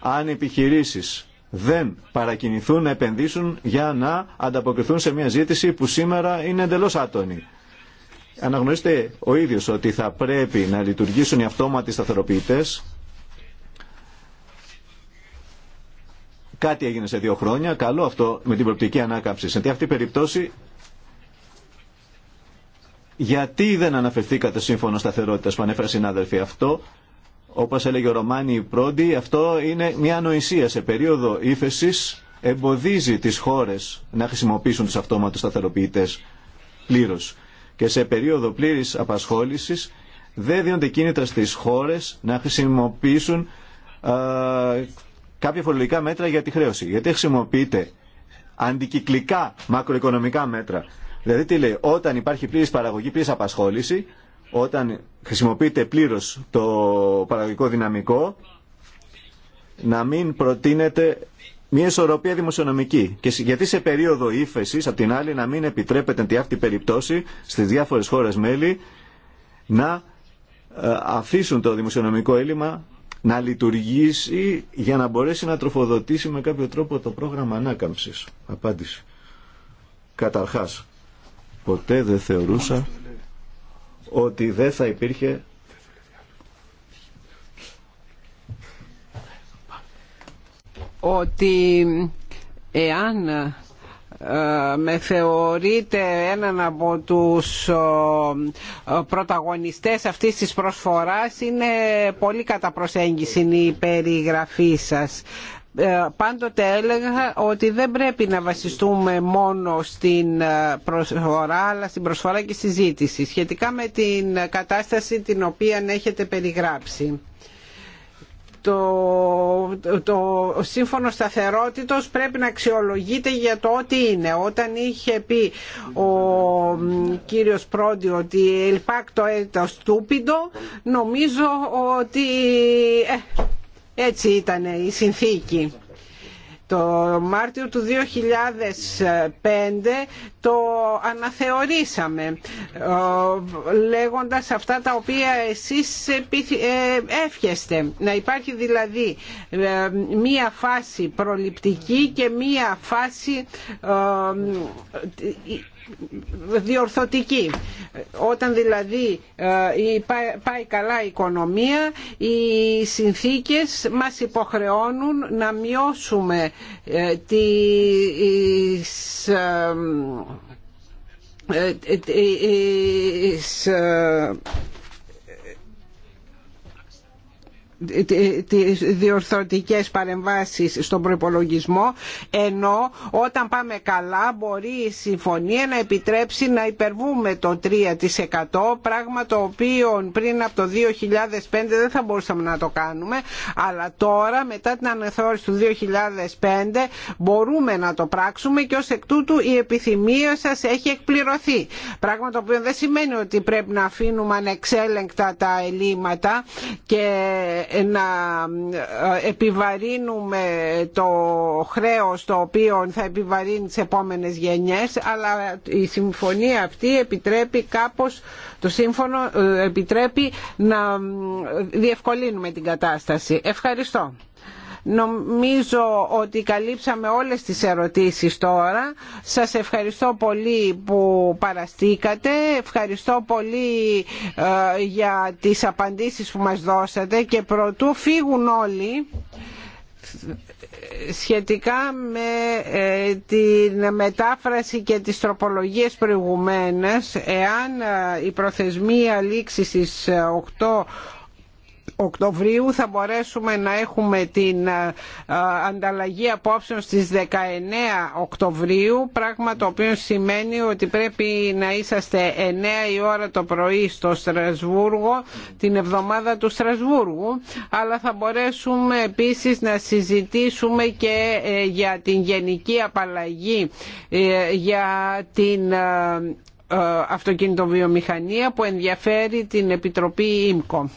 Αν οι επιχειρήσεις δεν παρακινηθούν να επενδύσουν για να ανταποκριθούν σε μια ζήτηση που σήμερα είναι εντελώ άτονη. Αναγνωρίστε ο ίδιο ότι θα πρέπει να λειτουργήσουν οι αυτόματοι σταθεροποιητέ, Κάτι έγινε σε δύο χρόνια. Καλό αυτό με την προπτική ανάκαμψη. Σε αυτή η περιπτώση, γιατί δεν αναφερθήκατε σύμφωνο σταθερότητα που ανέφερα συνάδελφοι. Αυτό, όπω έλεγε ο Ρωμάνι πρώτη, αυτό είναι μια ανοησία. Σε περίοδο ύφεση εμποδίζει τι χώρε να χρησιμοποιήσουν του αυτόματου σταθεροποιητέ πλήρω. Και σε περίοδο πλήρη απασχόληση δεν δίνονται κίνητρα στι χώρε να χρησιμοποιήσουν κάποια φορολογικά μέτρα για τη χρέωση. Γιατί χρησιμοποιείται αντικυκλικά μακροοικονομικά μέτρα. Δηλαδή τι λέει, όταν υπάρχει πλήρης παραγωγή, πλήρης απασχόληση, όταν χρησιμοποιείται πλήρως το παραγωγικό δυναμικό, να μην προτείνεται μια ισορροπία δημοσιονομική. Και γιατί σε περίοδο ύφεση, απ' την άλλη, να μην επιτρέπεται τη αυτή περιπτώση στι διάφορε χώρε μέλη να ε, αφήσουν το δημοσιονομικό έλλειμμα να λειτουργήσει για να μπορέσει να τροφοδοτήσει με κάποιο τρόπο το πρόγραμμα ανάκαμψης. Απάντηση. Καταρχάς, ποτέ δεν θεωρούσα ότι δεν θα υπήρχε ότι εάν ε, με θεωρείτε έναν από τους πρωταγωνιστές αυτής της προσφοράς είναι πολύ κατά προσέγγιση η περιγραφή σας ε, πάντοτε έλεγα ότι δεν πρέπει να βασιστούμε μόνο στην ε, προσφορά αλλά στην προσφορά και στη ζήτηση σχετικά με την κατάσταση την οποία έχετε περιγράψει το, το σύμφωνο σταθερότητος πρέπει να αξιολογείται για το ότι είναι. Όταν είχε πει ο κύριος Πρόντι ότι ελπάκτο το στούπιντο, νομίζω ότι ε, έτσι ήταν η συνθήκη. Το Μάρτιο του 2005 το αναθεωρήσαμε λέγοντας αυτά τα οποία εσείς ε, εύχεστε. Να υπάρχει δηλαδή ε, μία φάση προληπτική και μία φάση ε, διορθωτική. Όταν δηλαδή πάει καλά η οικονομία, οι συνθήκες μας υποχρεώνουν να μειώσουμε τις τις τις διορθωτικές παρεμβάσεις στον προπολογισμό ενώ όταν πάμε καλά μπορεί η συμφωνία να επιτρέψει να υπερβούμε το 3% πράγμα το οποίο πριν από το 2005 δεν θα μπορούσαμε να το κάνουμε αλλά τώρα μετά την αναθεώρηση του 2005 μπορούμε να το πράξουμε και ως εκ τούτου η επιθυμία σας έχει εκπληρωθεί πράγμα το οποίο δεν σημαίνει ότι πρέπει να αφήνουμε ανεξέλεγκτα τα ελλείμματα και να ε, επιβαρύνουμε το χρέος το οποίο θα επιβαρύνει τις επόμενες γενιές αλλά η συμφωνία αυτή επιτρέπει κάπως το σύμφωνο ε, επιτρέπει να διευκολύνουμε την κατάσταση. Ευχαριστώ. Νομίζω ότι καλύψαμε όλες τις ερωτήσεις τώρα. Σας ευχαριστώ πολύ που παραστήκατε. Ευχαριστώ πολύ ε, για τις απαντήσεις που μας δώσατε και προτού φύγουν όλοι σχετικά με ε, την μετάφραση και τις τροπολογίες προηγουμένες εάν ε, η προθεσμία λήξης στις 8 Οκτωβρίου θα μπορέσουμε να έχουμε την ε, ανταλλαγή απόψεων στις 19 Οκτωβρίου πράγμα το οποίο σημαίνει ότι πρέπει να είσαστε 9 η ώρα το πρωί στο Στρασβούργο την εβδομάδα του Στρασβούργου αλλά θα μπορέσουμε επίσης να συζητήσουμε και ε, για την γενική απαλλαγή ε, για την αυτοκινητοβιομηχανία που ενδιαφέρει την Επιτροπή ΙΜΚΟ.